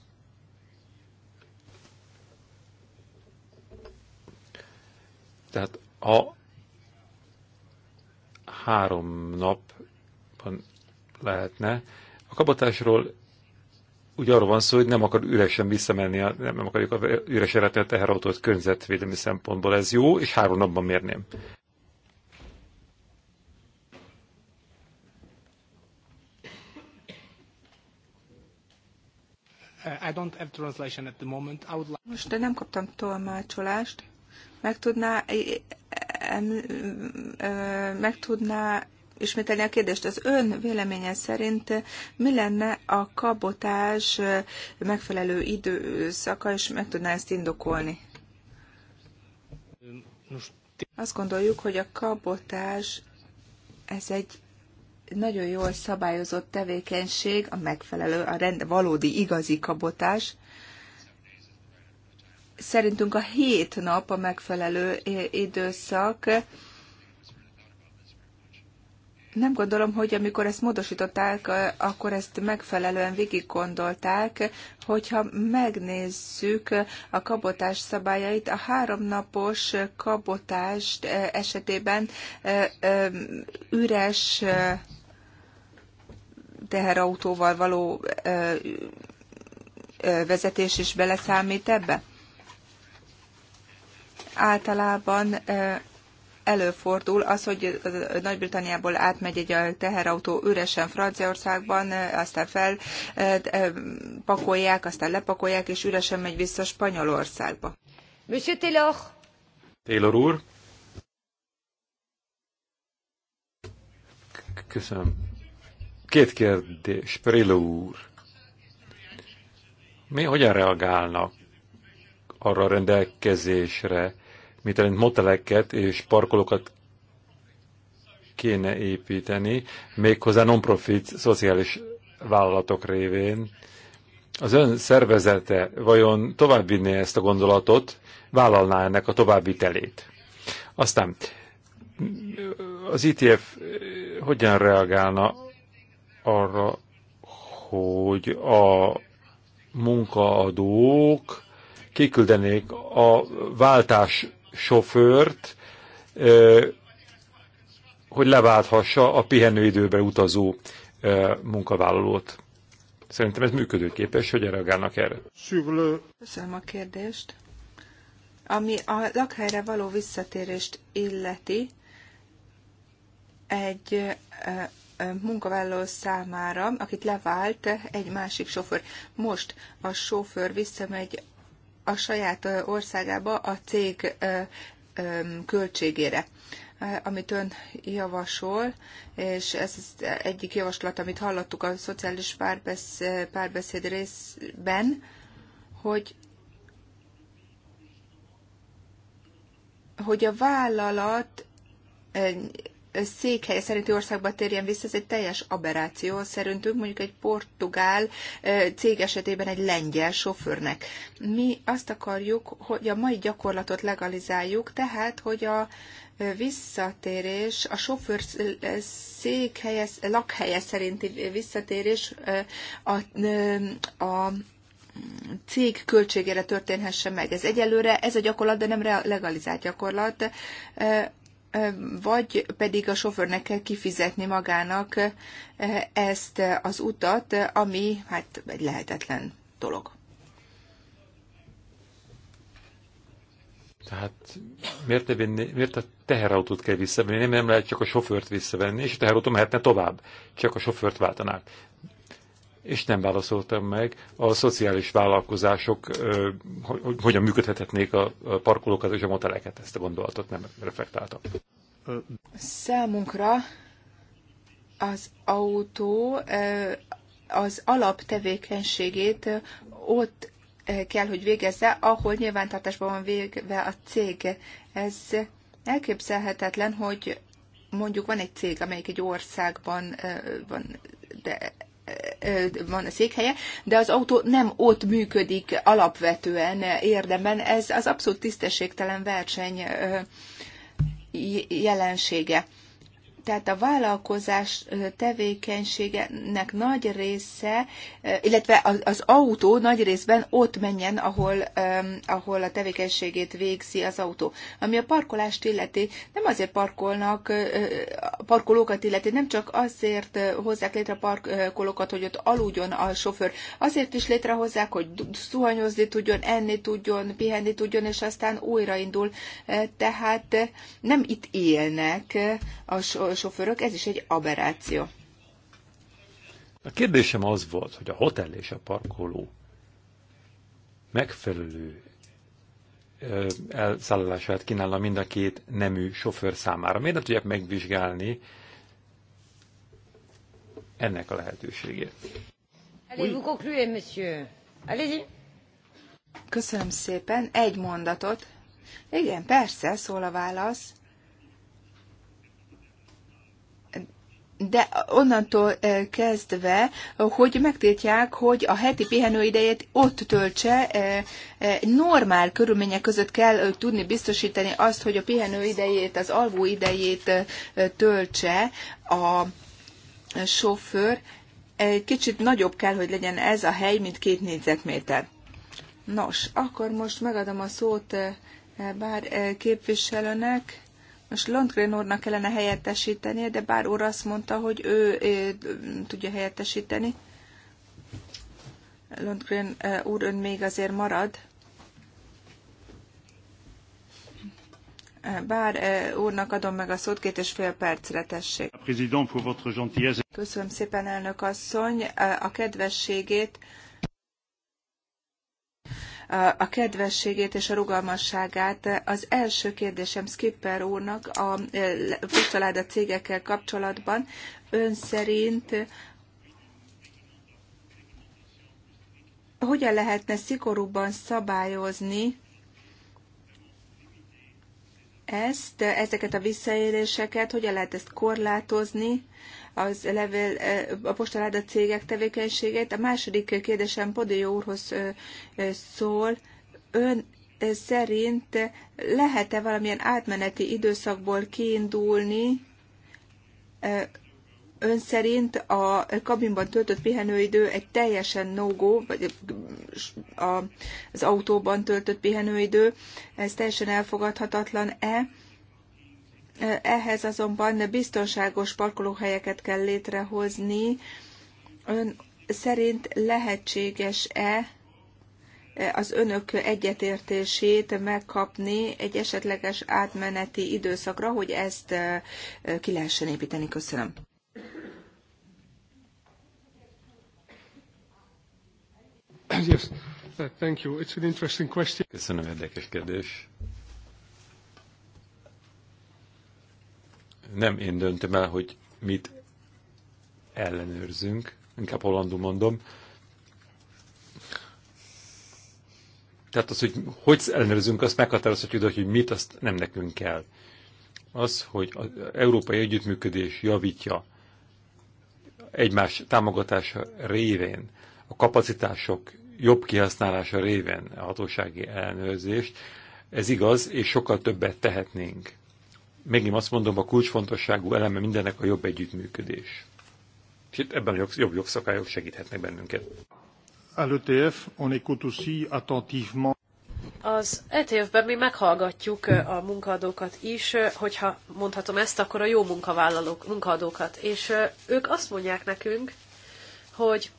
Tehát a három napban lehetne. A kabotásról ugye arról van szó, hogy nem akar üresen visszamenni, nem, nem akarjuk a üres eredet teherautót környezetvédelmi szempontból. Ez jó, és három napban mérném. Uh, I don't have translation at the moment. I would like... Most nem kaptam tolmácsolást. Meg tudná, meg tudná ismételni a kérdést. Az ön véleménye szerint mi lenne a kabotás megfelelő időszaka, és meg tudná ezt indokolni? Azt gondoljuk, hogy a kabotás ez egy nagyon jól szabályozott tevékenység, a megfelelő, a rend, valódi, igazi kabotás. Szerintünk a hét nap a megfelelő időszak nem gondolom, hogy amikor ezt módosították, akkor ezt megfelelően végig gondolták, hogyha megnézzük a kabotás szabályait, a háromnapos kabotás esetében üres teherautóval való vezetés is beleszámít ebbe? Általában előfordul az, hogy Nagy-Britanniából átmegy egy teherautó üresen Franciaországban, aztán felpakolják, eh, eh, aztán lepakolják, és üresen megy vissza Spanyolországba. Monsieur Taylor! Taylor úr! Köszönöm. Két kérdés. Prélo úr. Mi hogyan reagálnak arra a rendelkezésre, mitelint moteleket és parkolókat kéne építeni, méghozzá non-profit szociális vállalatok révén. Az ön szervezete vajon továbbvinné ezt a gondolatot, vállalná ennek a továbbvitelét? Aztán az ITF e hogyan reagálna arra, hogy a munkaadók kiküldenék a váltás sofőrt, hogy leválthassa a pihenőidőbe utazó munkavállalót. Szerintem ez működőképes, hogy reagálnak erre. Köszönöm a kérdést. Ami a lakhelyre való visszatérést illeti, egy munkavállaló számára, akit levált egy másik sofőr. Most a sofőr visszamegy a saját országába a cég költségére amit ön javasol, és ez az egyik javaslat, amit hallottuk a szociális párbesz, párbeszéd részben, hogy hogy a vállalat székhelye szerinti országba térjen vissza, ez egy teljes aberráció szerintünk, mondjuk egy portugál cég esetében egy lengyel sofőrnek. Mi azt akarjuk, hogy a mai gyakorlatot legalizáljuk, tehát, hogy a visszatérés, a sofőr székhelye, lakhelye szerinti visszatérés a, a cég költségére történhesse meg. Ez egyelőre, ez a gyakorlat, de nem legalizált gyakorlat vagy pedig a sofőrnek kell kifizetni magának eh, ezt eh, az utat, ami hát egy lehetetlen dolog. Tehát miért, ne miért a teherautót kell visszavenni? Nem, nem lehet csak a sofőrt visszavenni, és a teherautó mehetne tovább, csak a sofőrt váltanák és nem válaszoltam meg a szociális vállalkozások, hogy hogyan működhetnék a parkolókat és a moteleket. Ezt a gondolatot nem reflektáltam. Számunkra az autó az alaptevékenységét ott kell, hogy végezze, ahol nyilvántartásban van végve a cég. Ez elképzelhetetlen, hogy mondjuk van egy cég, amelyik egy országban van, de van a székhelye, de az autó nem ott működik alapvetően érdemben. Ez az abszolút tisztességtelen verseny jelensége tehát a vállalkozás tevékenységenek nagy része, illetve az autó nagy részben ott menjen, ahol, ahol a tevékenységét végzi az autó. Ami a parkolást illeti, nem azért parkolnak, parkolókat illeti, nem csak azért hozzák létre parkolókat, hogy ott aludjon a sofőr, azért is létrehozzák, hogy szuhanyozni tudjon, enni tudjon, pihenni tudjon, és aztán újraindul. Tehát nem itt élnek a sofőrök, ez is egy aberráció. A kérdésem az volt, hogy a hotel és a parkoló megfelelő elszállását kínálna mind a két nemű sofőr számára. Miért nem tudják megvizsgálni ennek a lehetőségét? monsieur. Köszönöm szépen. Egy mondatot. Igen, persze, szól a válasz. de onnantól kezdve, hogy megtiltják, hogy a heti pihenőidejét ott töltse, normál körülmények között kell tudni biztosítani azt, hogy a pihenőidejét, az alvó idejét töltse a sofőr. Egy kicsit nagyobb kell, hogy legyen ez a hely, mint két négyzetméter. Nos, akkor most megadom a szót bár képviselőnek. Most Lundgren úrnak kellene helyettesítenie, de bár úr azt mondta, hogy ő, ő tudja helyettesíteni. Lundgren úr, ön még azért marad. Bár úrnak adom meg a szót, két és fél percre tessék. Köszönöm szépen, elnök asszony, a kedvességét a kedvességét és a rugalmasságát. Az első kérdésem Skipper úrnak a e, a cégekkel kapcsolatban. Ön szerint hogyan lehetne szigorúban szabályozni ezt, ezeket a visszaéléseket, hogyan lehet ezt korlátozni, az levél a postaláda cégek tevékenységét. A második kérdésem Podéjó úrhoz szól. Ön szerint lehet-e valamilyen átmeneti időszakból kiindulni, ön szerint a kabinban töltött pihenőidő egy teljesen no-go, vagy az autóban töltött pihenőidő, ez teljesen elfogadhatatlan-e? Ehhez azonban biztonságos parkolóhelyeket kell létrehozni. Ön szerint lehetséges-e az önök egyetértését megkapni egy esetleges átmeneti időszakra, hogy ezt eh, ki lehessen építeni? Köszönöm. Yes. Thank you. It's an interesting question. Köszönöm, érdekes kérdés. nem én döntöm el, hogy mit ellenőrzünk, inkább hollandul mondom. Tehát az, hogy hogy ellenőrzünk, azt meghatározhatjuk, hogy mit, azt nem nekünk kell. Az, hogy az európai együttműködés javítja egymás támogatása révén, a kapacitások jobb kihasználása révén a hatósági ellenőrzést, ez igaz, és sokkal többet tehetnénk megint azt mondom, a kulcsfontosságú eleme mindennek a jobb együttműködés. És itt ebben a jobb jogszabályok segíthetnek bennünket. Az ETF-ben mi meghallgatjuk a munkadókat is, hogyha mondhatom ezt, akkor a jó munkavállalók, munkadókat, És ők azt mondják nekünk, hogy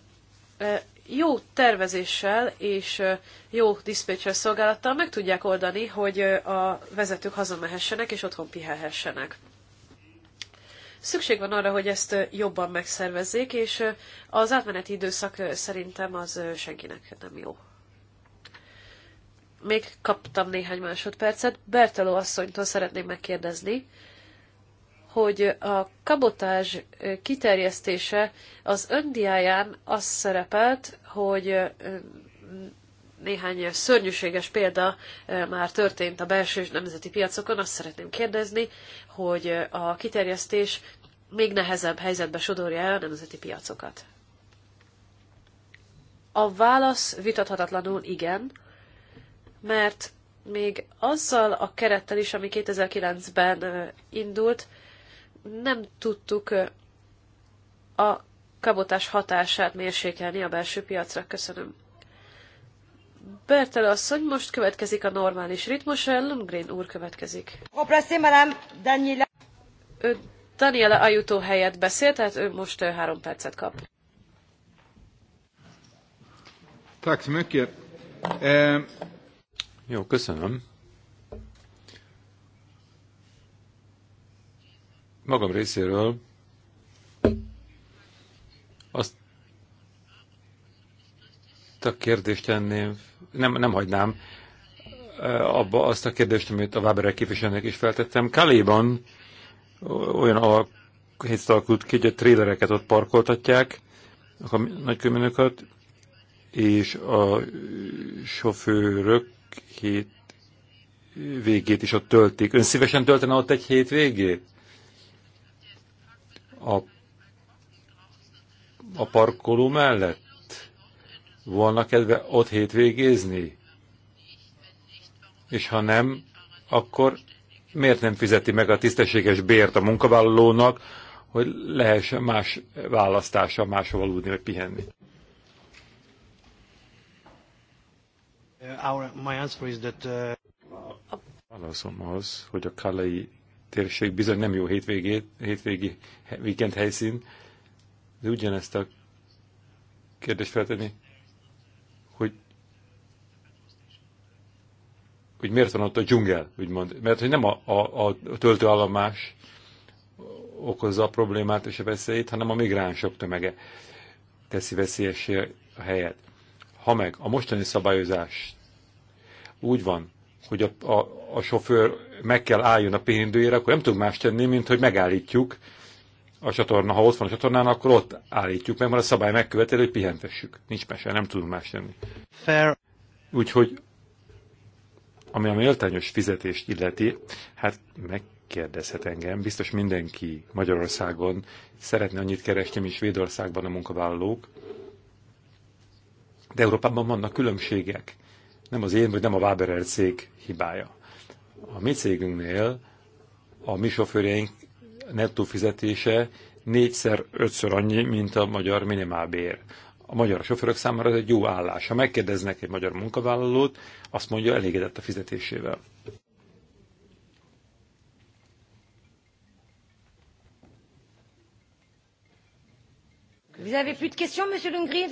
jó tervezéssel és jó diszpécser szolgálattal meg tudják oldani, hogy a vezetők hazamehessenek és otthon pihelhessenek. Szükség van arra, hogy ezt jobban megszervezzék, és az átmeneti időszak szerintem az senkinek nem jó. Még kaptam néhány másodpercet. Berteló asszonytól szeretném megkérdezni, hogy a kabotázs kiterjesztése az öndiáján az szerepelt, hogy néhány szörnyűséges példa már történt a belső és nemzeti piacokon. Azt szeretném kérdezni, hogy a kiterjesztés még nehezebb helyzetbe sodorja el a nemzeti piacokat. A válasz vitathatatlanul igen, mert még azzal a kerettel is, ami 2009-ben indult, nem tudtuk a kabotás hatását mérsékelni a belső piacra. Köszönöm. Bertel asszony, most következik a normális ritmus, Lundgren úr következik. Ő Daniela Ajutó helyett beszélt, tehát ő most három percet kap. Tack Jó, köszönöm. Magam részéről azt a kérdést tenném, nem, nem hagynám abba azt a kérdést, amit a Váberek képviselőnek is feltettem. Kaléban olyan a hét alakult ki, hogy a trélereket ott parkoltatják, a nagykömönöket, és a sofőrök hét végét is ott töltik. Ön szívesen töltene ott egy hét végét? a, a parkoló mellett? Volna kedve ott hétvégézni? És ha nem, akkor miért nem fizeti meg a tisztességes bért a munkavállalónak, hogy lehessen más választása, máshol aludni vagy pihenni? Uh, our, my answer is that, uh, A válaszom az, hogy a Kalei térség bizony nem jó hétvégét, hétvégi víkend helyszín, de ugyanezt a kérdést feltenni, hogy, hogy miért van ott a dzsungel, úgymond. Mert hogy nem a, a, a töltőállomás okozza a problémát és a veszélyt, hanem a migránsok tömege teszi veszélyessé a helyet. Ha meg a mostani szabályozás úgy van, hogy a, a, a sofőr meg kell álljon a pihenőjére, akkor nem tudunk más tenni, mint hogy megállítjuk a csatorna. Ha ott van a csatornán, akkor ott állítjuk meg, mert a szabály megköveteli, hogy pihentessük. Nincs mese, nem tudunk más tenni. Fair. Úgyhogy, ami a méltányos fizetést illeti, hát kérdezhet engem, biztos mindenki Magyarországon szeretne annyit keresni, mint Svédországban a munkavállalók, de Európában vannak különbségek nem az én, vagy nem a Waberer cég hibája. A mi cégünknél a mi sofőrjeink nettó fizetése négyszer, ötször annyi, mint a magyar minimálbér. A magyar sofőrök számára ez egy jó állás. Ha megkérdeznek egy magyar munkavállalót, azt mondja, elégedett a fizetésével. Vous avez plus de questions, Monsieur Lundgren?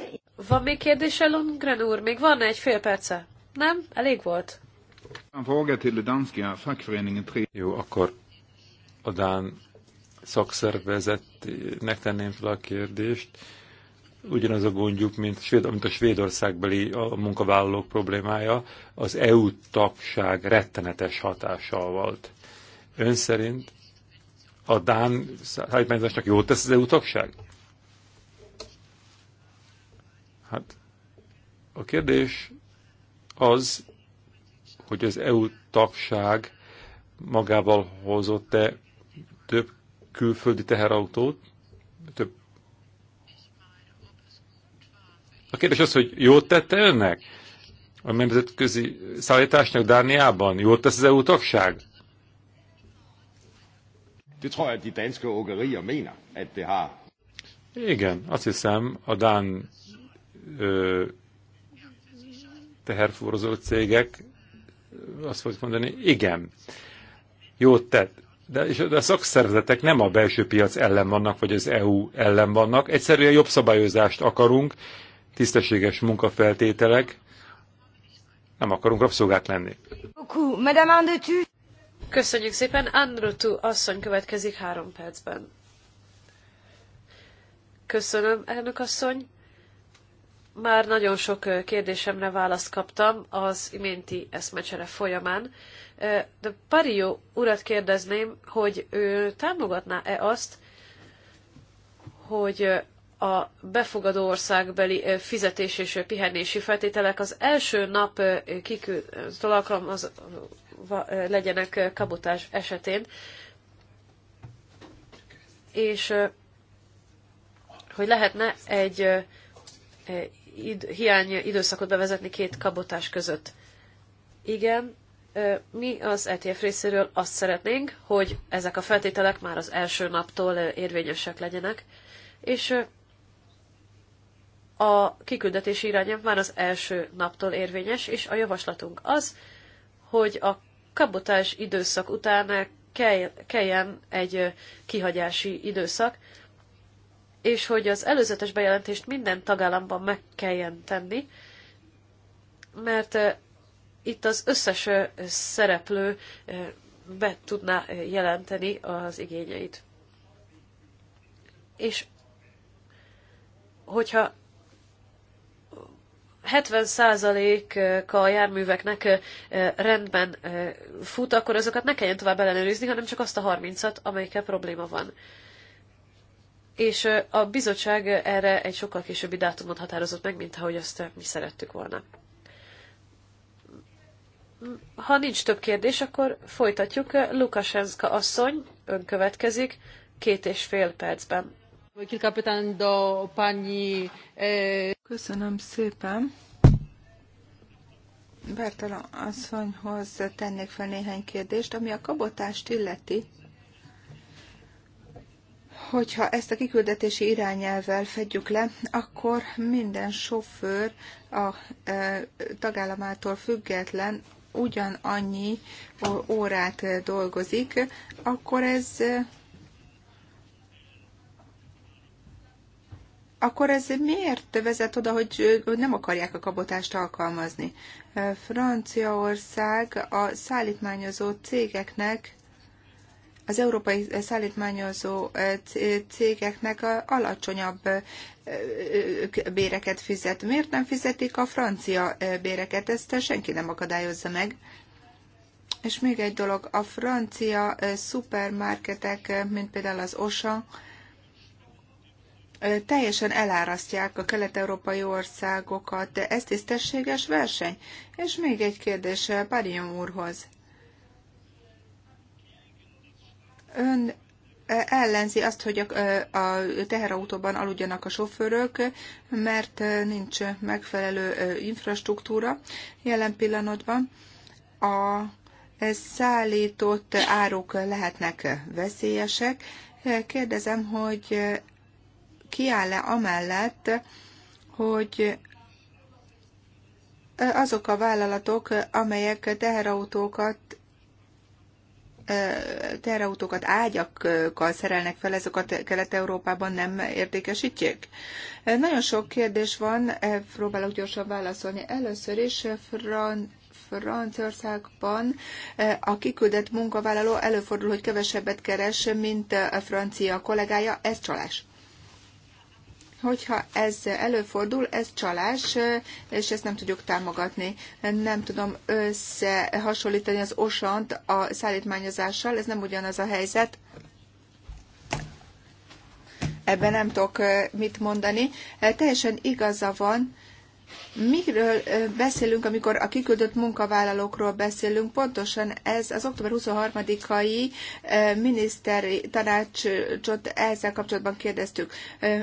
Van még kérdése, Lundgren úr? Még van egy fél perce? Nem? Elég volt? Jó, akkor a Dán szakszervezetnek tenném fel a kérdést. Ugyanaz a gondjuk, mint, Svéd, mint a svédországbeli a munkavállalók problémája, az EU tagság rettenetes hatással volt. Ön szerint a Dán szállítmányozásnak jót tesz az EU tagság? Hát a kérdés az, hogy az EU tagság magával hozott-e több külföldi teherautót, több a kérdés az, hogy jót tette önnek? A nemzetközi szállításnak Dániában jót tesz az EU tagság? Igen, azt hiszem, a Dán ö, teherfúrozó cégek azt fogjuk mondani, igen, jót tett. De, és, a szakszervezetek nem a belső piac ellen vannak, vagy az EU ellen vannak. Egyszerűen jobb szabályozást akarunk, tisztességes munkafeltételek, nem akarunk rabszolgák lenni. Köszönjük szépen. Androtu asszony következik három percben. Köszönöm, elnök asszony. Már nagyon sok kérdésemre választ kaptam az iménti eszmecsere folyamán, de Parió urat kérdezném, hogy ő támogatná-e azt, hogy a befogadó országbeli fizetés és pihenési feltételek az első nap kiküldtől alkalmazva legyenek kabotás esetén, és hogy lehetne egy id, hiány időszakot bevezetni két kabotás között. Igen, mi az ETF részéről azt szeretnénk, hogy ezek a feltételek már az első naptól érvényesek legyenek, és a kiküldetési irányelv már az első naptól érvényes, és a javaslatunk az, hogy a kabotás időszak után kell, kelljen egy kihagyási időszak, és hogy az előzetes bejelentést minden tagállamban meg kelljen tenni, mert itt az összes szereplő be tudná jelenteni az igényeit. És hogyha 70%-a a járműveknek rendben fut, akkor azokat ne kelljen tovább ellenőrizni, hanem csak azt a 30-at, amelyikkel probléma van és a bizottság erre egy sokkal későbbi dátumot határozott meg, mint ahogy azt mi szerettük volna. Ha nincs több kérdés, akkor folytatjuk. Lukashenska asszony, ön következik, két és fél percben. Köszönöm szépen. Bertalan asszonyhoz tennék fel néhány kérdést, ami a kabotást illeti hogyha ezt a kiküldetési irányelvvel fedjük le, akkor minden sofőr a e, tagállamától független ugyanannyi órát e, dolgozik, akkor ez e, akkor ez miért vezet oda, hogy nem akarják a kabotást alkalmazni? Franciaország a szállítmányozó cégeknek az európai szállítmányozó eh, cégeknek alacsonyabb eh, béreket fizet. Miért nem fizetik a francia eh, béreket? Ezt senki nem akadályozza meg. És még egy dolog, a francia szupermarketek, mint például az Auchan, teljesen elárasztják a kelet-európai országokat. Ez tisztességes verseny? És még egy kérdés Parium úrhoz. Ön ellenzi azt, hogy a teherautóban aludjanak a sofőrök, mert nincs megfelelő infrastruktúra jelen pillanatban. A e, szállított áruk lehetnek veszélyesek. Kérdezem, hogy kiáll-e amellett, hogy azok a vállalatok, amelyek teherautókat teherautókat ágyakkal szerelnek fel, azokat Kelet-Európában nem értékesítjék? Nagyon sok kérdés van, próbálok gyorsan válaszolni. Először is Fran Franciaországban eh, a kiküldett munkavállaló előfordul, hogy kevesebbet keres, mint a francia kollégája, ez csalás hogyha ez előfordul, ez csalás, és ezt nem tudjuk támogatni. Nem tudom összehasonlítani az osant a szállítmányozással, ez nem ugyanaz a helyzet. Ebben nem tudok eh, mit mondani. Eh, teljesen igaza van, Mikről beszélünk, amikor a kiküldött munkavállalókról beszélünk? Pontosan ez az október 23-ai miniszteri tanácsot ezzel kapcsolatban kérdeztük.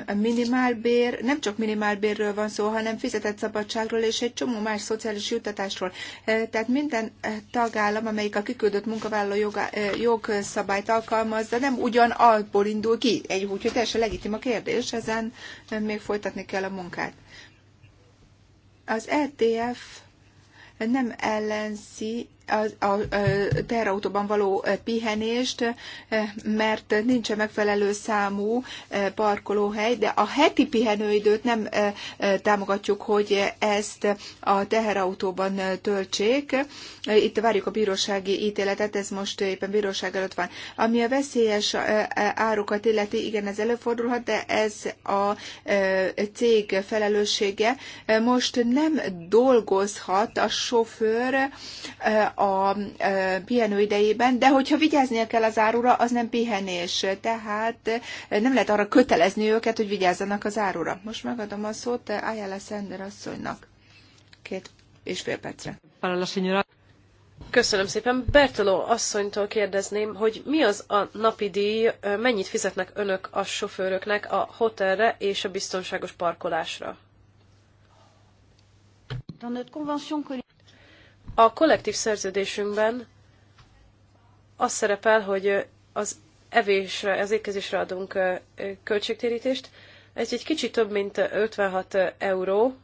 A minimálbér, nem csak minimálbérről van szó, hanem fizetett szabadságról és egy csomó más szociális juttatásról. Tehát minden tagállam, amelyik a kiküldött munkavállaló joga, jogszabályt alkalmazza, nem ugyan abból indul ki. úgyhogy teljesen legitim a kérdés, ezen még folytatni kell a munkát. Az ETF nem ellenzi a, a, a teherautóban való pihenést, mert nincs megfelelő számú parkolóhely, de a heti pihenőidőt nem támogatjuk, hogy ezt a teherautóban töltsék. Itt várjuk a bírósági ítéletet, ez most éppen bíróság előtt van. Ami a veszélyes árukat illeti, igen, ez előfordulhat, de ez a cég felelőssége. Most nem dolgozhat a sofőr a pihenő idejében, de hogyha vigyáznia kell az árura, az nem pihenés, tehát nem lehet arra kötelezni őket, hogy vigyázzanak az árura. Most megadom a szót Ayala Sender asszonynak. Két és fél percre. Köszönöm szépen. Bertoló asszonytól kérdezném, hogy mi az a napi díj, mennyit fizetnek önök a sofőröknek a hotelre és a biztonságos parkolásra? A kollektív szerződésünkben az szerepel, hogy az evésre, az étkezésre adunk költségtérítést. Ez egy kicsit több, mint 56 euró.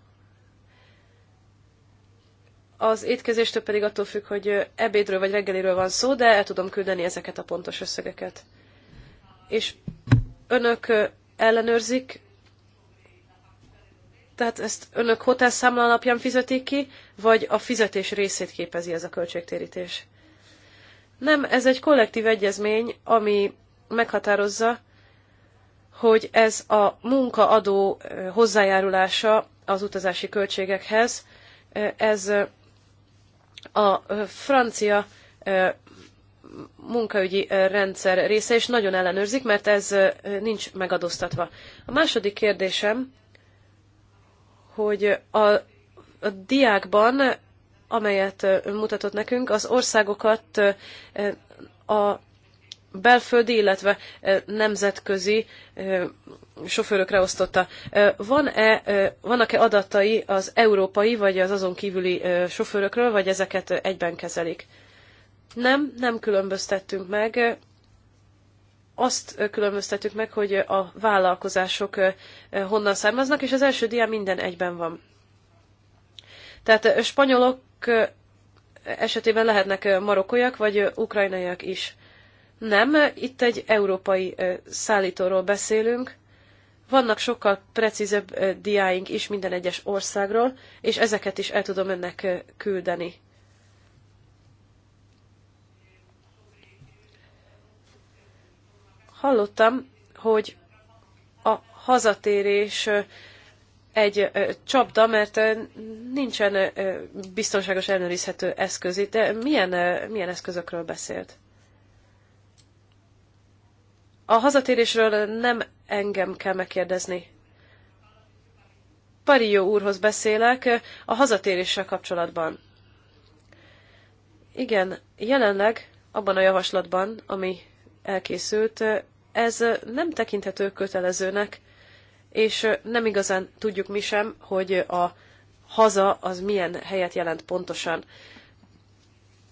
Az étkezéstől pedig attól függ, hogy ebédről vagy reggeliről van szó, de el tudom küldeni ezeket a pontos összegeket. És önök ellenőrzik tehát ezt önök hotelszámla alapján fizetik ki, vagy a fizetés részét képezi ez a költségtérítés? Nem, ez egy kollektív egyezmény, ami meghatározza, hogy ez a munkaadó hozzájárulása az utazási költségekhez, ez a francia munkaügyi rendszer része, és nagyon ellenőrzik, mert ez nincs megadóztatva. A második kérdésem hogy a, a diákban, amelyet ön mutatott nekünk, az országokat a belföldi, illetve nemzetközi sofőrökre osztotta. Van-e, vannak-e adatai az európai, vagy az azon kívüli sofőrökről, vagy ezeket egyben kezelik? Nem, nem különböztettünk meg azt különböztetük meg, hogy a vállalkozások honnan származnak, és az első dián minden egyben van. Tehát spanyolok esetében lehetnek marokkóiak vagy ukrajnaiak is. Nem, itt egy európai szállítóról beszélünk. Vannak sokkal precízebb diáink is minden egyes országról, és ezeket is el tudom önnek küldeni. Hallottam, hogy a hazatérés egy csapda, mert nincsen biztonságos ellenőrizhető eszköz itt. De milyen, milyen eszközökről beszélt? A hazatérésről nem engem kell megkérdezni. Parió úrhoz beszélek a hazatéréssel kapcsolatban. Igen, jelenleg abban a javaslatban, ami elkészült, ez nem tekinthető kötelezőnek, és nem igazán tudjuk mi sem, hogy a haza az milyen helyet jelent pontosan.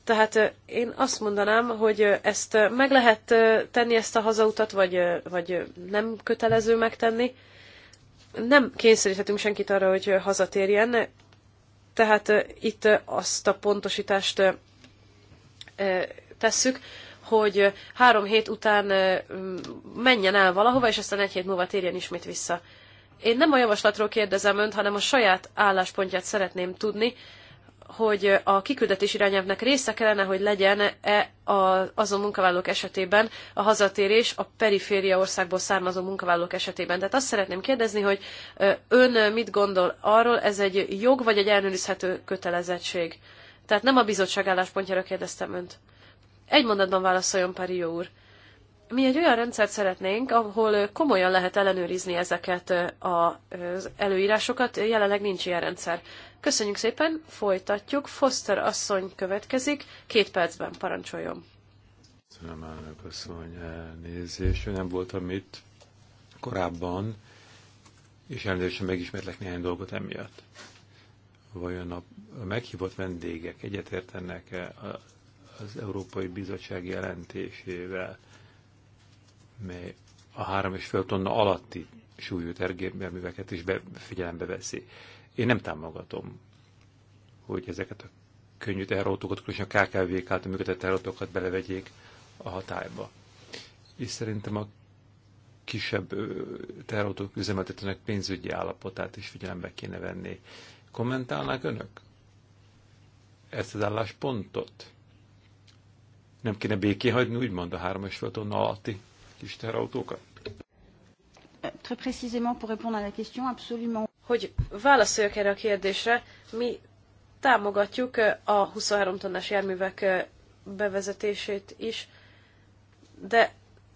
Tehát én azt mondanám, hogy ezt meg lehet tenni ezt a hazautat, vagy, vagy nem kötelező megtenni. Nem kényszeríthetünk senkit arra, hogy hazatérjen, tehát itt azt a pontosítást tesszük, hogy három hét után menjen el valahova, és aztán egy hét múlva térjen ismét vissza. Én nem a javaslatról kérdezem önt, hanem a saját álláspontját szeretném tudni, hogy a kiküldetés irányelvnek része kellene, hogy legyen-e azon munkavállalók esetében a hazatérés a periféria országból származó munkavállalók esetében. Tehát azt szeretném kérdezni, hogy ön mit gondol arról, ez egy jog vagy egy ellenőrizhető kötelezettség? Tehát nem a bizottság álláspontjára kérdeztem önt. Egy mondatban válaszoljon Parió úr. Mi egy olyan rendszert szeretnénk, ahol komolyan lehet ellenőrizni ezeket az előírásokat, jelenleg nincs ilyen rendszer. Köszönjük szépen, folytatjuk. Foster asszony következik, két percben parancsoljon. Köszönöm, elnök asszony, elnézést. Nem voltam itt korábban, és elnézést, megismerlek néhány dolgot emiatt. Vajon a meghívott vendégek egyetértenek-e az Európai Bizottság jelentésével, mely a három és fél tonna alatti súlyú tergépjárműveket is be, figyelembe veszi. Én nem támogatom, hogy ezeket a könnyű teherautókat, különösen a KKV-k által működött teherautókat belevegyék a hatályba. És szerintem a kisebb teherautók üzemeltetőnek pénzügyi állapotát is figyelembe kéne venni. Kommentálnák önök ezt az álláspontot? Nem kéne béké hagyni, úgymond a három és fél tonna alatti kis teherautókat? Très précisément pour répondre à la question, absolument. Hogy válaszoljak erre a kérdésre, mi támogatjuk eh, a 23 tonnás járművek eh, bevezetését is, de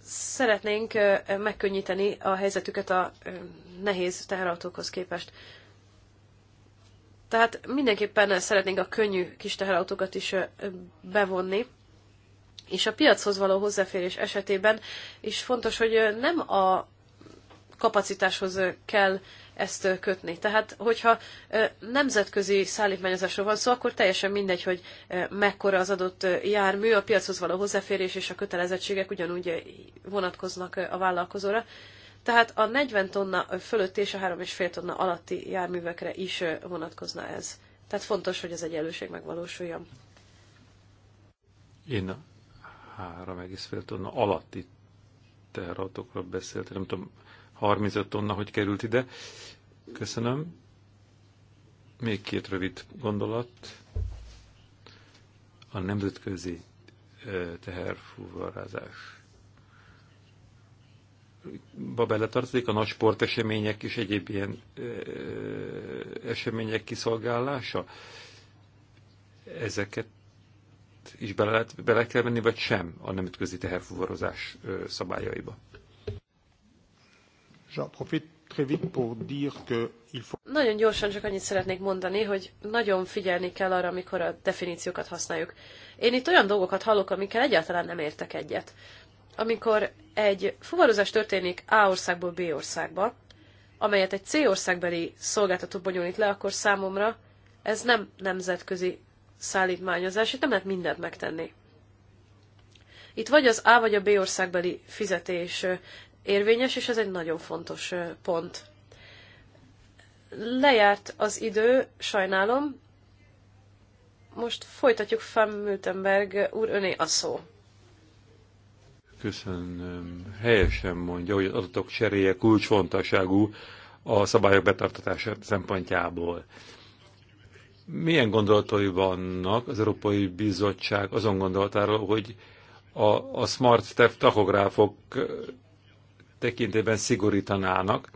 szeretnénk eh, megkönnyíteni a helyzetüket a nehéz teherautókhoz képest. Tehát mindenképpen szeretnénk a könnyű kis teherautókat is bevonni. És a piachoz való hozzáférés esetében is fontos, hogy nem a kapacitáshoz kell ezt kötni. Tehát, hogyha nemzetközi szállítmányozásról van szó, akkor teljesen mindegy, hogy mekkora az adott jármű, a piachoz való hozzáférés és a kötelezettségek ugyanúgy vonatkoznak a vállalkozóra. Tehát a 40 tonna fölött és a 3,5 tonna alatti járművekre is vonatkozna ez. Tehát fontos, hogy az egyenlőség megvalósuljon. Én a 3,5 tonna alatti teherautókról beszélt, nem tudom, 35 tonna, hogy került ide. Köszönöm. Még két rövid gondolat. A nemzetközi teherfúvarázás. Ba beletartozik a nagy sportesemények és egyéb ilyen ö, események kiszolgálása. Ezeket is bele, lehet, bele kell venni, vagy sem a nemzetközi teherfuvarozás szabályaiba? Nagyon gyorsan csak annyit szeretnék mondani, hogy nagyon figyelni kell arra, amikor a definíciókat használjuk. Én itt olyan dolgokat hallok, amikkel egyáltalán nem értek egyet. Amikor egy fuvarozás történik A országból B országba, amelyet egy C országbeli szolgáltató bonyolít le, akkor számomra ez nem nemzetközi szállítmányozás, itt nem lehet mindent megtenni. Itt vagy az A vagy a B országbeli fizetés érvényes, és ez egy nagyon fontos pont. Lejárt az idő, sajnálom. Most folytatjuk fel Mültenberg úr, öné a szó. Köszönöm. Helyesen mondja, hogy az adatok cseréje kulcsfontosságú a szabályok betartatása szempontjából. Milyen gondolatai vannak az Európai Bizottság azon gondolatáról, hogy a, a smart tachográfok tekintében szigorítanának?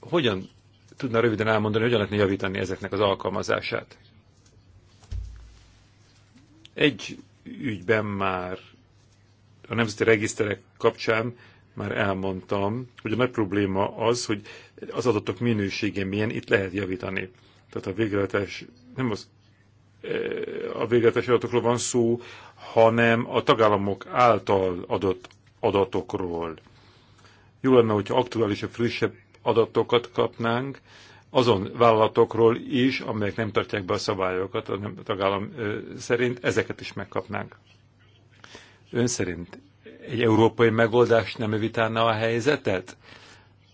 Hogyan tudna röviden elmondani, hogyan lehetne javítani ezeknek az alkalmazását? Egy ügyben már a nemzeti regiszterek kapcsán már elmondtam, hogy a nagy probléma az, hogy az adatok minősége milyen, itt lehet javítani. Tehát a végletes, nem az e, a végletes adatokról van szó, hanem a tagállamok által adott adatokról. Jó lenne, hogyha aktuálisabb, frissebb adatokat kapnánk, azon vállalatokról is, amelyek nem tartják be a szabályokat a tagállam e, szerint, ezeket is megkapnánk. Ön szerint egy európai megoldás nem evitálna a helyzetet?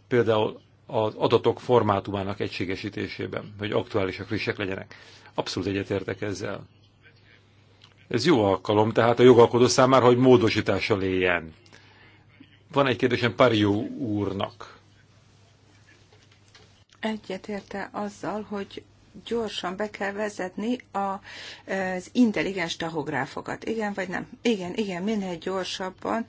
Például az adatok formátumának egységesítésében, hogy aktuálisak, frissek legyenek. Abszolút egyetértek ezzel. Ez jó alkalom, tehát a jogalkodó számára, hogy módosítása léjen. Van egy kérdésem Parió úrnak. Egyetérte azzal, hogy gyorsan be kell vezetni a, az intelligens tahográfokat. Igen vagy nem? Igen, igen, minél gyorsabban,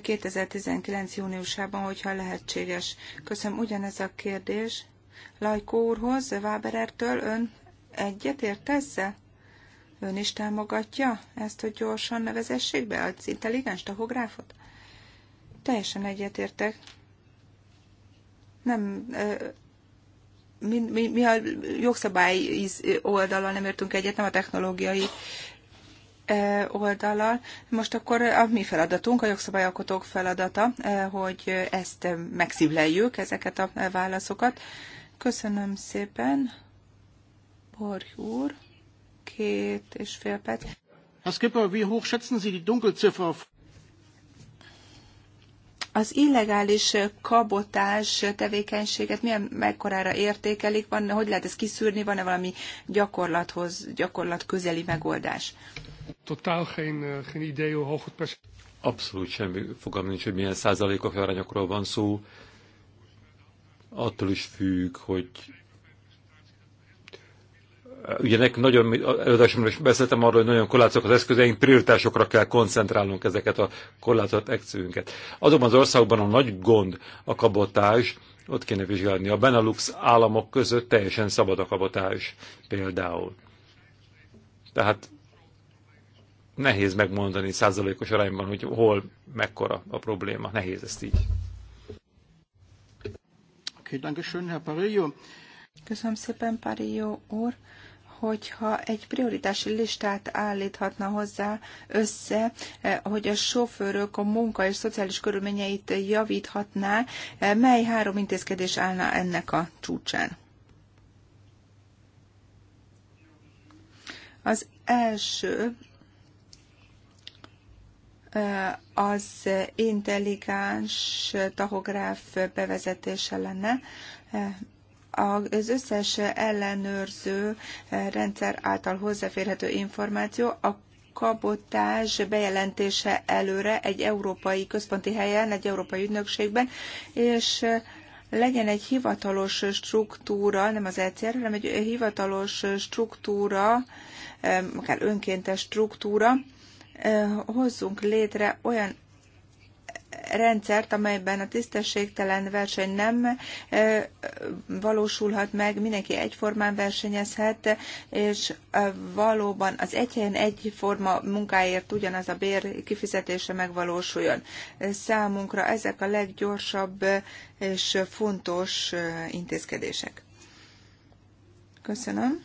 2019. Eh, júniusában, hogyha lehetséges. Köszönöm, ugyanez a kérdés. Lajkó úrhoz, Váberertől ön egyetért ezzel? Ön is támogatja ezt, hogy gyorsan nevezessék be az intelligens tahográfot? Teljesen egyetértek. Nem, eh, mi, mi, mi a jogszabályi oldalon nem értünk egyet, nem a technológiai e, oldalal. Most akkor a mi feladatunk, a jogszabályalkotók feladata, e, hogy ezt megszívleljük, ezeket a válaszokat. Köszönöm szépen, Borj úr. Két és fél perc. Herr Skipper, wie hoch schätzen Sie die Dunkelziffer? Az illegális kabotás tevékenységet milyen mekkorára értékelik? Van, hogy lehet ezt kiszűrni? Van-e valami gyakorlathoz, gyakorlat közeli megoldás? Totál geen, geen idee, hoe Abszolút semmi fogalmam nincs, hogy milyen százalékok arányokról van szó. Attól is függ, hogy Ugye nekünk nagyon, előadásomra is beszéltem arról, hogy nagyon korlátozok az eszközeink, prioritásokra kell koncentrálnunk ezeket a korlátozott egyszerünket. Azokban az országokban a nagy gond a kabotás, ott kéne vizsgálni. A Benelux államok között teljesen szabad a kabotás például. Tehát nehéz megmondani százalékos arányban, hogy hol, mekkora a probléma. Nehéz ezt így. Köszönöm szépen, Parillo úr hogyha egy prioritási listát állíthatna hozzá össze, eh, hogy a sofőrök a munka és szociális körülményeit javíthatná, eh, mely három intézkedés állna ennek a csúcsán? Az első eh, az intelligens tahográf bevezetése lenne, az összes ellenőrző rendszer által hozzáférhető információ a kabotás bejelentése előre egy európai központi helyen, egy európai ügynökségben, és legyen egy hivatalos struktúra, nem az ECR, hanem egy hivatalos struktúra, akár önkéntes struktúra, hozzunk létre olyan rendszert, amelyben a tisztességtelen verseny nem valósulhat meg, mindenki egyformán versenyezhet, és valóban az egy helyen egyforma munkáért ugyanaz a bér kifizetése megvalósuljon. Számunkra ezek a leggyorsabb és fontos intézkedések. Köszönöm.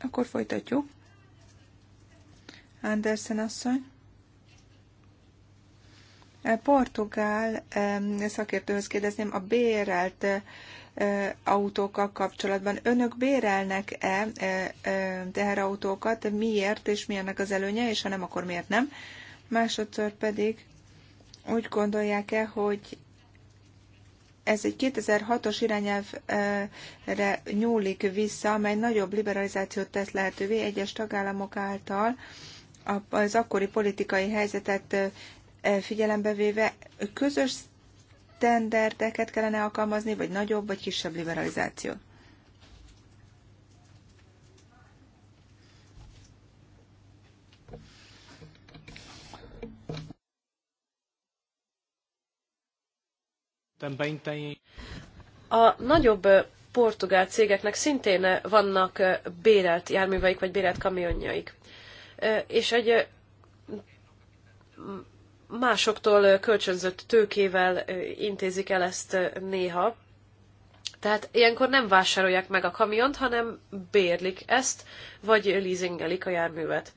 Akkor folytatjuk. Andersen asszony. Portugál szakértőhöz kérdezném a bérelt autókkal kapcsolatban. Önök bérelnek-e teherautókat? Miért és milyennek az előnye, és ha nem, akkor miért nem? Másodszor pedig úgy gondolják-e, hogy ez egy 2006-os irányelvre nyúlik vissza, amely nagyobb liberalizációt tesz lehetővé egyes tagállamok által az akkori politikai helyzetet E, figyelembe véve közös standardeket kellene alkalmazni, vagy nagyobb, vagy kisebb liberalizáció? A nagyobb portugál cégeknek szintén vannak bérelt járműveik, vagy bérelt kamionjaik. És egy másoktól kölcsönzött tőkével intézik el ezt néha. Tehát ilyenkor nem vásárolják meg a kamiont, hanem bérlik ezt, vagy leasingelik a járművet.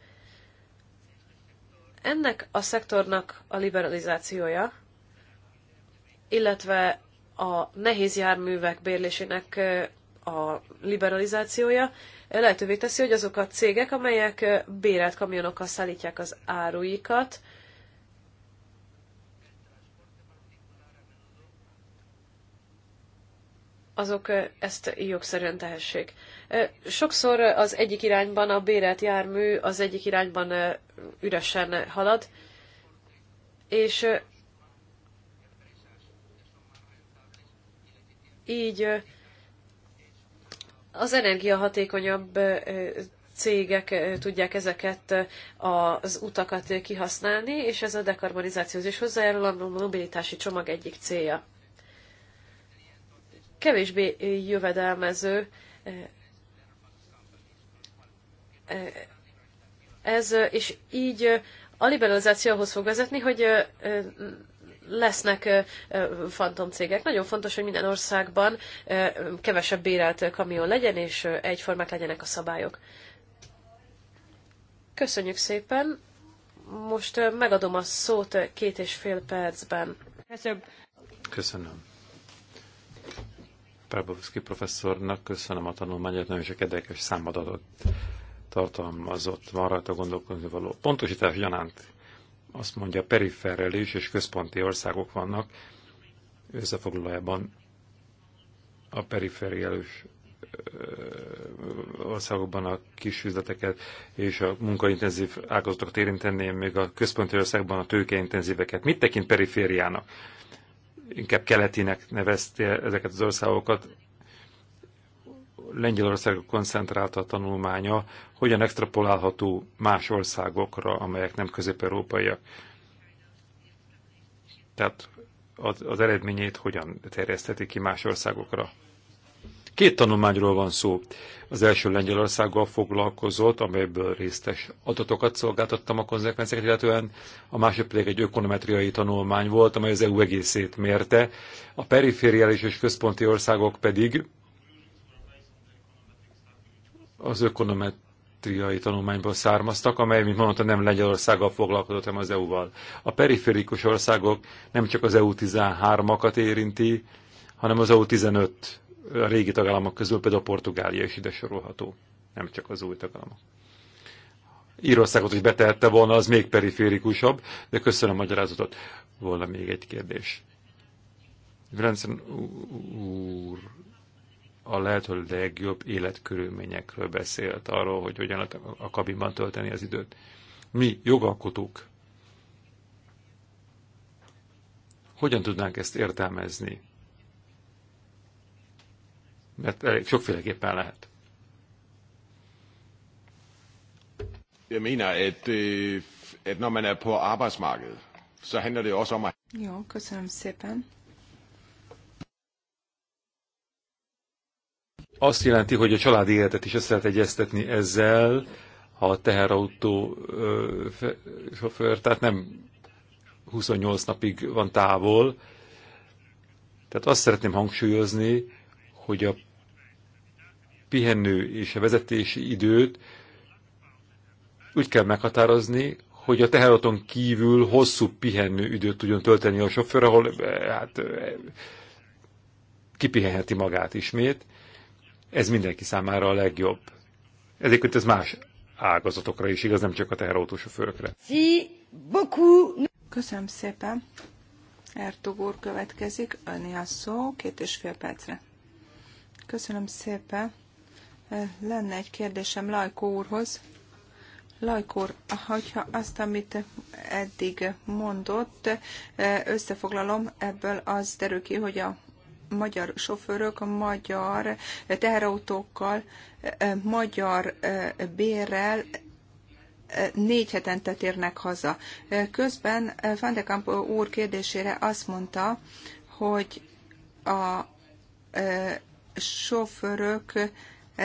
Ennek a szektornak a liberalizációja, illetve a nehéz járművek bérlésének a liberalizációja lehetővé teszi, hogy azok a cégek, amelyek bérelt kamionokkal szállítják az áruikat, azok ezt jogszerűen tehessék. Sokszor az egyik irányban a bérelt jármű az egyik irányban üresen halad, és így az energiahatékonyabb cégek tudják ezeket az utakat kihasználni, és ez a dekarbonizációhoz is hozzájárul a mobilitási csomag egyik célja kevésbé jövedelmező. Ez, és így a liberalizációhoz fog vezetni, hogy lesznek fantomcégek. Nagyon fontos, hogy minden országban kevesebb bérelt kamion legyen, és egyformák legyenek a szabályok. Köszönjük szépen! Most megadom a szót két és fél percben. Köszönöm. Köszönöm. Prábovszki professzornak köszönöm a tanulmányát, nagyon sok érdekes számadatot tartalmazott, van rajta gondolkodni való. Pontosítás gyanánt azt mondja, periferiális és központi országok vannak, összefoglalójában a periferiális országokban a kis üzleteket és a munkaintenzív ágazatokat érintenném, még a központi országban a tőkeintenzíveket. Mit tekint perifériának? inkább keletinek nevezte ezeket az országokat. Lengyelország koncentrálta a tanulmánya, hogyan extrapolálható más országokra, amelyek nem közép-európaiak. Tehát az, az eredményét hogyan terjesztheti ki más országokra. Két tanulmányról van szó. Az első Lengyelországgal foglalkozott, amelyből résztes adatokat szolgáltattam a konzekvenciákat, illetően a másik pedig egy ökonometriai tanulmány volt, amely az EU egészét mérte. A perifériális és központi országok pedig az ökonometriai tanulmányból származtak, amely, mint mondta, nem Lengyelországgal foglalkozott, hanem az EU-val. A periférikus országok nem csak az EU 13-akat érinti, hanem az EU 15 a régi tagállamok közül például Portugália is ide sorolható, nem csak az új tagállamok. Írországot is betehette volna, az még periférikusabb, de köszönöm a magyarázatot. Volna még egy kérdés. Vilencen úr a lehető legjobb életkörülményekről beszélt, arról, hogy hogyan a kabinban tölteni az időt. Mi, jogalkotók, hogyan tudnánk ezt értelmezni? mert elég sokféleképpen lehet. Jeg mener, at, øh, at når man er på arbejdsmarkedet, så handler det også om at... Jó, köszönöm szépen. Azt jelenti, hogy a családi életet is össze lehet egyeztetni ezzel, ha a teherautó sofőr, tehát nem 28 napig van távol. Tehát azt szeretném hangsúlyozni, hogy a pihenő és a vezetési időt úgy kell meghatározni, hogy a teherauton kívül hosszú pihenő időt tudjon tölteni a sofőr, ahol eh, hát, eh, kipihenheti magát ismét. Ez mindenki számára a legjobb. Ezért ez más ágazatokra is igaz, nem csak a sofőrökre. Köszönöm szépen. Ertug következik, öné a szó két és fél percre. Köszönöm szépen. Lenne egy kérdésem Lajkó úrhoz. Lajkó úr, hogyha azt, amit eddig mondott, e, összefoglalom, ebből az derül ki, hogy a magyar sofőrök, a magyar teherautókkal, e, magyar e, bérrel négy hetente térnek haza. Közben Van de Kamp úr kérdésére azt mondta, hogy a sofőrök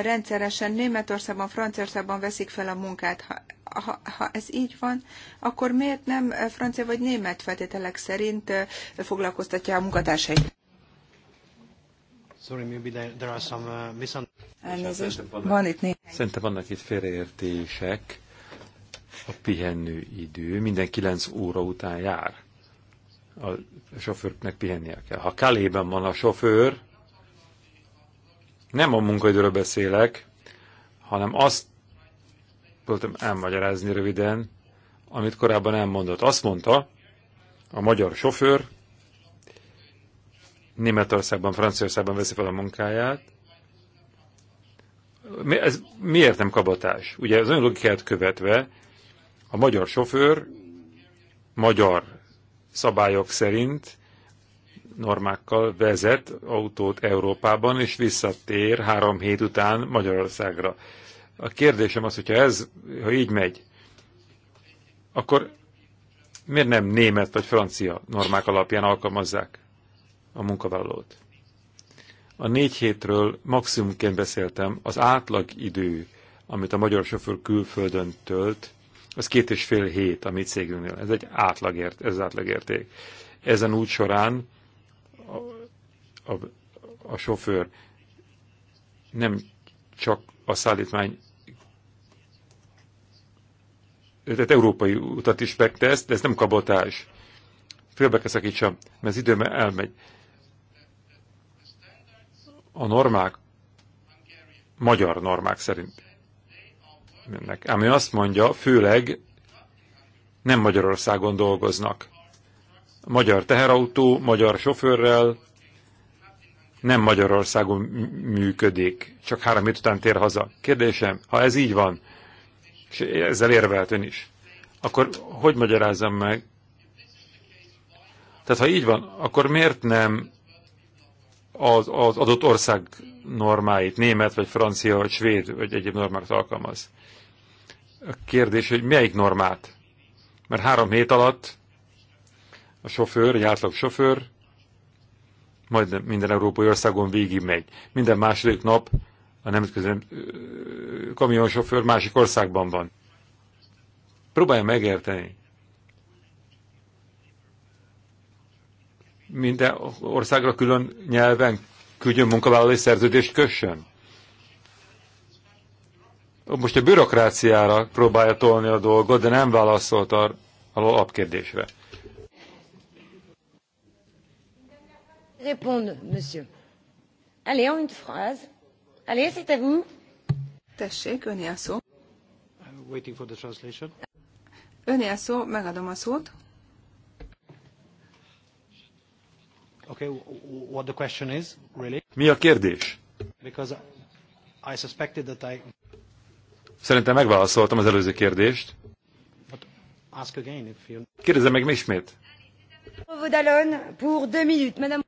rendszeresen Németországban, Franciaországban veszik fel a munkát. Ha, ha, ha ez így van, akkor miért nem francia vagy német feltételek szerint foglalkoztatja a munkatársait? Sorry, maybe there are some uh, Van itt néhány. Szerintem vannak itt félreértések. A pihenő idő minden kilenc óra után jár. A sofőrnek pihennie kell. Ha Kalében van a sofőr, nem a munkaidőről beszélek, hanem azt voltam elmagyarázni röviden, amit korábban elmondott. Azt mondta, a magyar sofőr Németországban, Franciaországban veszi fel a munkáját. Ez miért nem kabatás? Ugye az ön logikát követve a magyar sofőr magyar szabályok szerint normákkal vezet autót Európában, és visszatér három hét után Magyarországra. A kérdésem az, hogyha ez, ha így megy, akkor miért nem német vagy francia normák alapján alkalmazzák a munkavállalót? A négy hétről maximumként beszéltem, az átlag idő, amit a magyar sofőr külföldön tölt, az két és fél hét a mi cégünknél. Ez egy átlagért, ez átlagérték. Ezen út során a, a, a sofőr nem csak a szállítmány tehát európai utat is megtesz, de ez nem kabotás. Félbe kell szakítsam, mert az időm elmegy. A normák, magyar normák szerint mennek. Ami azt mondja, főleg nem Magyarországon dolgoznak magyar teherautó, magyar sofőrrel, nem Magyarországon működik, csak három hét után tér haza. Kérdésem, ha ez így van, és ezzel érvelt ön is, akkor hogy magyarázzam meg? Tehát ha így van, akkor miért nem az, az adott ország normáit, német, vagy francia, vagy svéd, vagy egyéb normákat alkalmaz? A kérdés, hogy melyik normát? Mert három hét alatt a sofőr, egy átlag sofőr, majd minden európai országon végig megy. Minden második nap a nemzetközi kamionsofőr másik országban van. Próbálja megérteni. Minden országra külön nyelven küldjön munkavállalói szerződést kössön. Most a bürokráciára próbálja tolni a dolgot, de nem válaszolt a alapkérdésre. kérdésre. répondre monsieur. allez en une phrase. allez c'est à vous. tessék öné a szó. I'm waiting for the translation. Öné a szó, megadom a szót. Okay, what the question is, really? Mi a kérdés? Because I suspected that I... Szerintem megválaszoltam az előző kérdést. Kérdezem meg ismét. Rovodalon, pour deux minutes, madame.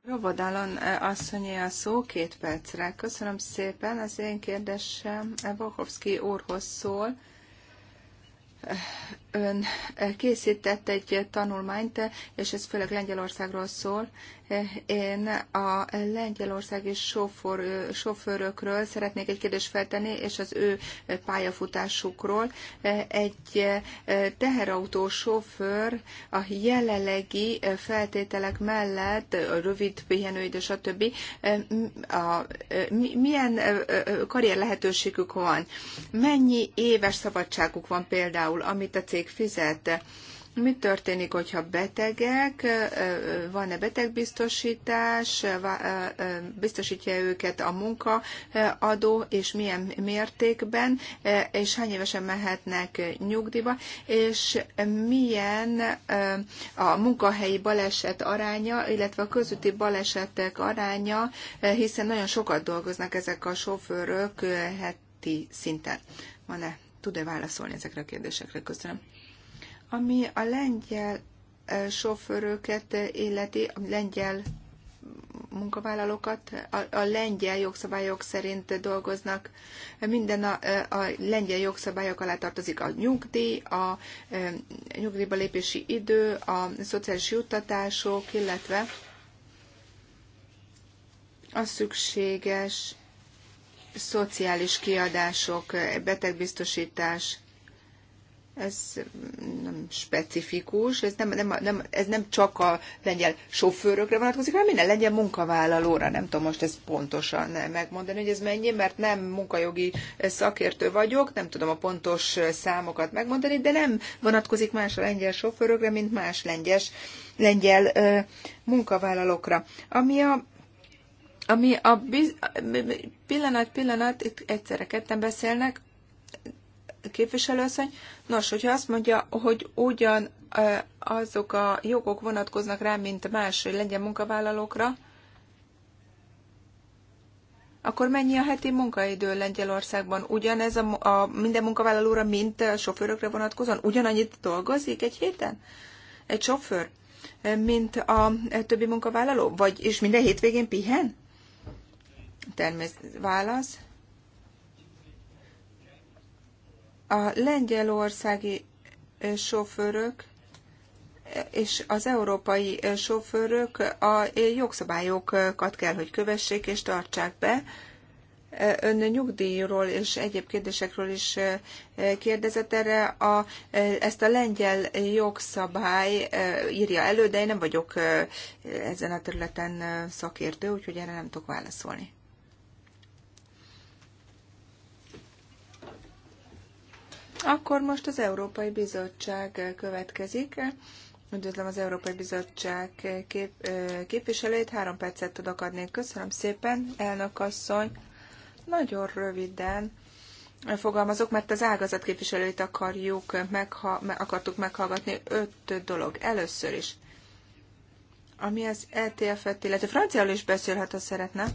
Eh, asszonyé a szó két percre. Köszönöm szépen. Az én kérdésem Bokovszki úrhoz szól eh, ön eh, készített egy eh, tanulmányt, eh, és ez főleg Lengyelországról szól. Én a lengyelországi sofőr, sofőrökről szeretnék egy kérdést feltenni, és az ő pályafutásukról. Egy teherautó sofőr a jelenlegi feltételek mellett, a rövid pihenőid és A, a, milyen karrier lehetőségük van? Mennyi éves szabadságuk van például, amit a cél cég fizet. Mi történik, hogyha betegek, van-e betegbiztosítás, biztosítja őket a munkaadó, és milyen mértékben, és hány évesen mehetnek nyugdíjba, és milyen a munkahelyi baleset aránya, illetve a közúti balesetek aránya, hiszen nagyon sokat dolgoznak ezek a sofőrök heti szinten. Van-e tud-e válaszolni ezekre a kérdésekre? Köszönöm. Ami a lengyel sofőröket illeti, a lengyel munkavállalókat, a, a lengyel jogszabályok szerint dolgoznak. Minden a, a lengyel jogszabályok alá tartozik a nyugdíj, a, a nyugdíjba lépési idő, a szociális juttatások, illetve a szükséges szociális kiadások, betegbiztosítás, ez nem specifikus, ez nem, nem, nem, ez nem csak a lengyel sofőrökre vonatkozik, hanem minden lengyel munkavállalóra. Nem tudom most ezt pontosan megmondani, hogy ez mennyi, mert nem munkajogi szakértő vagyok, nem tudom a pontos számokat megmondani, de nem vonatkozik más a lengyel sofőrökre, mint más lengyes, lengyel ö, munkavállalókra. Ami a ami a biz... pillanat, pillanat, itt egyszerre ketten beszélnek, képviselőasszony. Nos, hogyha azt mondja, hogy ugyan azok a jogok vonatkoznak rá, mint más legyen munkavállalókra, akkor mennyi a heti munkaidő Lengyelországban? Ugyanez a, a minden munkavállalóra, mint a sofőrökre vonatkozóan? Ugyanannyit dolgozik egy héten? Egy sofőr? Mint a többi munkavállaló? Vagy és minden hétvégén pihen? Természet válasz. A lengyelországi sofőrök és az európai sofőrök a jogszabályokat kell, hogy kövessék és tartsák be. Ön nyugdíjról és egyéb kérdésekről is kérdezett erre. A, ezt a lengyel jogszabály írja elő, de én nem vagyok ezen a területen szakértő, úgyhogy erre nem tudok válaszolni. Akkor most az Európai Bizottság következik. Üdvözlöm az Európai Bizottság kép, képviselőjét. Három percet tudok adni. Köszönöm szépen, elnök asszony. Nagyon röviden fogalmazok, mert az ágazat képviselőit akarjuk, megha, akartuk meghallgatni. Öt dolog. Először is, ami az ETF-et, illetve franciául is beszélhet, ha szeretne.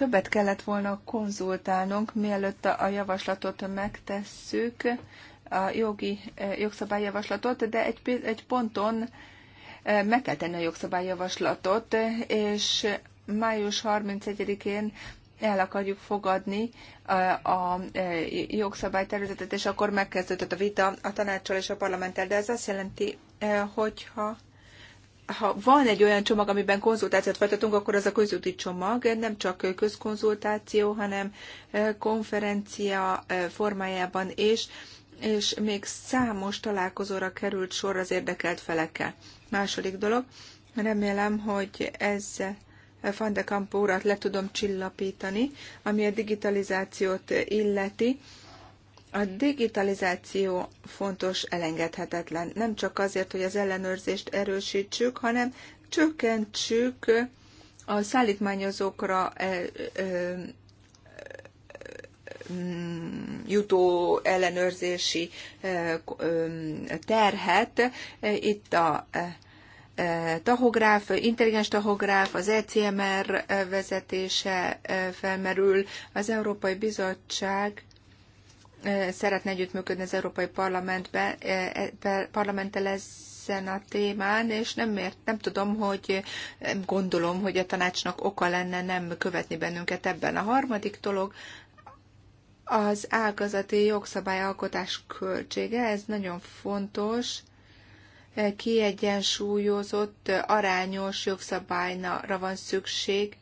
Többet kellett volna konzultálnunk, mielőtt a javaslatot megtesszük, a jogi eh, jogszabályjavaslatot, de egy, egy ponton eh, meg kell tenni a jogszabályjavaslatot, és május 31-én el akarjuk fogadni eh, a jogszabálytervezetet, és akkor megkezdődött a vita a tanácssal és a parlamenttel, de ez azt jelenti, hogyha ha van egy olyan csomag, amiben konzultációt folytatunk, akkor az a közúti csomag, nem csak közkonzultáció, hanem konferencia formájában és és még számos találkozóra került sor az érdekelt felekkel. Második dolog, remélem, hogy ez Van de Campo urat le tudom csillapítani, ami a digitalizációt illeti. A digitalizáció fontos, elengedhetetlen. Nem csak azért, hogy az ellenőrzést erősítsük, hanem csökkentsük a szállítmányozókra e, e, e, mm, jutó ellenőrzési terhet. Itt a tahográf, intelligens tahográf, az ECMR vezetése felmerül. Az Európai Bizottság szeretne együttműködni az Európai Parlamentbe, e, parlamenttel ezen a témán, és nem, ért, nem tudom, hogy nem gondolom, hogy a tanácsnak oka lenne nem követni bennünket ebben. A harmadik dolog, az ágazati jogszabályalkotás költsége, ez nagyon fontos, kiegyensúlyozott, arányos jogszabályra van szükség.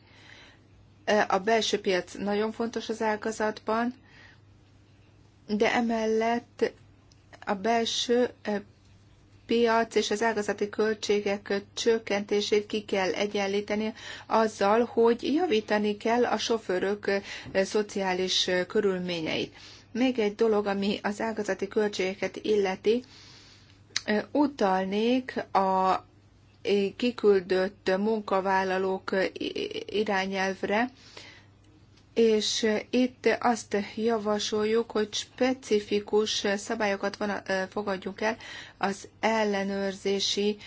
A belső piac nagyon fontos az ágazatban, de emellett a belső piac és az ágazati költségek csökkentését ki kell egyenlíteni azzal, hogy javítani kell a sofőrök szociális körülményeit. Még egy dolog, ami az ágazati költségeket illeti, utalnék a kiküldött munkavállalók irányelvre, és eh, itt azt javasoljuk, hogy specifikus eh, szabályokat van, eh, fogadjunk el az ellenőrzési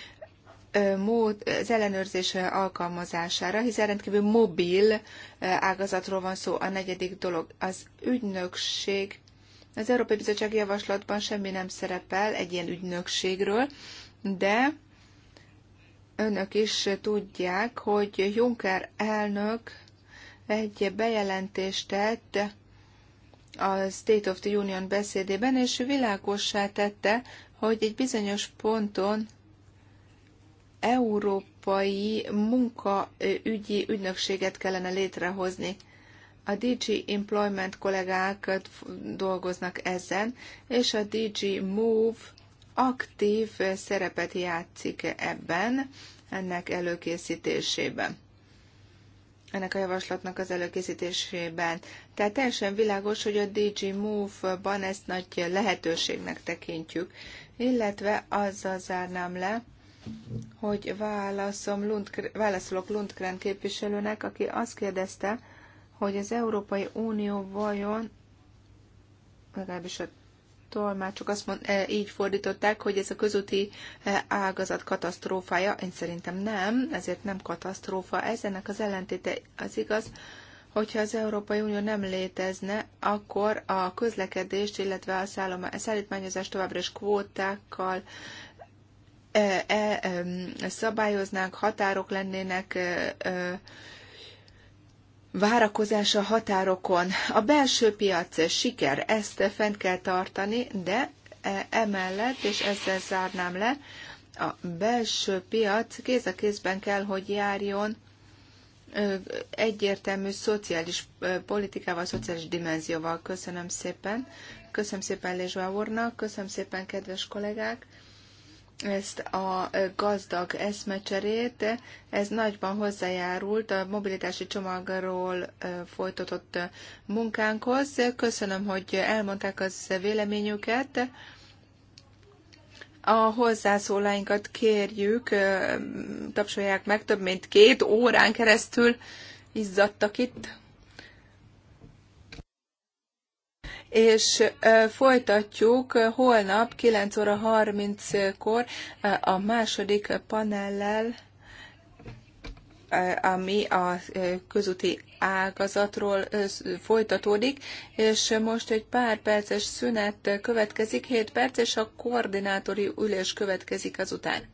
mód, az ellenőrzés alkalmazására, hiszen rendkívül mobil ágazatról van szó a negyedik dolog. Az ügynökség, az Európai Bizottság javaslatban semmi nem szerepel egy ilyen ügynökségről, de önök is tudják, hogy Juncker elnök egy bejelentést tett a State of the Union beszédében, és világossá tette, hogy egy bizonyos ponton európai munkaügyi ügynökséget kellene létrehozni. A DG Employment kollégák dolgoznak ezen, és a DG Move aktív szerepet játszik ebben, ennek előkészítésében ennek a javaslatnak az előkészítésében. Tehát teljesen világos, hogy a DG Move-ban ezt nagy lehetőségnek tekintjük, illetve azzal zárnám le, hogy válaszom Lundgren, válaszolok Lundgren képviselőnek, aki azt kérdezte, hogy az Európai Unió vajon, legalábbis a tolmácsok azt mond, eh, így fordították, hogy ez a közúti eh, ágazat katasztrófája. Én szerintem nem, ezért nem katasztrófa. Ez ennek az ellentéte az igaz, hogyha az Európai Unió nem létezne, akkor a közlekedést, illetve a szállítmányozást továbbra is kvótákkal e, e, szabályoznánk, határok lennének, e, e, a határokon. A belső piac siker, ezt fent kell tartani, de e, emellett, és ezzel zárnám le, a belső piac kéz a kézben kell, hogy járjon egyértelmű szociális politikával, szociális dimenzióval. Köszönöm szépen. Köszönöm szépen Lézsvá úrnak, köszönöm szépen kedves kollégák ezt a gazdag eszmecserét. Ez nagyban hozzájárult a mobilitási csomagról folytatott munkánkhoz. Köszönöm, hogy elmondták az véleményüket. A hozzászóláinkat kérjük, tapsolják meg, több mint két órán keresztül izzadtak itt. és folytatjuk holnap 9 óra 30-kor a második panellel, ami a közúti ágazatról folytatódik, és most egy pár perces szünet következik, 7 perc, és a koordinátori ülés következik azután.